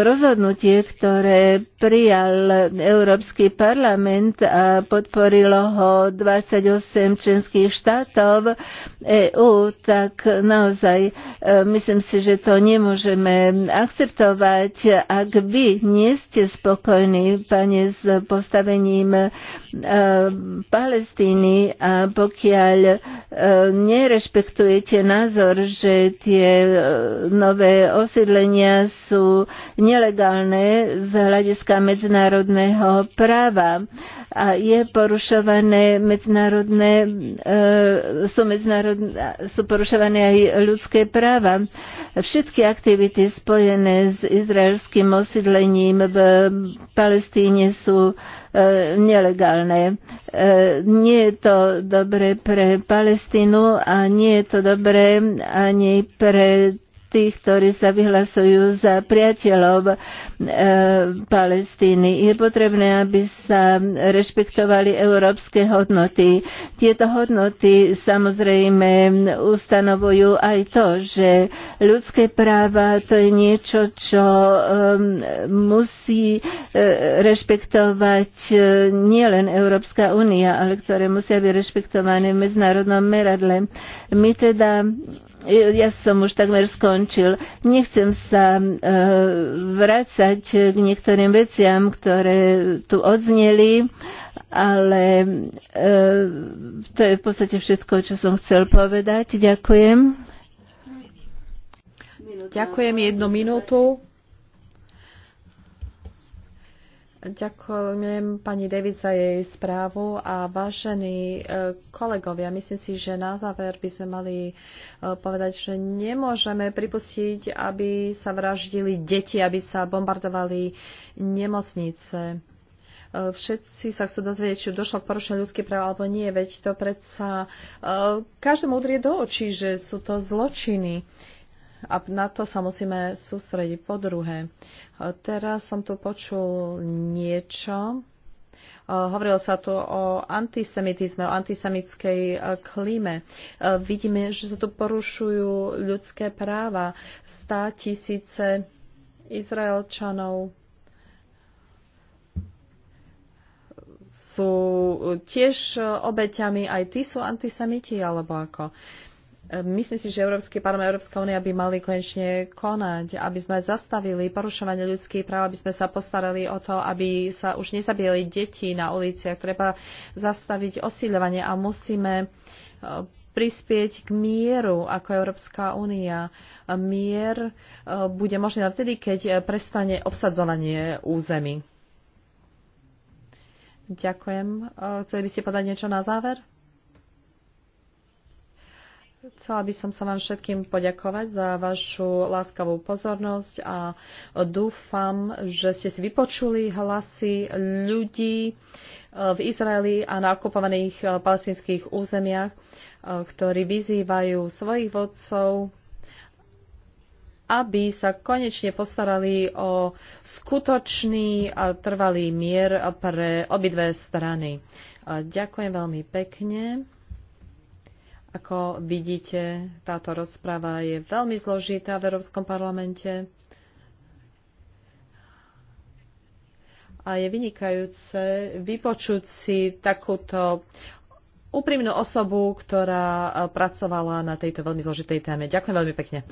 S2: rozhodnutie, ktoré prijal Európsky parlament a podporilo ho 28 členských štátov EÚ, tak naozaj ehm, myslím si, že to nemôžeme akceptovať. Ak vy nie ste spokojní, pane, s postavením ehm, Palestíny a pokiaľ nerešpektujete názor, že tie nové osídlenia sú nelegálne z hľadiska medzinárodného práva a je porušované medzinárodné, e, sú, medzinárodné, sú porušované aj ľudské práva. Všetky aktivity spojené s izraelským osídlením v Palestíne sú nelegálne. E, nie je to dobre pre Palestínu a nie je to dobre ani pre tých, ktorí sa vyhlasujú za priateľov e, Palestíny. Je potrebné, aby sa rešpektovali európske hodnoty. Tieto hodnoty samozrejme ustanovujú aj to, že ľudské práva to je niečo, čo e, musí e, rešpektovať e, nielen Európska únia, ale ktoré musia byť rešpektované v medzinárodnom meradle. My teda ja som už takmer skončil. Nechcem sa e, vrácať k niektorým veciam, ktoré tu odzneli, ale e, to je v podstate všetko, čo som chcel povedať. Ďakujem. Ďakujem jednu minútu.
S5: Ďakujem pani David za jej správu a vážení e, kolegovia, myslím si, že na záver by sme mali e, povedať, že nemôžeme pripustiť, aby sa vraždili deti, aby sa bombardovali nemocnice. E, všetci sa chcú dozvedieť, či došlo k porušeniu ľudských práv alebo nie, veď to predsa každému udrie do očí, že sú to zločiny a na to sa musíme sústrediť. Po druhé, teraz som tu počul niečo, e, Hovorilo sa tu o antisemitizme, o antisemickej e, klíme. E, vidíme, že sa tu porušujú ľudské práva. Stá tisíce Izraelčanov sú tiež obeťami, aj tí sú antisemiti, alebo ako. Uh, Myslím si, že Európsky parlament Európska únia by mali konečne konať, aby sme zastavili porušovanie ľudských práv, aby sme sa postarali o to, aby sa už nezabíjali deti na uliciach. Treba zastaviť osíľovanie a musíme e, prispieť k mieru ako Európska únia. Mier e, bude možný vtedy, keď e, prestane obsadzovanie území. Ďakujem. Chceli by ste podať niečo na záver? Chcela by som sa vám všetkým poďakovať za vašu láskavú pozornosť a dúfam, že ste si vypočuli hlasy ľudí eh, v Izraeli a na okupovaných eh, palestinských územiach, eh, ktorí vyzývajú svojich vodcov, aby sa konečne postarali o skutočný a trvalý mier pre obidve strany. Ďakujem veľmi pekne. Ako vidíte, táto rozpráva je veľmi zložitá v Európskom parlamente a je vynikajúce vypočuť si takúto úprimnú osobu, ktorá eh, pracovala na tejto veľmi zložitej téme. Ďakujem veľmi pekne.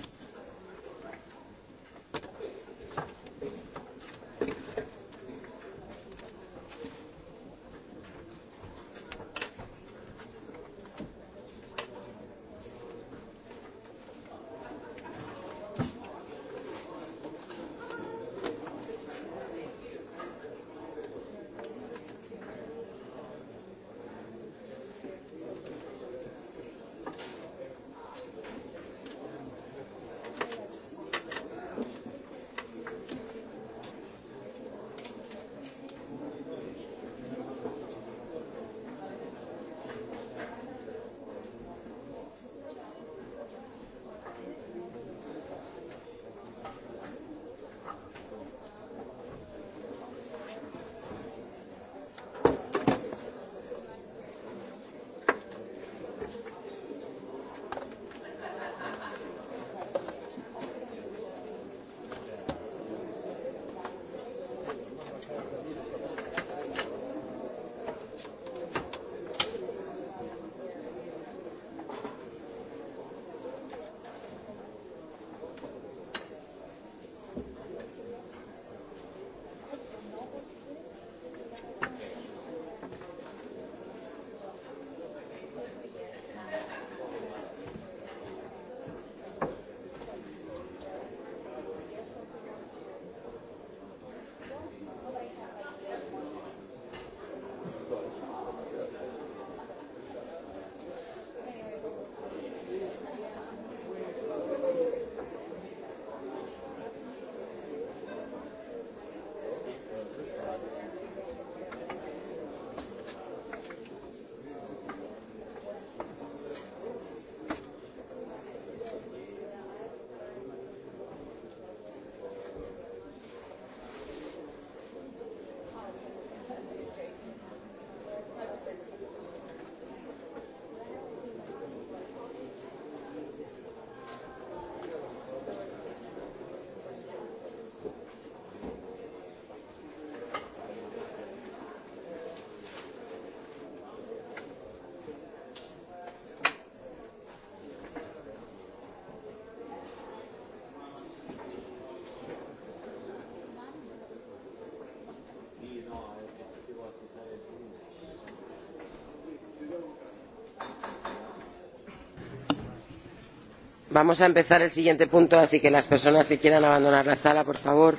S1: vamos a empezar el siguiente punto así que las personas que quieran abandonar la sala por favor.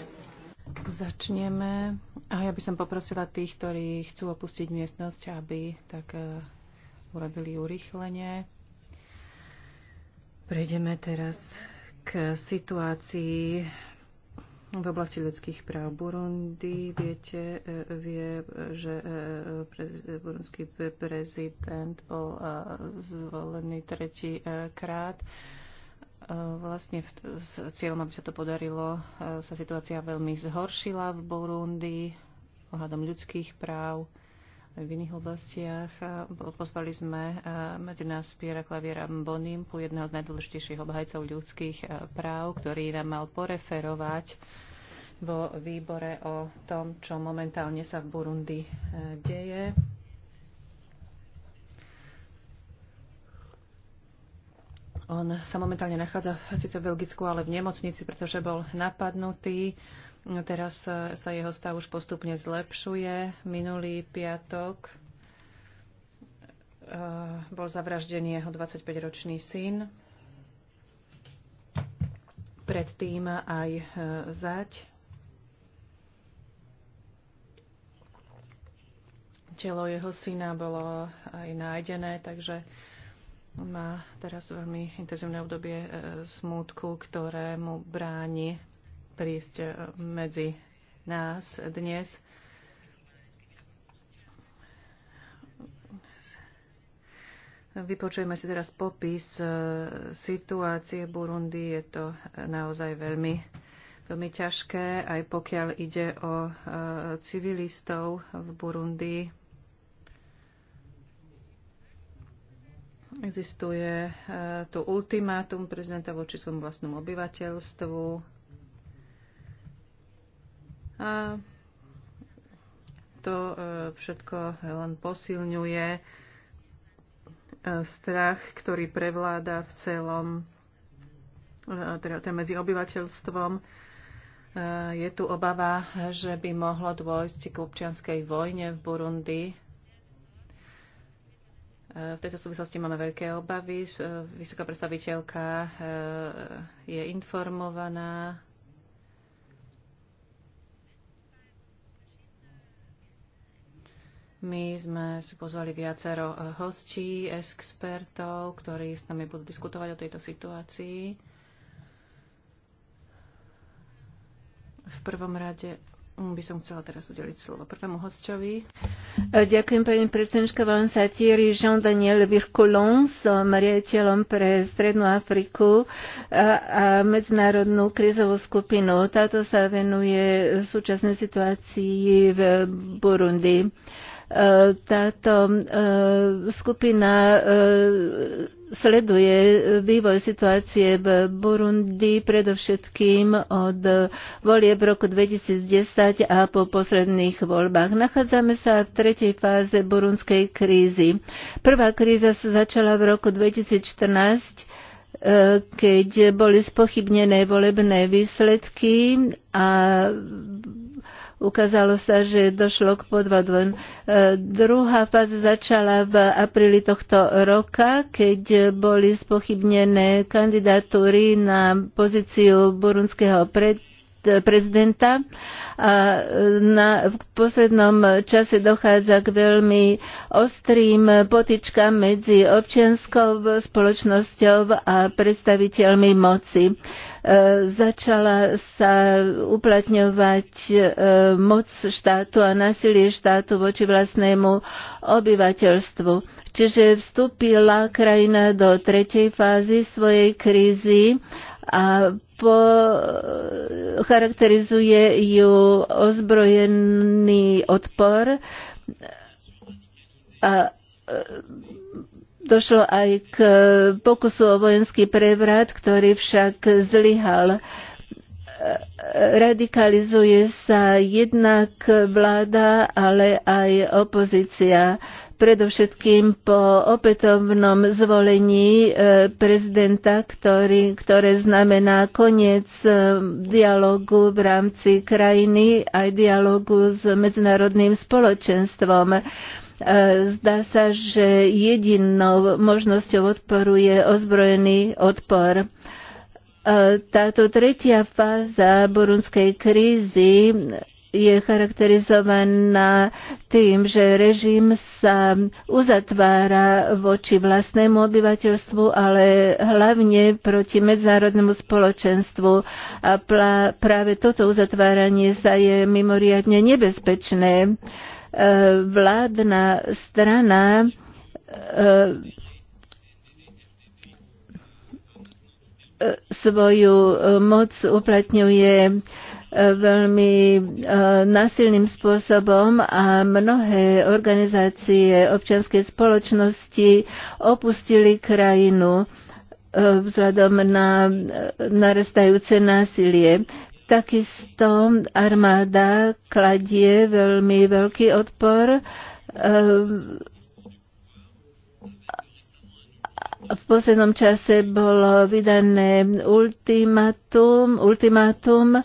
S4: Začneme. A ja by som poprosila tých, ktorí chcú opustiť miestnosť, aby tak e, urobili urýchlenie. Prejdeme teraz k situácii v oblasti ľudských práv Burundi viete, e, vie, že e, burundský prezident bol zvolený tretí krát. Eh, vlastne s cieľom, aby sa to podarilo, eh, sa situácia veľmi zhoršila v Burundi ohľadom ľudských práv aj v iných oblastiach. Eh, Pozvali sme medzi nás Piera Klaviera Bonimpu, jedného z najdôležitejších obhajcov ľudských práv, ktorý nám mal poreferovať vo výbore o tom, čo momentálne sa v Burundi deje. On sa momentálne nachádza síce v Belgicku, ale v nemocnici, pretože bol napadnutý. No teraz e, sa jeho stav už postupne zlepšuje. Minulý piatok e, bol zavraždený jeho 25-ročný syn. Predtým aj e, zať. Telo jeho syna bolo aj nájdené, takže má teraz veľmi intenzívne obdobie e, smútku, ktorému bráni prísť e, medzi nás dnes. Vypočujeme si teraz popis e, situácie Burundi. Je to naozaj veľmi, veľmi ťažké, aj pokiaľ ide o civilistov v Burundi. Existuje e, tu ultimátum prezidenta voči svojmu vlastnému obyvateľstvu. A to e, všetko len posilňuje e, strach, ktorý prevláda v celom, teda, teda medzi obyvateľstvom. Je tu obava, že by mohlo dôjsť k občianskej vojne v Burundi v tejto súvislosti máme veľké obavy. Vysoká predstaviteľka eh, je informovaná. My sme si pozvali viacero eh, hostí, expertov, ktorí s nami budú diskutovať o tejto situácii. V prvom
S2: rade Mm, by som chcela teraz udeliť slovo prvému hostovi. E, ďakujem pani predsednička Valensatíri. Jean-Daniel Virculon som riaditeľom pre Strednú Afriku a, a medzinárodnú krizovú skupinu. Táto sa venuje súčasnej situácii v Burundi. Táto e, skupina e, sleduje vývoj situácie v Burundi predovšetkým od volieb roku 2010 a po posledných voľbách. Nachádzame sa v tretej fáze burundskej krízy. Prvá kríza sa začala v roku 2014 e, keď boli spochybnené volebné výsledky a ukázalo sa, že došlo k podvodom. E, druhá fáza začala v apríli tohto roka, keď boli spochybnené kandidatúry na pozíciu burundského pred prezidenta a e, na, v poslednom čase dochádza k veľmi ostrým potičkám medzi občianskou spoločnosťou a predstaviteľmi moci. E, začala sa uplatňovať e, moc štátu a násilie štátu voči vlastnému obyvateľstvu. Čiže vstúpila krajina do tretej fázy svojej krízy a po, charakterizuje ju ozbrojený odpor a došlo aj k e, pokusu o vojenský prevrat, ktorý však zlyhal. E, radikalizuje sa jednak vláda, ale aj opozícia. Predovšetkým po opätovnom zvolení e, prezidenta, ktorý, ktoré znamená koniec dialogu v rámci krajiny aj dialogu s medzinárodným spoločenstvom E, zdá sa, že jedinou možnosťou odporu je ozbrojený odpor. E, táto tretia fáza burundskej krízy je charakterizovaná tým, že režim sa uzatvára voči vlastnému obyvateľstvu, ale hlavne proti medzinárodnému spoločenstvu. A práve toto uzatváranie sa je mimoriadne nebezpečné vládna strana e, svoju moc uplatňuje e, veľmi e, násilným spôsobom a mnohé organizácie občianskej spoločnosti opustili krajinu vzhľadom na narastajúce násilie. Takisto armáda kladie veľmi veľký odpor ehm, v poslednom čase bolo vydané ultimátum, ultimátum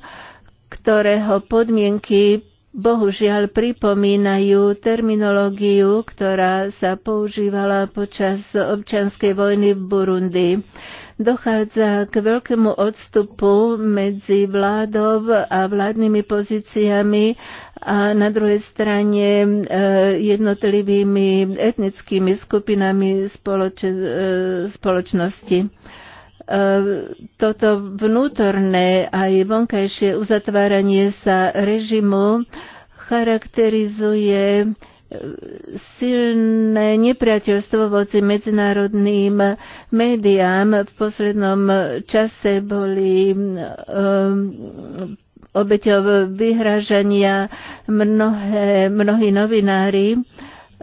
S2: ktorého podmienky bohužiaľ pripomínajú terminológiu, ktorá sa používala počas občianskej vojny v Burundi dochádza k veľkému odstupu medzi vládou a vládnymi pozíciami a na druhej strane e, jednotlivými etnickými skupinami spoloč- e, spoločnosti e, toto vnútorné aj vonkajšie uzatváranie sa režimu charakterizuje silné nepriateľstvo voci medzinárodným médiám. V poslednom čase boli um, eh, obeťov vyhražania mnohé, mnohí novinári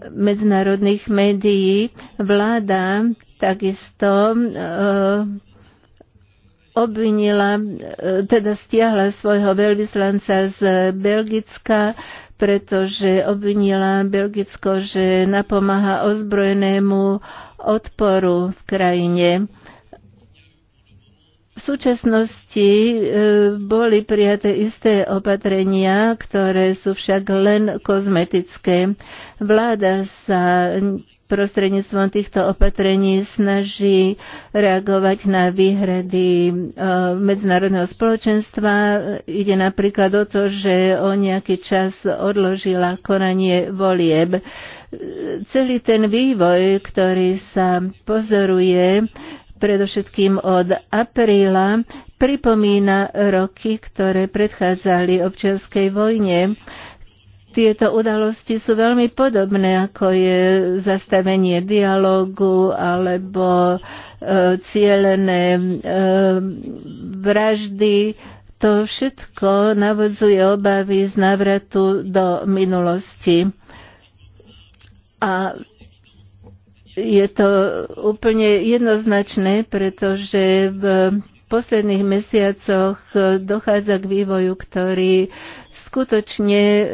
S2: medzinárodných médií. Vláda takisto um, obvinila, eh, teda stiahla svojho veľvyslanca z Belgicka, pretože obvinila Belgicko, že napomáha ozbrojenému odporu v krajine. V súčasnosti e, boli prijaté isté opatrenia, ktoré sú však len kozmetické. Vláda sa prostredníctvom týchto opatrení snaží reagovať na výhrady e, medzinárodného spoločenstva. Ide napríklad o to, že o nejaký čas odložila konanie volieb. E, celý ten vývoj, ktorý sa pozoruje, predovšetkým od apríla, pripomína roky, ktoré predchádzali občianskej vojne tieto udalosti sú veľmi podobné, ako je zastavenie dialogu alebo e, cielené e, vraždy. To všetko navodzuje obavy z návratu do minulosti. A je to úplne jednoznačné, pretože v posledných mesiacoch dochádza k vývoju, ktorý skutočne e,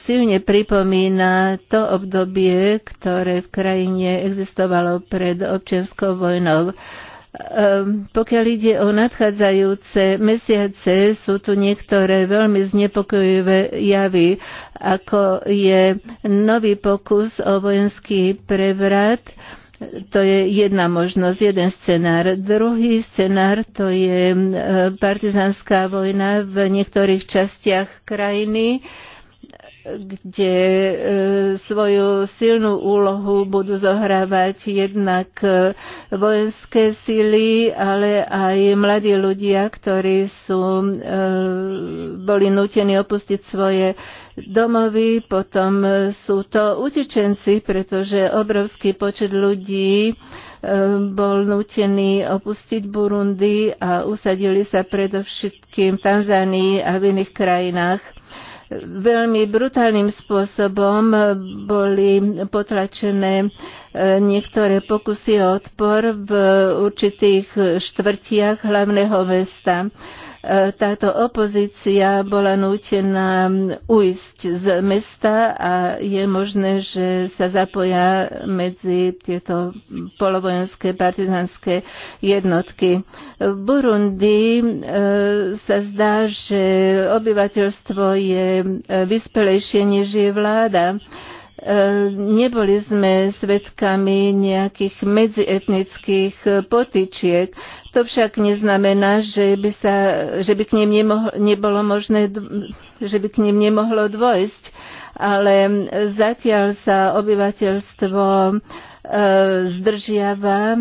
S2: silne pripomína to obdobie, ktoré v krajine existovalo pred občianskou vojnou. E, pokiaľ ide o nadchádzajúce mesiace, sú tu niektoré veľmi znepokojivé javy, ako je nový pokus o vojenský prevrat, to je jedna možnosť, jeden scenár. Druhý scenár to je e, partizanská vojna v niektorých častiach krajiny kde e, svoju silnú úlohu budú zohrávať jednak e, vojenské síly, ale aj mladí ľudia, ktorí sú, e, boli nutení opustiť svoje domovy. Potom sú to utečenci, pretože obrovský počet ľudí bol nutený opustiť Burundi a usadili sa predovšetkým v Tanzánii a v iných krajinách Veľmi brutálnym spôsobom boli potlačené e, niektoré pokusy o odpor v určitých štvrtiach hlavného mesta. Táto opozícia bola nútená ujsť z mesta a je možné, že sa zapoja medzi tieto polovojenské partizanské jednotky. V Burundi e, sa zdá, že obyvateľstvo je e, vyspelejšie, než je vláda neboli sme svedkami nejakých medzietnických potičiek. To však neznamená, že by, sa, že by, k, ním nemohlo, nebolo možné, že by k ním nemohlo dôjsť, ale zatiaľ sa obyvateľstvo zdržiava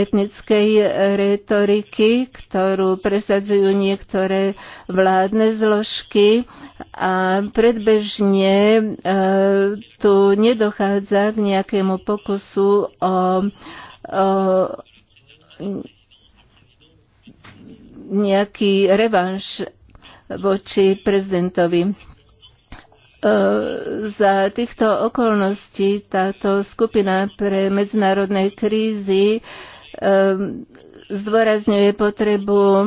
S2: etnickej retoriky, ktorú presadzujú niektoré vládne zložky a predbežne e, tu nedochádza k nejakému pokusu o, o nejaký revanš voči prezidentovi. E, za týchto okolností táto skupina pre medzinárodné krízy e, zdôrazňuje potrebu e,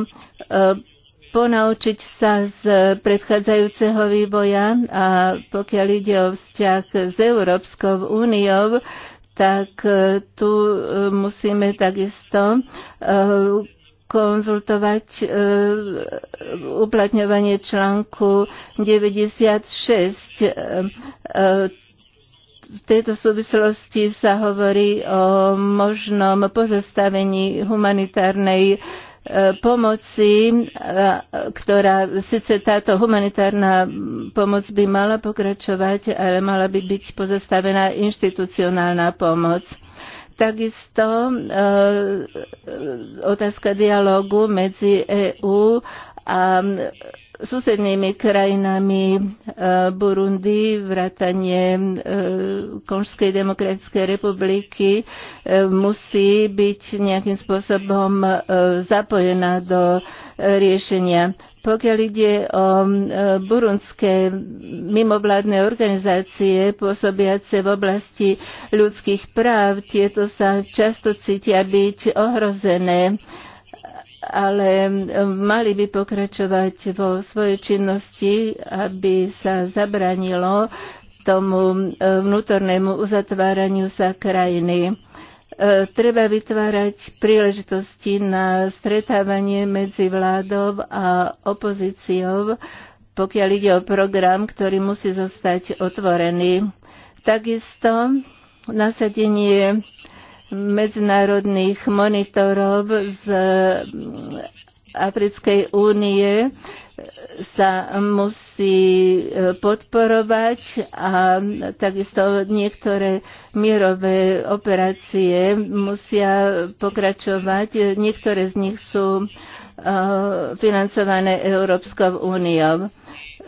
S2: ponaučiť sa z predchádzajúceho vývoja a pokiaľ ide o vzťah s Európskou úniou, tak tu musíme takisto konzultovať uh, uplatňovanie článku 96. Uh, e, e, v tejto súvislosti sa hovorí o možnom pozastavení humanitárnej pomoci, ktorá síce táto humanitárna pomoc by mala pokračovať, ale mala by byť pozastavená inštitucionálna pomoc. Takisto e, otázka dialogu medzi EÚ a susednými krajinami e, Burundi, vrátanie e, Konžskej demokratickej republiky musí byť nejakým spôsobom zapojená do riešenia. Pokiaľ ide o e, burundské mimovládne organizácie pôsobiace v oblasti ľudských práv, tieto sa často cítia byť ohrozené ale mali by pokračovať vo svojej činnosti, aby sa zabranilo tomu e, vnútornému uzatváraniu sa krajiny. E, treba vytvárať príležitosti na stretávanie medzi vládou a opozíciou, pokiaľ ide o program, ktorý musí zostať otvorený. Takisto nasadenie medzinárodných monitorov z Africkej únie sa musí e, podporovať a takisto niektoré mierové operácie musia pokračovať. Niektoré z nich sú e, financované Európskou úniou.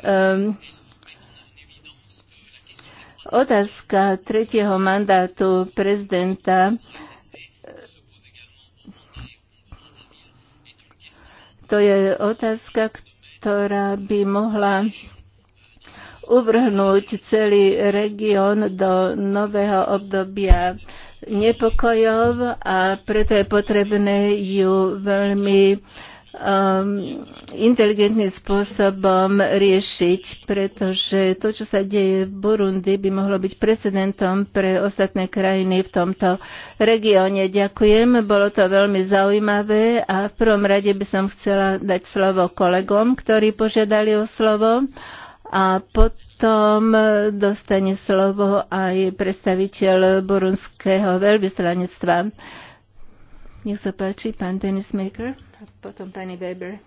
S2: E, otázka tretieho mandátu prezidenta to je otázka, ktorá by mohla uvrhnúť celý región do nového obdobia nepokojov a preto je potrebné ju veľmi um, inteligentným spôsobom riešiť, pretože to, čo sa deje v Burundi, by mohlo byť precedentom pre ostatné krajiny v tomto regióne. Ďakujem, bolo to veľmi zaujímavé a v prvom rade by som chcela dať slovo kolegom, ktorí požiadali o slovo a potom dostane slovo aj predstaviteľ burundského veľvyslanectva. Nech sa páči, pán Dennis Maker a potom pani Weber.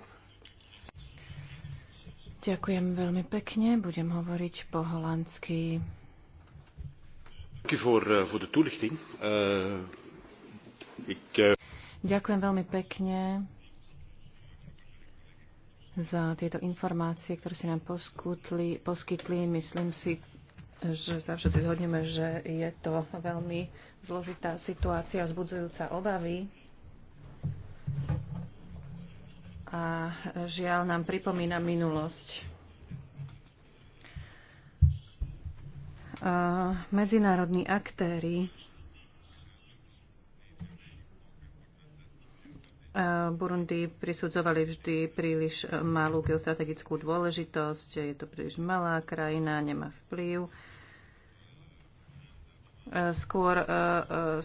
S2: Ďakujem veľmi pekne,
S4: budem hovoriť po holandsky.
S3: Eh, eh, eh,
S4: Ďakujem veľmi pekne za tieto informácie, ktoré si nám poskutli, poskytli. Myslím si, že sa všetci zhodneme, že je to veľmi zložitá situácia, vzbudzujúca obavy a žiaľ nám pripomína minulosť. Medzinárodní aktéry Burundi prisudzovali vždy príliš malú geostrategickú dôležitosť. Je to príliš malá krajina, nemá vplyv skôr e, e,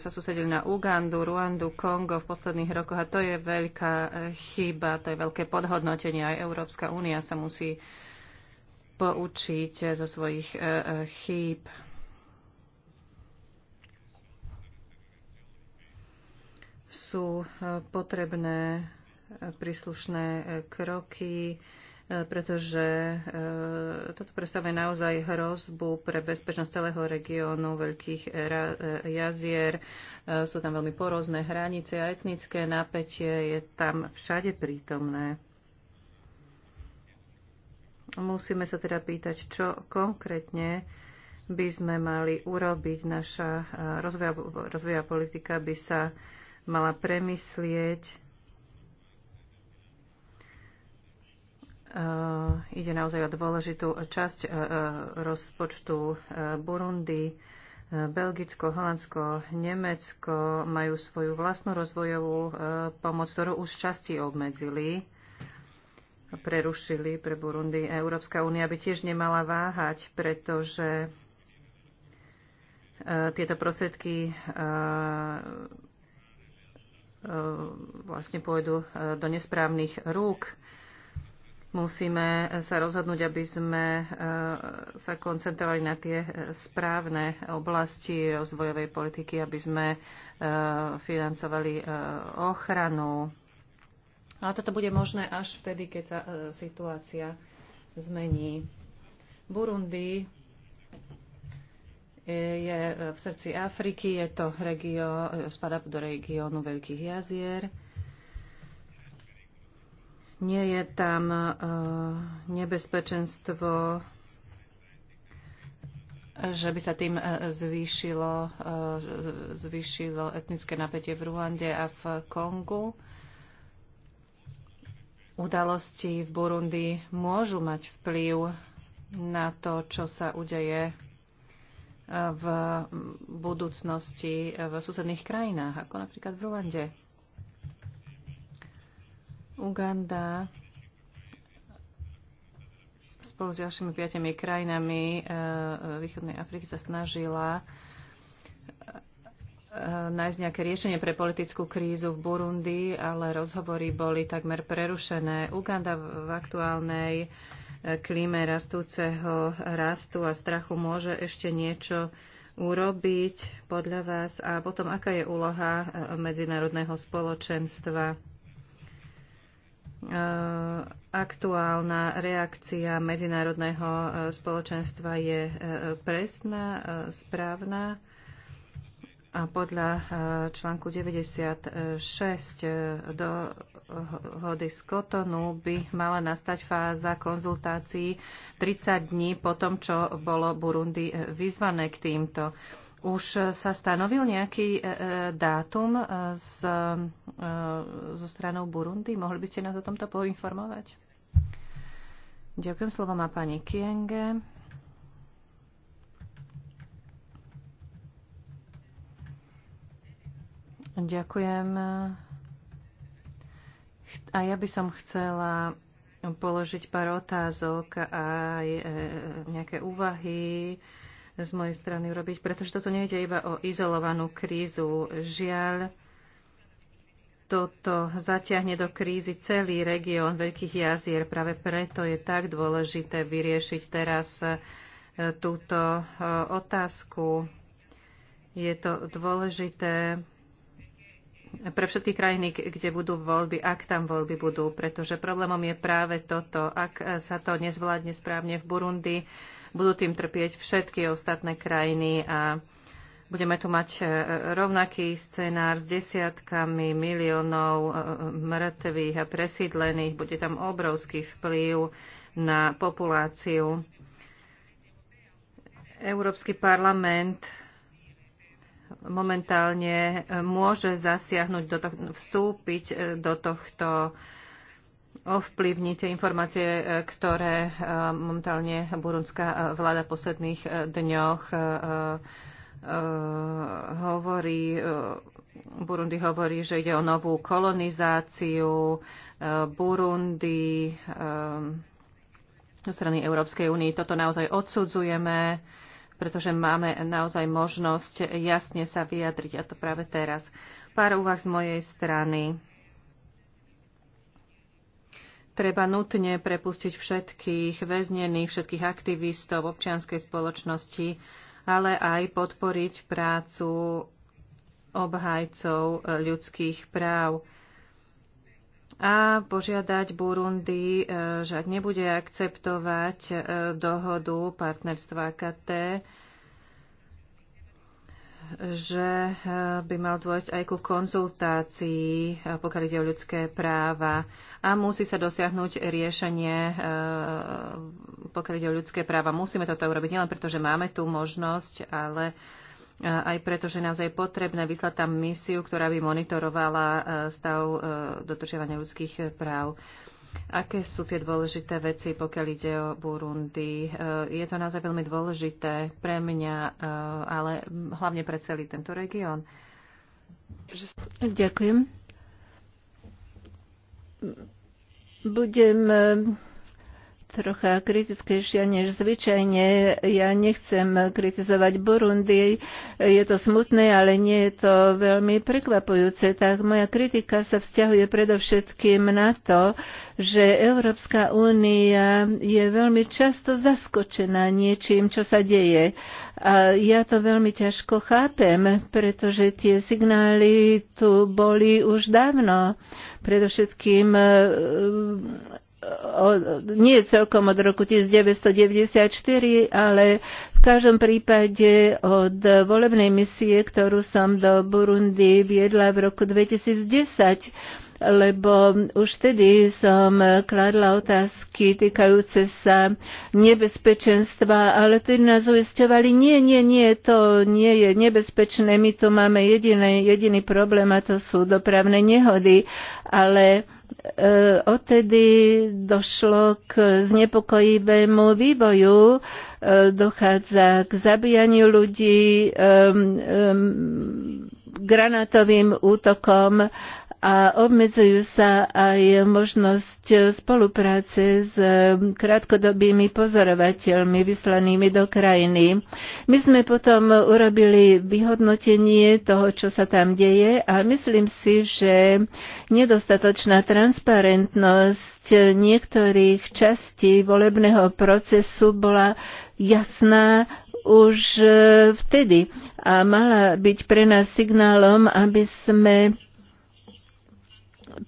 S4: sa sústredili na Ugandu, Ruandu, Kongo v posledných rokoch a to je veľká e, chyba, to je veľké podhodnotenie. Aj Európska únia sa musí poučiť zo svojich chýb. Sú potrebné príslušné kroky, E, pretože e, toto predstavuje naozaj hrozbu pre bezpečnosť celého regiónu, veľkých e, jazier. Sú tam veľmi porozné hranice a etnické napätie je tam všade prítomné. Musíme sa teda pýtať, čo konkrétne by sme mali urobiť. Naša rozvoja, rozvoja politika by sa mala premyslieť Eh, ide naozaj o dôležitú časť eh, eh, rozpočtu Burundi. Belgicko, Holandsko, Nemecko majú svoju vlastnú rozvojovú pomoc, ktorú už časti obmedzili, prerušili pre Burundi. Európska únia by tiež nemala váhať, pretože tieto prostriedky vlastne pôjdu do nesprávnych rúk Musíme sa rozhodnúť, aby sme eh, sa koncentrovali na tie správne oblasti rozvojovej politiky, aby sme eh, financovali eh, ochranu. A toto bude možné až vtedy, keď sa situácia zmení. Burundi je v srdci Afriky, je to regio, spada do regiónu Veľkých jazier nie je tam e, nebezpečenstvo, že by sa tým e, zvýšilo, e, zvýšilo etnické napätie v Ruande a v Kongu. Udalosti v Burundi môžu mať vplyv na to, čo sa udeje v budúcnosti v susedných krajinách, ako napríklad v Ruande. Uganda spolu s ďalšími piatimi krajinami e, e, východnej Afriky sa snažila e, nájsť nejaké riešenie pre politickú krízu v Burundi, ale rozhovory boli takmer prerušené. Uganda v aktuálnej klíme rastúceho rastu a strachu môže ešte niečo urobiť podľa vás a potom aká je úloha medzinárodného spoločenstva Eh, aktuálna reakcia medzinárodného eh, spoločenstva je eh, presná, správna a podľa článku 96 do hody z Kotonu by mala nastať fáza konzultácií 30 dní po tom, čo bolo Burundi vyzvané k týmto už e, sa stanovil nejaký e, e, dátum z, zo stranou Burundi? Mohli by ste nás o tomto poinformovať? Ďakujem, slovo má pani Kienge. Ďakujem. A ja by som chcela položiť pár otázok a aj nejaké úvahy z mojej strany urobiť, pretože toto nejde iba o izolovanú krízu. Žiaľ, toto zaťahne do krízy celý región Veľkých jazier. Práve preto je tak dôležité vyriešiť teraz e, túto e, otázku. Je to dôležité pre všetky krajiny, kde budú voľby, ak tam voľby budú, pretože problémom je práve toto. Ak e, sa to nezvládne správne v Burundi, budú tým trpieť všetky ostatné krajiny a budeme tu mať e, e, rovnaký scenár s desiatkami miliónov e, mŕtvych a presídlených. Bude tam obrovský vplyv na populáciu. Európsky parlament momentálne môže zasiahnuť, do to, vstúpiť do tohto ovplyvniť tie informácie, e, ktoré e, momentálne burundská e, vláda v posledných dňoch hovorí. Burundi hovorí, že ide o novú kolonizáciu Burundi zo strany Európskej únie. Toto naozaj odsudzujeme, pretože máme naozaj možnosť jasne sa vyjadriť, a to práve teraz. Pár úvah z mojej strany Treba nutne prepustiť všetkých väznených, všetkých aktivistov občianskej spoločnosti, ale aj podporiť prácu obhajcov e, ľudských práv a požiadať Burundi, e, že ak nebude akceptovať e, dohodu partnerstva KT, že eh, by mal dôjsť aj ku konzultácii, eh, pokiaľ ide o ľudské práva. A musí sa dosiahnuť riešenie, eh, pokiaľ ide o ľudské práva. Musíme toto urobiť nielen preto, že máme tú možnosť, ale aj preto, že naozaj je potrebné vyslať tam misiu, ktorá by monitorovala stav dodržiavania ľudských práv. Aké sú tie dôležité veci, pokiaľ ide o Burundi? Eh, je to naozaj veľmi dôležité pre mňa, eh, ale hlavne pre celý tento región.
S2: Ďakujem. Budem eh, trocha kritickejšia než zvyčajne. Ja nechcem kritizovať Burundi, je to smutné, ale nie je to veľmi prekvapujúce. Tak moja kritika sa vzťahuje predovšetkým na to, že Európska únia je veľmi často zaskočená niečím, čo sa deje. A ja to veľmi ťažko chápem, pretože tie signály tu boli už dávno. Predovšetkým nie celkom od roku 1994, ale v každom prípade od volebnej misie, ktorú som do Burundi viedla v roku 2010 lebo už vtedy som kladla otázky týkajúce sa nebezpečenstva, ale tedy nás uisťovali, nie, nie, nie, to nie je nebezpečné, my tu máme jediný, jediný problém a to sú dopravné nehody, ale E, odtedy došlo k znepokojivému vývoju, e, dochádza k zabíjaniu ľudí, e, granátovým útokom a obmedzujú sa aj možnosť spolupráce s eh, krátkodobými pozorovateľmi vyslanými do krajiny. My sme potom urobili vyhodnotenie toho, čo sa tam deje a myslím si, že nedostatočná transparentnosť niektorých častí volebného procesu bola jasná už eh, vtedy a mala byť pre nás signálom, aby sme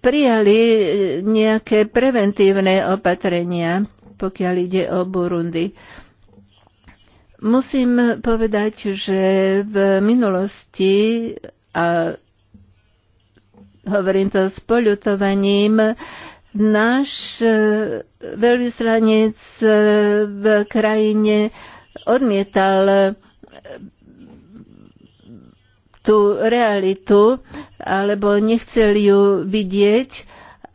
S2: prijali e, nejaké preventívne opatrenia, pokiaľ ide o Burundi. Musím povedať, že v minulosti, a hovorím to s poľutovaním, náš e, veľvyslanec e, v krajine odmietal tú realitu alebo nechcel ju vidieť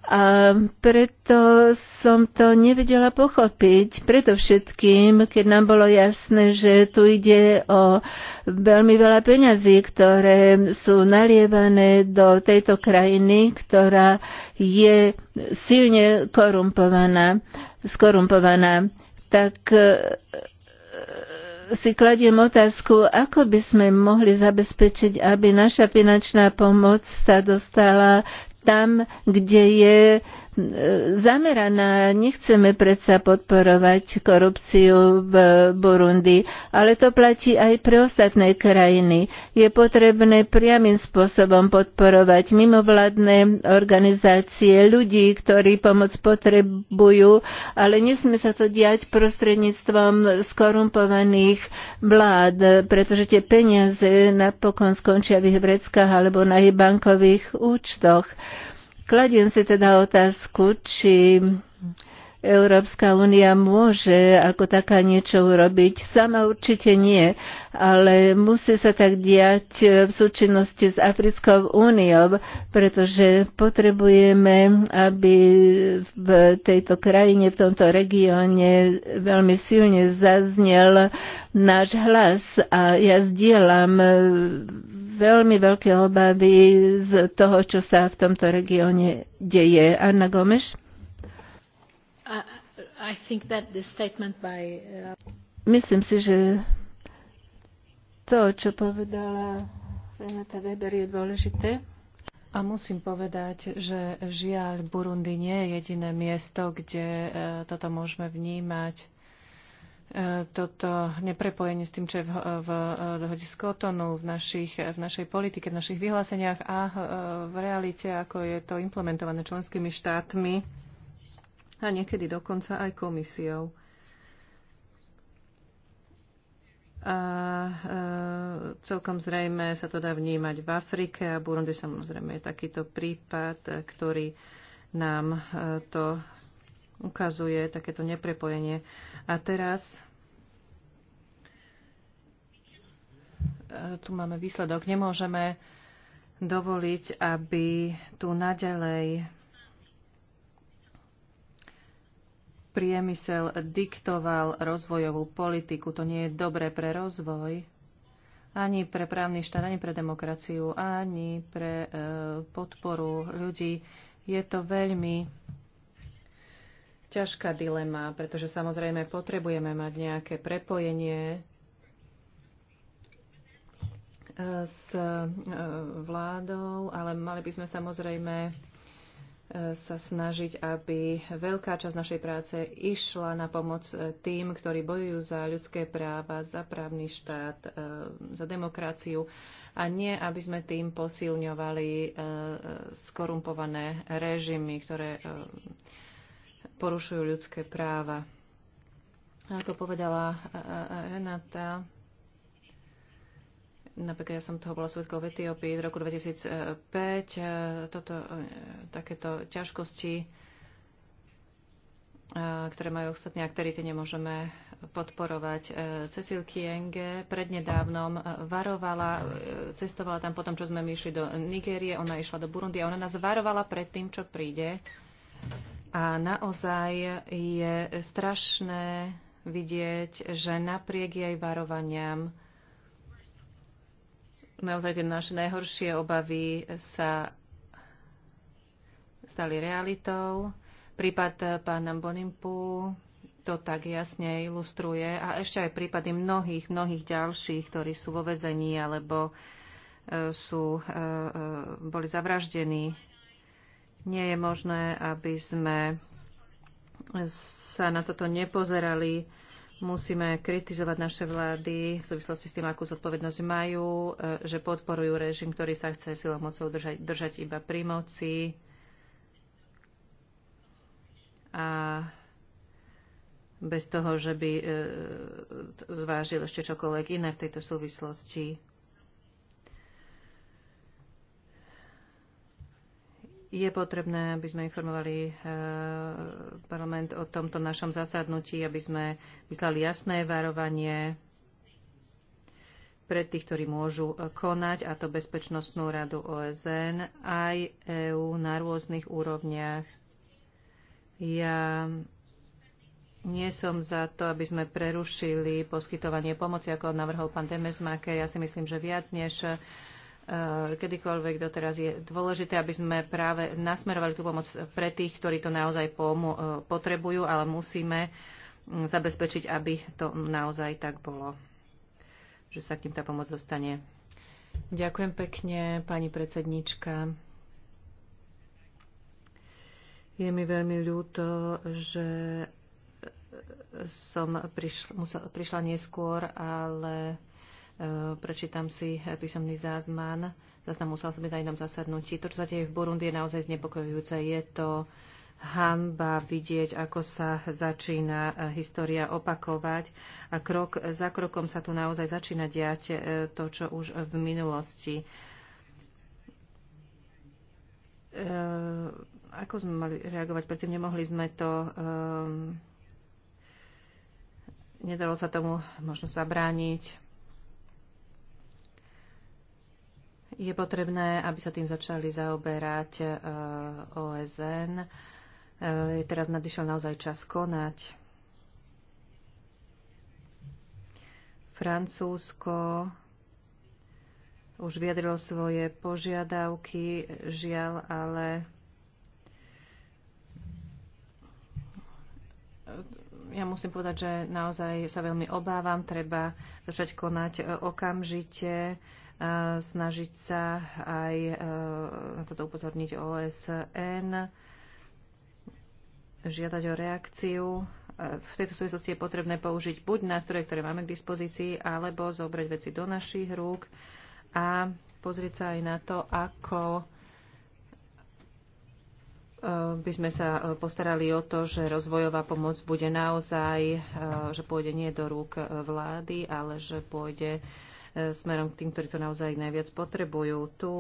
S2: a preto som to nevedela pochopiť. Preto všetkým, keď nám bolo jasné, že tu ide o veľmi veľa peňazí, ktoré sú nalievané do tejto krajiny, ktorá je silne korumpovaná, skorumpovaná, tak si kladiem otázku, ako by sme mohli zabezpečiť, aby naša finančná pomoc sa dostala tam, kde je zameraná. Nechceme predsa podporovať korupciu v Burundi, ale to platí aj pre ostatné krajiny. Je potrebné priamým spôsobom podporovať mimovládne organizácie, ľudí, ktorí pomoc potrebujú, ale nesme sa to diať prostredníctvom skorumpovaných vlád, pretože tie peniaze napokon skončia v ich vreckách alebo na ich bankových účtoch. Kladiem si teda otázku, či Európska únia môže ako taká niečo urobiť. Sama určite nie, ale musí sa tak diať v súčinnosti s Africkou úniou, pretože potrebujeme, aby v tejto krajine, v tomto regióne veľmi silne zaznel náš hlas a ja zdieľam veľmi veľké obavy z toho, čo sa v tomto regióne deje. Anna Gomeš? I, I by... Uh, Myslím si, že to, čo povedala Renata
S4: Weber, je dôležité. A musím povedať, že žiaľ Burundi nie je jediné miesto, kde uh, toto môžeme vnímať E, toto neprepojenie s tým, čo je v, v e, dohode z Kotonu, v, našich, v našej politike, v našich vyhláseniach a e, v realite, ako je to implementované členskými štátmi a niekedy dokonca aj komisiou. A e, celkom zrejme sa to dá vnímať v Afrike a Burundi samozrejme je takýto prípad, ktorý nám to ukazuje takéto neprepojenie. A teraz e, tu máme výsledok. Nemôžeme dovoliť, aby tu naďalej priemysel diktoval rozvojovú politiku. To nie je dobré pre rozvoj, ani pre právny štát, ani pre demokraciu, ani pre e, podporu ľudí. Je to veľmi ťažká dilema, pretože samozrejme potrebujeme mať nejaké prepojenie eh, s eh, vládou, ale mali by sme samozrejme eh, sa snažiť, aby veľká časť našej práce išla na pomoc tým, ktorí bojujú za ľudské práva, za právny štát, za demokraciu a nie, aby sme tým posilňovali skorumpované režimy, ktoré porušujú ľudské práva. Ako povedala Renata, napríklad ja som toho bola svetkou v Etiópii v roku 2005, toto, e, takéto ťažkosti, e, ktoré majú ostatní aktéry, tie nemôžeme podporovať. E, Cecil Kienge prednedávnom varovala, cestovala tam potom, čo sme my išli do Nigérie, ona išla do Burundi a ona nás varovala pred tým, čo príde a naozaj je strašné vidieť, že napriek jej varovaniam naozaj tie naše najhoršie obavy sa stali realitou. Prípad pána Bonimpu to tak jasne ilustruje a ešte aj prípady mnohých, mnohých ďalších, ktorí sú vo vezení alebo e, sú, e, e, boli zavraždení nie je možné, aby sme sa na toto nepozerali. Musíme kritizovať naše vlády v súvislosti s tým, akú zodpovednosť majú, e, že podporujú režim, ktorý sa chce silou mocou držať, držať iba pri moci. A bez toho, že by e, zvážil ešte čokoľvek iné v tejto súvislosti. Je potrebné, aby sme informovali eh, parlament o tomto našom zasadnutí, aby sme vyslali jasné varovanie pre tých, ktorí môžu eh, konať, a to Bezpečnostnú radu OSN, aj EÚ na rôznych úrovniach. Ja nie som za to, aby sme prerušili poskytovanie pomoci, ako navrhol pán Demesmaker. Ja si myslím, že viac než eh, Eh, kedykoľvek doteraz je dôležité, aby sme práve nasmerovali tú pomoc pre tých, ktorí to naozaj eh, potrebujú, ale musíme mm, zabezpečiť, aby to naozaj tak bolo, že sa k tým tá pomoc dostane. Ďakujem pekne, pani predsednička. Je mi veľmi ľúto, že eh, som prišla, musel, prišla neskôr, ale E, prečítam si písomný záznam, tam musel som byť na jednom zasadnutí. To, čo sa deje v Burundi, je naozaj znepokojujúce. Je to hamba vidieť, ako sa začína e, história opakovať a krok za krokom sa tu naozaj začína diať e, to, čo už v minulosti ako sme mali reagovať? Predtým nemohli sme to... nedalo sa tomu možno zabrániť. Je potrebné, aby sa tým začali zaoberať e, OSN. E, teraz nadišiel naozaj čas konať. Francúzsko už vyjadrilo svoje požiadavky, žiaľ, ale ja musím povedať, že naozaj sa veľmi obávam, treba začať konať e, okamžite snažiť sa aj e, na toto upozorniť OSN, žiadať o reakciu. E, v tejto súvislosti je potrebné použiť buď nástroje, ktoré máme k dispozícii, alebo zobrať veci do našich rúk a pozrieť sa aj na to, ako e, by sme sa postarali o to, že rozvojová pomoc bude naozaj, že pôjde nie do rúk vlády, ale že pôjde smerom k tým, ktorí to naozaj najviac potrebujú. Tu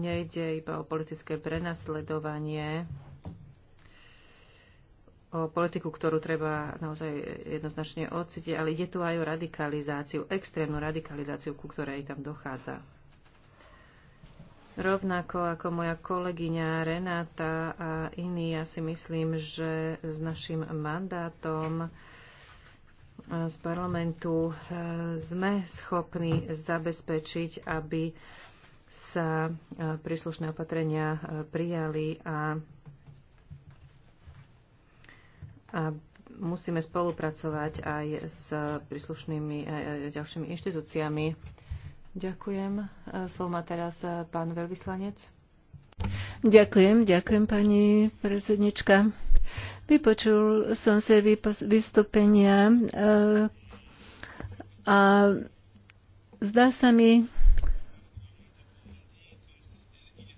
S4: nejde iba o politické prenasledovanie, o politiku, ktorú treba naozaj jednoznačne odsítiť, ale ide tu aj o radikalizáciu, extrémnu radikalizáciu, ku ktorej tam dochádza. Rovnako ako moja kolegyňa Renáta a iní, ja si myslím, že s našim mandátom z parlamentu e, sme schopní zabezpečiť, aby sa e, príslušné opatrenia e, prijali a, a musíme spolupracovať aj s príslušnými ďalšími inštitúciami. Ďakujem. Slovo má teraz pán veľvyslanec.
S2: Ďakujem, ďakujem pani predsednička. Vypočul som si vystúpenia eh, a zdá sa mi,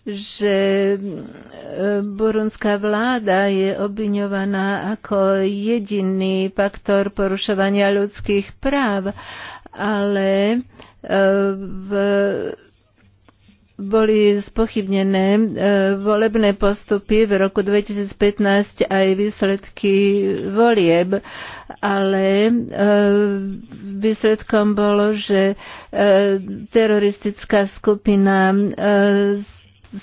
S2: že eh, burundská vláda je obviňovaná ako jediný faktor porušovania ľudských práv, ale eh, v boli spochybnené e, volebné postupy v roku 2015 aj výsledky volieb, ale e, výsledkom bolo, že e, teroristická skupina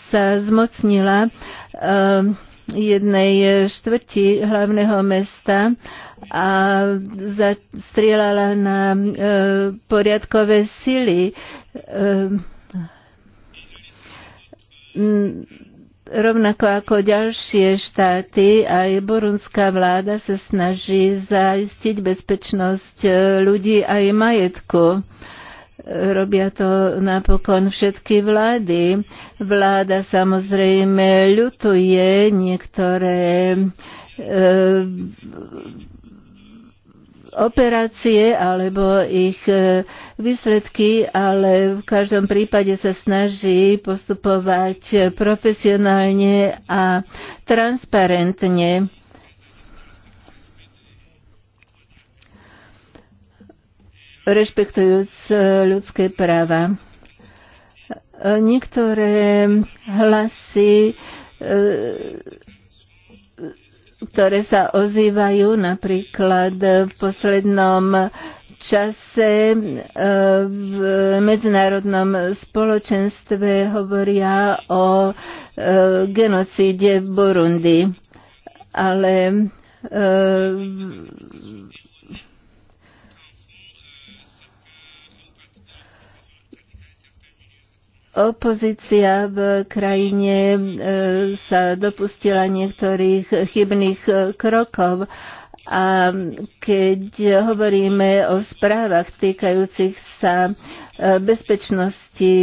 S2: sa zmocnila jednej štvrti hlavného mesta a zastrieľala na poriadkové sily Mm, rovnako ako ďalšie štáty, aj burundská vláda sa snaží zaistiť bezpečnosť e, ľudí aj majetku. E, robia to napokon všetky vlády. Vláda samozrejme ľutuje niektoré e, operácie alebo ich e, výsledky, ale v každom prípade sa snaží postupovať profesionálne a transparentne. rešpektujúc e, ľudské práva. E, niektoré hlasy ktoré sa ozývajú napríklad v poslednom čase e, v medzinárodnom spoločenstve hovoria o e, genocíde v Burundi. Ale e, Opozícia v krajine e, sa dopustila niektorých chybných e, krokov a keď hovoríme o správach týkajúcich sa e, bezpečnosti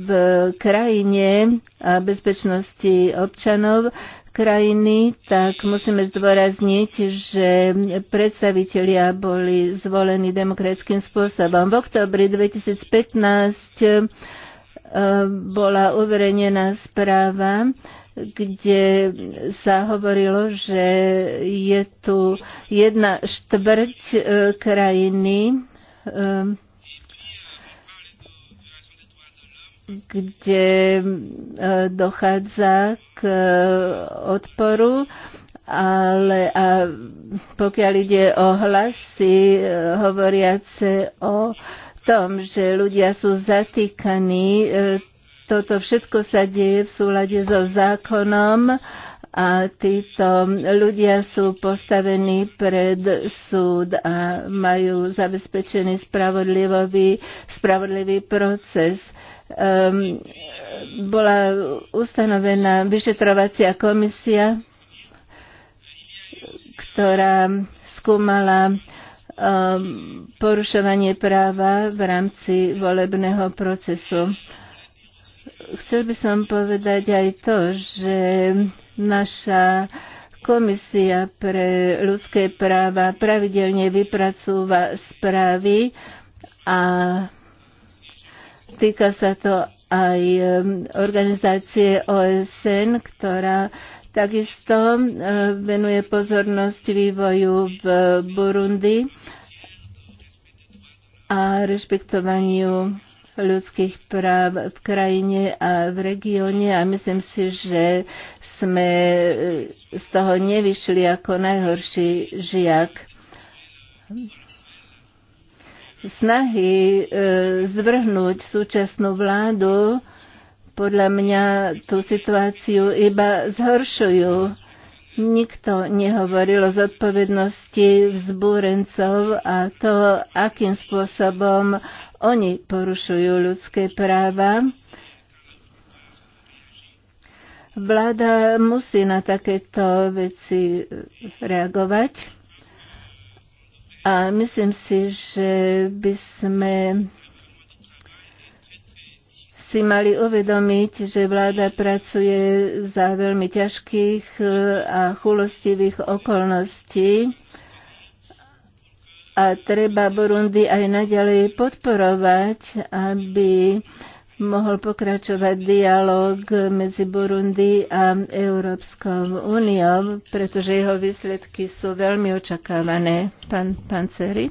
S2: v krajine a bezpečnosti občanov krajiny, tak musíme zdôrazniť, že predstavitelia boli zvolení demokratickým spôsobom. V oktobri 2015 bola uverejnená správa, kde sa hovorilo, že je tu jedna štvrť e, krajiny, e, kde e, dochádza k odporu ale a pokiaľ ide o hlasy hovoriace o tom, že ľudia sú zatýkaní. E, toto všetko sa deje v súlade so zákonom a títo ľudia sú postavení pred súd a majú zabezpečený spravodlivý, spravodlivý proces um, bola ustanovená vyšetrovacia komisia, ktorá skúmala Um, porušovanie práva v rámci volebného procesu. Chcel by som povedať aj to, že naša Komisia pre ľudské práva pravidelne vypracúva správy a týka sa to aj um, organizácie OSN, ktorá Takisto e, venuje pozornosť vývoju v Burundi a rešpektovaniu ľudských práv v krajine a v regióne a myslím si, že sme e, z toho nevyšli ako najhorší žiak. Snahy e, zvrhnúť súčasnú vládu podľa mňa tú situáciu iba zhoršujú. Nikto nehovoril o zodpovednosti vzbúrencov a to, akým spôsobom oni porušujú ľudské práva. Vláda musí na takéto veci reagovať a myslím si, že by sme si mali uvedomiť, že vláda pracuje za veľmi ťažkých e, a chulostivých okolností a treba Burundi aj naďalej podporovať, aby mohol pokračovať dialog medzi Burundi a Európskou úniou, pretože jeho výsledky sú veľmi očakávané. Pán pán Ceri?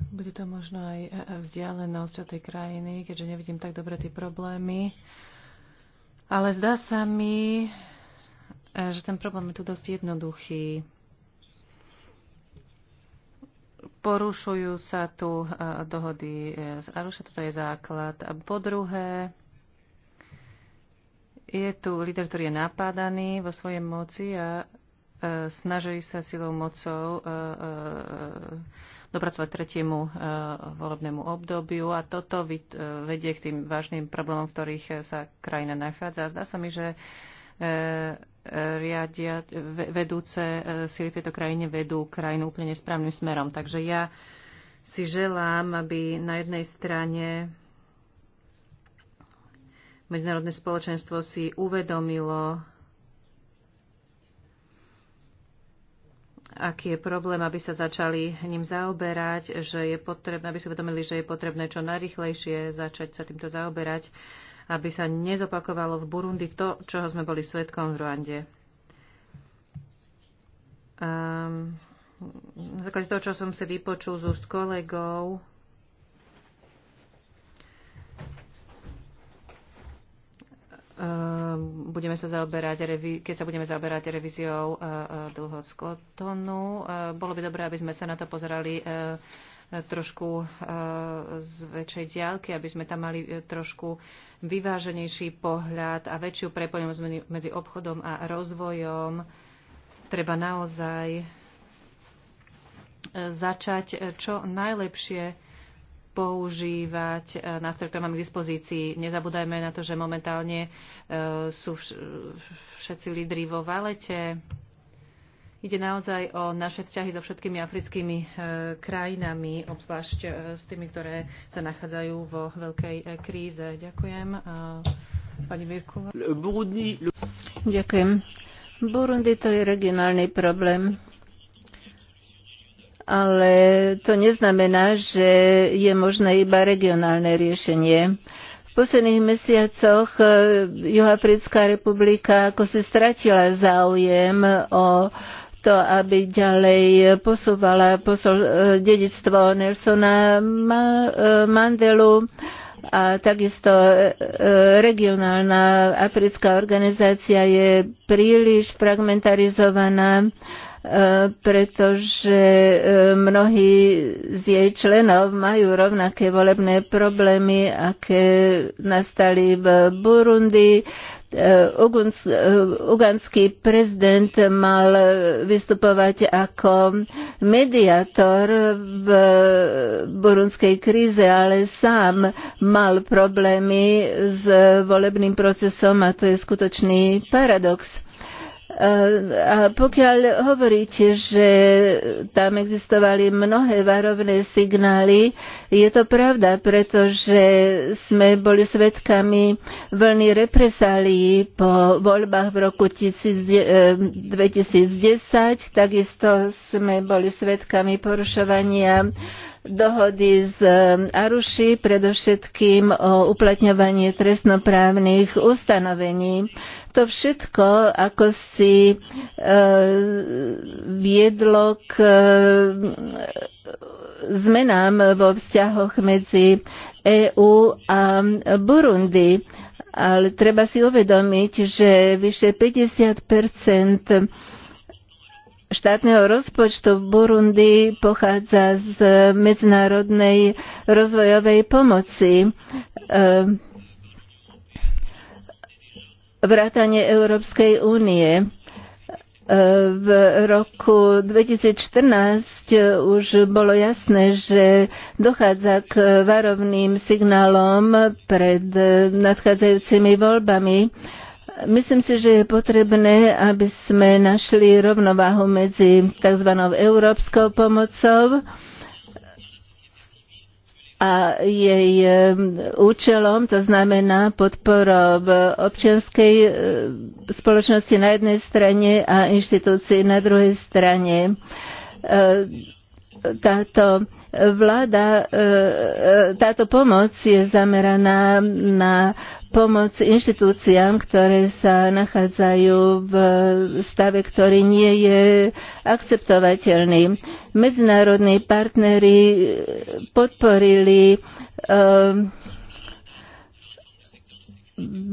S2: Bude to možno aj e, e,
S4: vzdialenosť od tej krajiny, keďže nevidím tak dobre tie problémy. Ale zdá sa mi, e, že ten problém je tu dosť jednoduchý. Porušujú sa tu dohody z Aruša, toto je základ. A po druhé, je tu líder, ktorý je napádaný vo svojej moci a snaží sa silou mocou dopracovať tretiemu e, volebnému obdobiu a toto e, vedie k tým vážnym problémom, v ktorých e, sa krajina nachádza. zdá sa mi, že riadia, vedúce síly v tejto krajine vedú krajinu úplne nesprávnym smerom. Takže ja si želám, aby na jednej strane medzinárodné spoločenstvo si uvedomilo aký je problém, aby sa začali ním zaoberať, že je potrebné, aby si uvedomili, že je potrebné čo najrychlejšie začať sa týmto zaoberať, aby sa nezopakovalo v Burundi to, čoho sme boli svetkom v Ruande. Um, na základe toho, čo som si vypočul z úst kolegov, Ehm, budeme sa zaoberať, keď sa budeme zaoberať revíziou e, e, dlho skotonu. E, bolo by dobré, aby sme sa na to pozerali trošku z väčšej diálky, aby sme tam mali trošku vyváženejší pohľad a väčšiu prepojenosť medzi obchodom a rozvojom. Treba naozaj začať čo najlepšie používať e, nástroje, ktoré máme k dispozícii. Nezabúdajme na to, že momentálne e, sú všetci lídri vo valete. Ide naozaj o naše vzťahy so všetkými africkými e, krajinami, obzvlášť s tými, ktoré sa nachádzajú vo veľkej kríze. Ďakujem. Pani Virkova.
S2: Ďakujem. Burundi to je regionálny problém ale to neznamená, že je možné iba regionálne riešenie. V posledných mesiacoch e, Juhafrická republika ako si stratila záujem o to, aby ďalej posúvala posol, e, dedictvo Nelsona e, Mandelu a takisto regionálna africká organizácia je príliš fragmentarizovaná pretože e, mnohí z jej členov majú rovnaké volebné problémy, aké nastali v Burundi. E, e, uganský prezident mal vystupovať ako mediátor v burundskej kríze, ale sám mal problémy s volebným procesom a to je skutočný paradox. A pokiaľ hovoríte, že tam existovali mnohé varovné signály, je to pravda, pretože sme boli svedkami vlny represálií po voľbách v roku 2010, e, takisto sme boli svedkami porušovania dohody z e, Aruši, predovšetkým o uplatňovaní trestnoprávnych ustanovení. To všetko, ako si e, viedlo k e, zmenám vo vzťahoch medzi EÚ a Burundi. Ale treba si uvedomiť, že vyše 50 štátneho rozpočtu v Burundi pochádza z medzinárodnej rozvojovej pomoci e, Vrátanie Európskej únie. E, v roku 2014 už bolo jasné, že dochádza k varovným signálom pred nadchádzajúcimi voľbami Myslím si, že je potrebné, aby sme našli rovnováhu medzi tzv. európskou pomocou a jej účelom, to znamená podporo v občianskej eh, spoločnosti na jednej strane a inštitúcii na druhej strane. Eh, táto vláda, eh, táto pomoc je zameraná na pomoc inštitúciám, ktoré sa nachádzajú v stave, ktorý nie je akceptovateľný. Medzinárodní partnery podporili eh,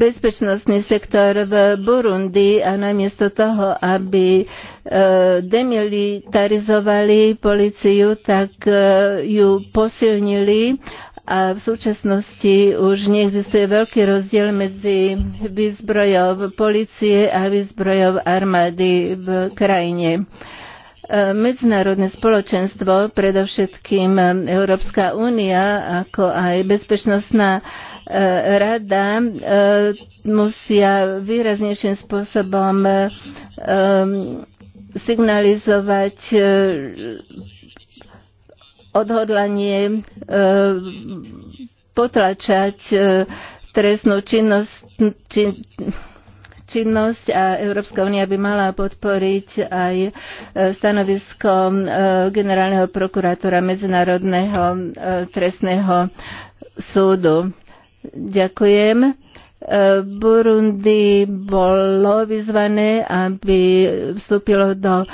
S2: bezpečnostný sektor v Burundi a namiesto toho, aby eh, demilitarizovali policiu, tak eh, ju posilnili a v súčasnosti už neexistuje veľký rozdiel medzi výzbrojov policie a výzbrojov armády v krajine e, medzinárodné spoločenstvo, predovšetkým Európska únia, ako aj Bezpečnostná e, rada, e, musia výraznejším spôsobom signalizovať odhodlanie e, potlačať e, trestnú činnosť, čin, činnosť a Európska únia by mala podporiť aj e, stanovisko generálneho prokurátora Medzinárodného trestného súdu. Ďakujem. Burundi bolo vyzvané, aby vstúpilo do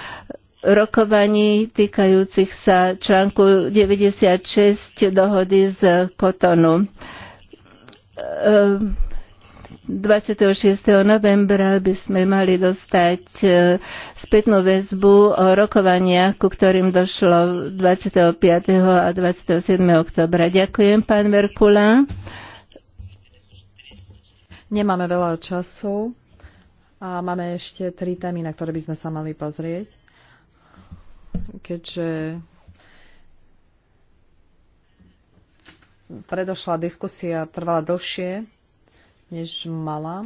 S2: rokovaní týkajúcich sa článku 96 dohody z Kotonu. 26. Ehm, novembra by sme mali dostať e, spätnú väzbu o rokovania, ku ktorým došlo 25. a 27. oktobra. Ďakujem, pán Merkula.
S5: Nemáme veľa času a máme ešte tri témy, na ktoré by sme sa mali pozrieť. Keďže predošla diskusia trvala dlhšie, než mala.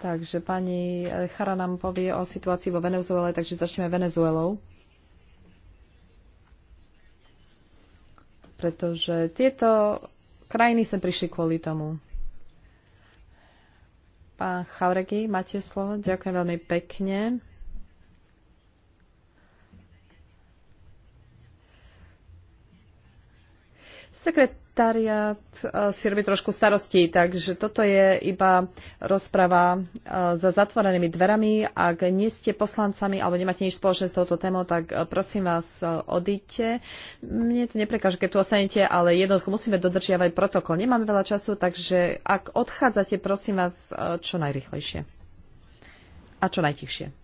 S5: Takže pani Chara nám povie o situácii vo Venezuele, takže začneme Venezuelou. Pretože tieto krajiny sem prišli kvôli tomu. Pán Chauregi, máte slovo. Ďakujem veľmi pekne. Sekretariat e, si robí trošku starostí, takže toto je iba rozprava e, za zatvorenými dverami. Ak nie ste poslancami alebo nemáte nič spoločné s touto témou, tak e, prosím vás, odíďte. Mne to neprekáže, keď tu ostanete, ale jednoducho musíme dodržiavať protokol. Nemáme veľa času, takže ak odchádzate, prosím vás, čo najrychlejšie. A čo najtichšie.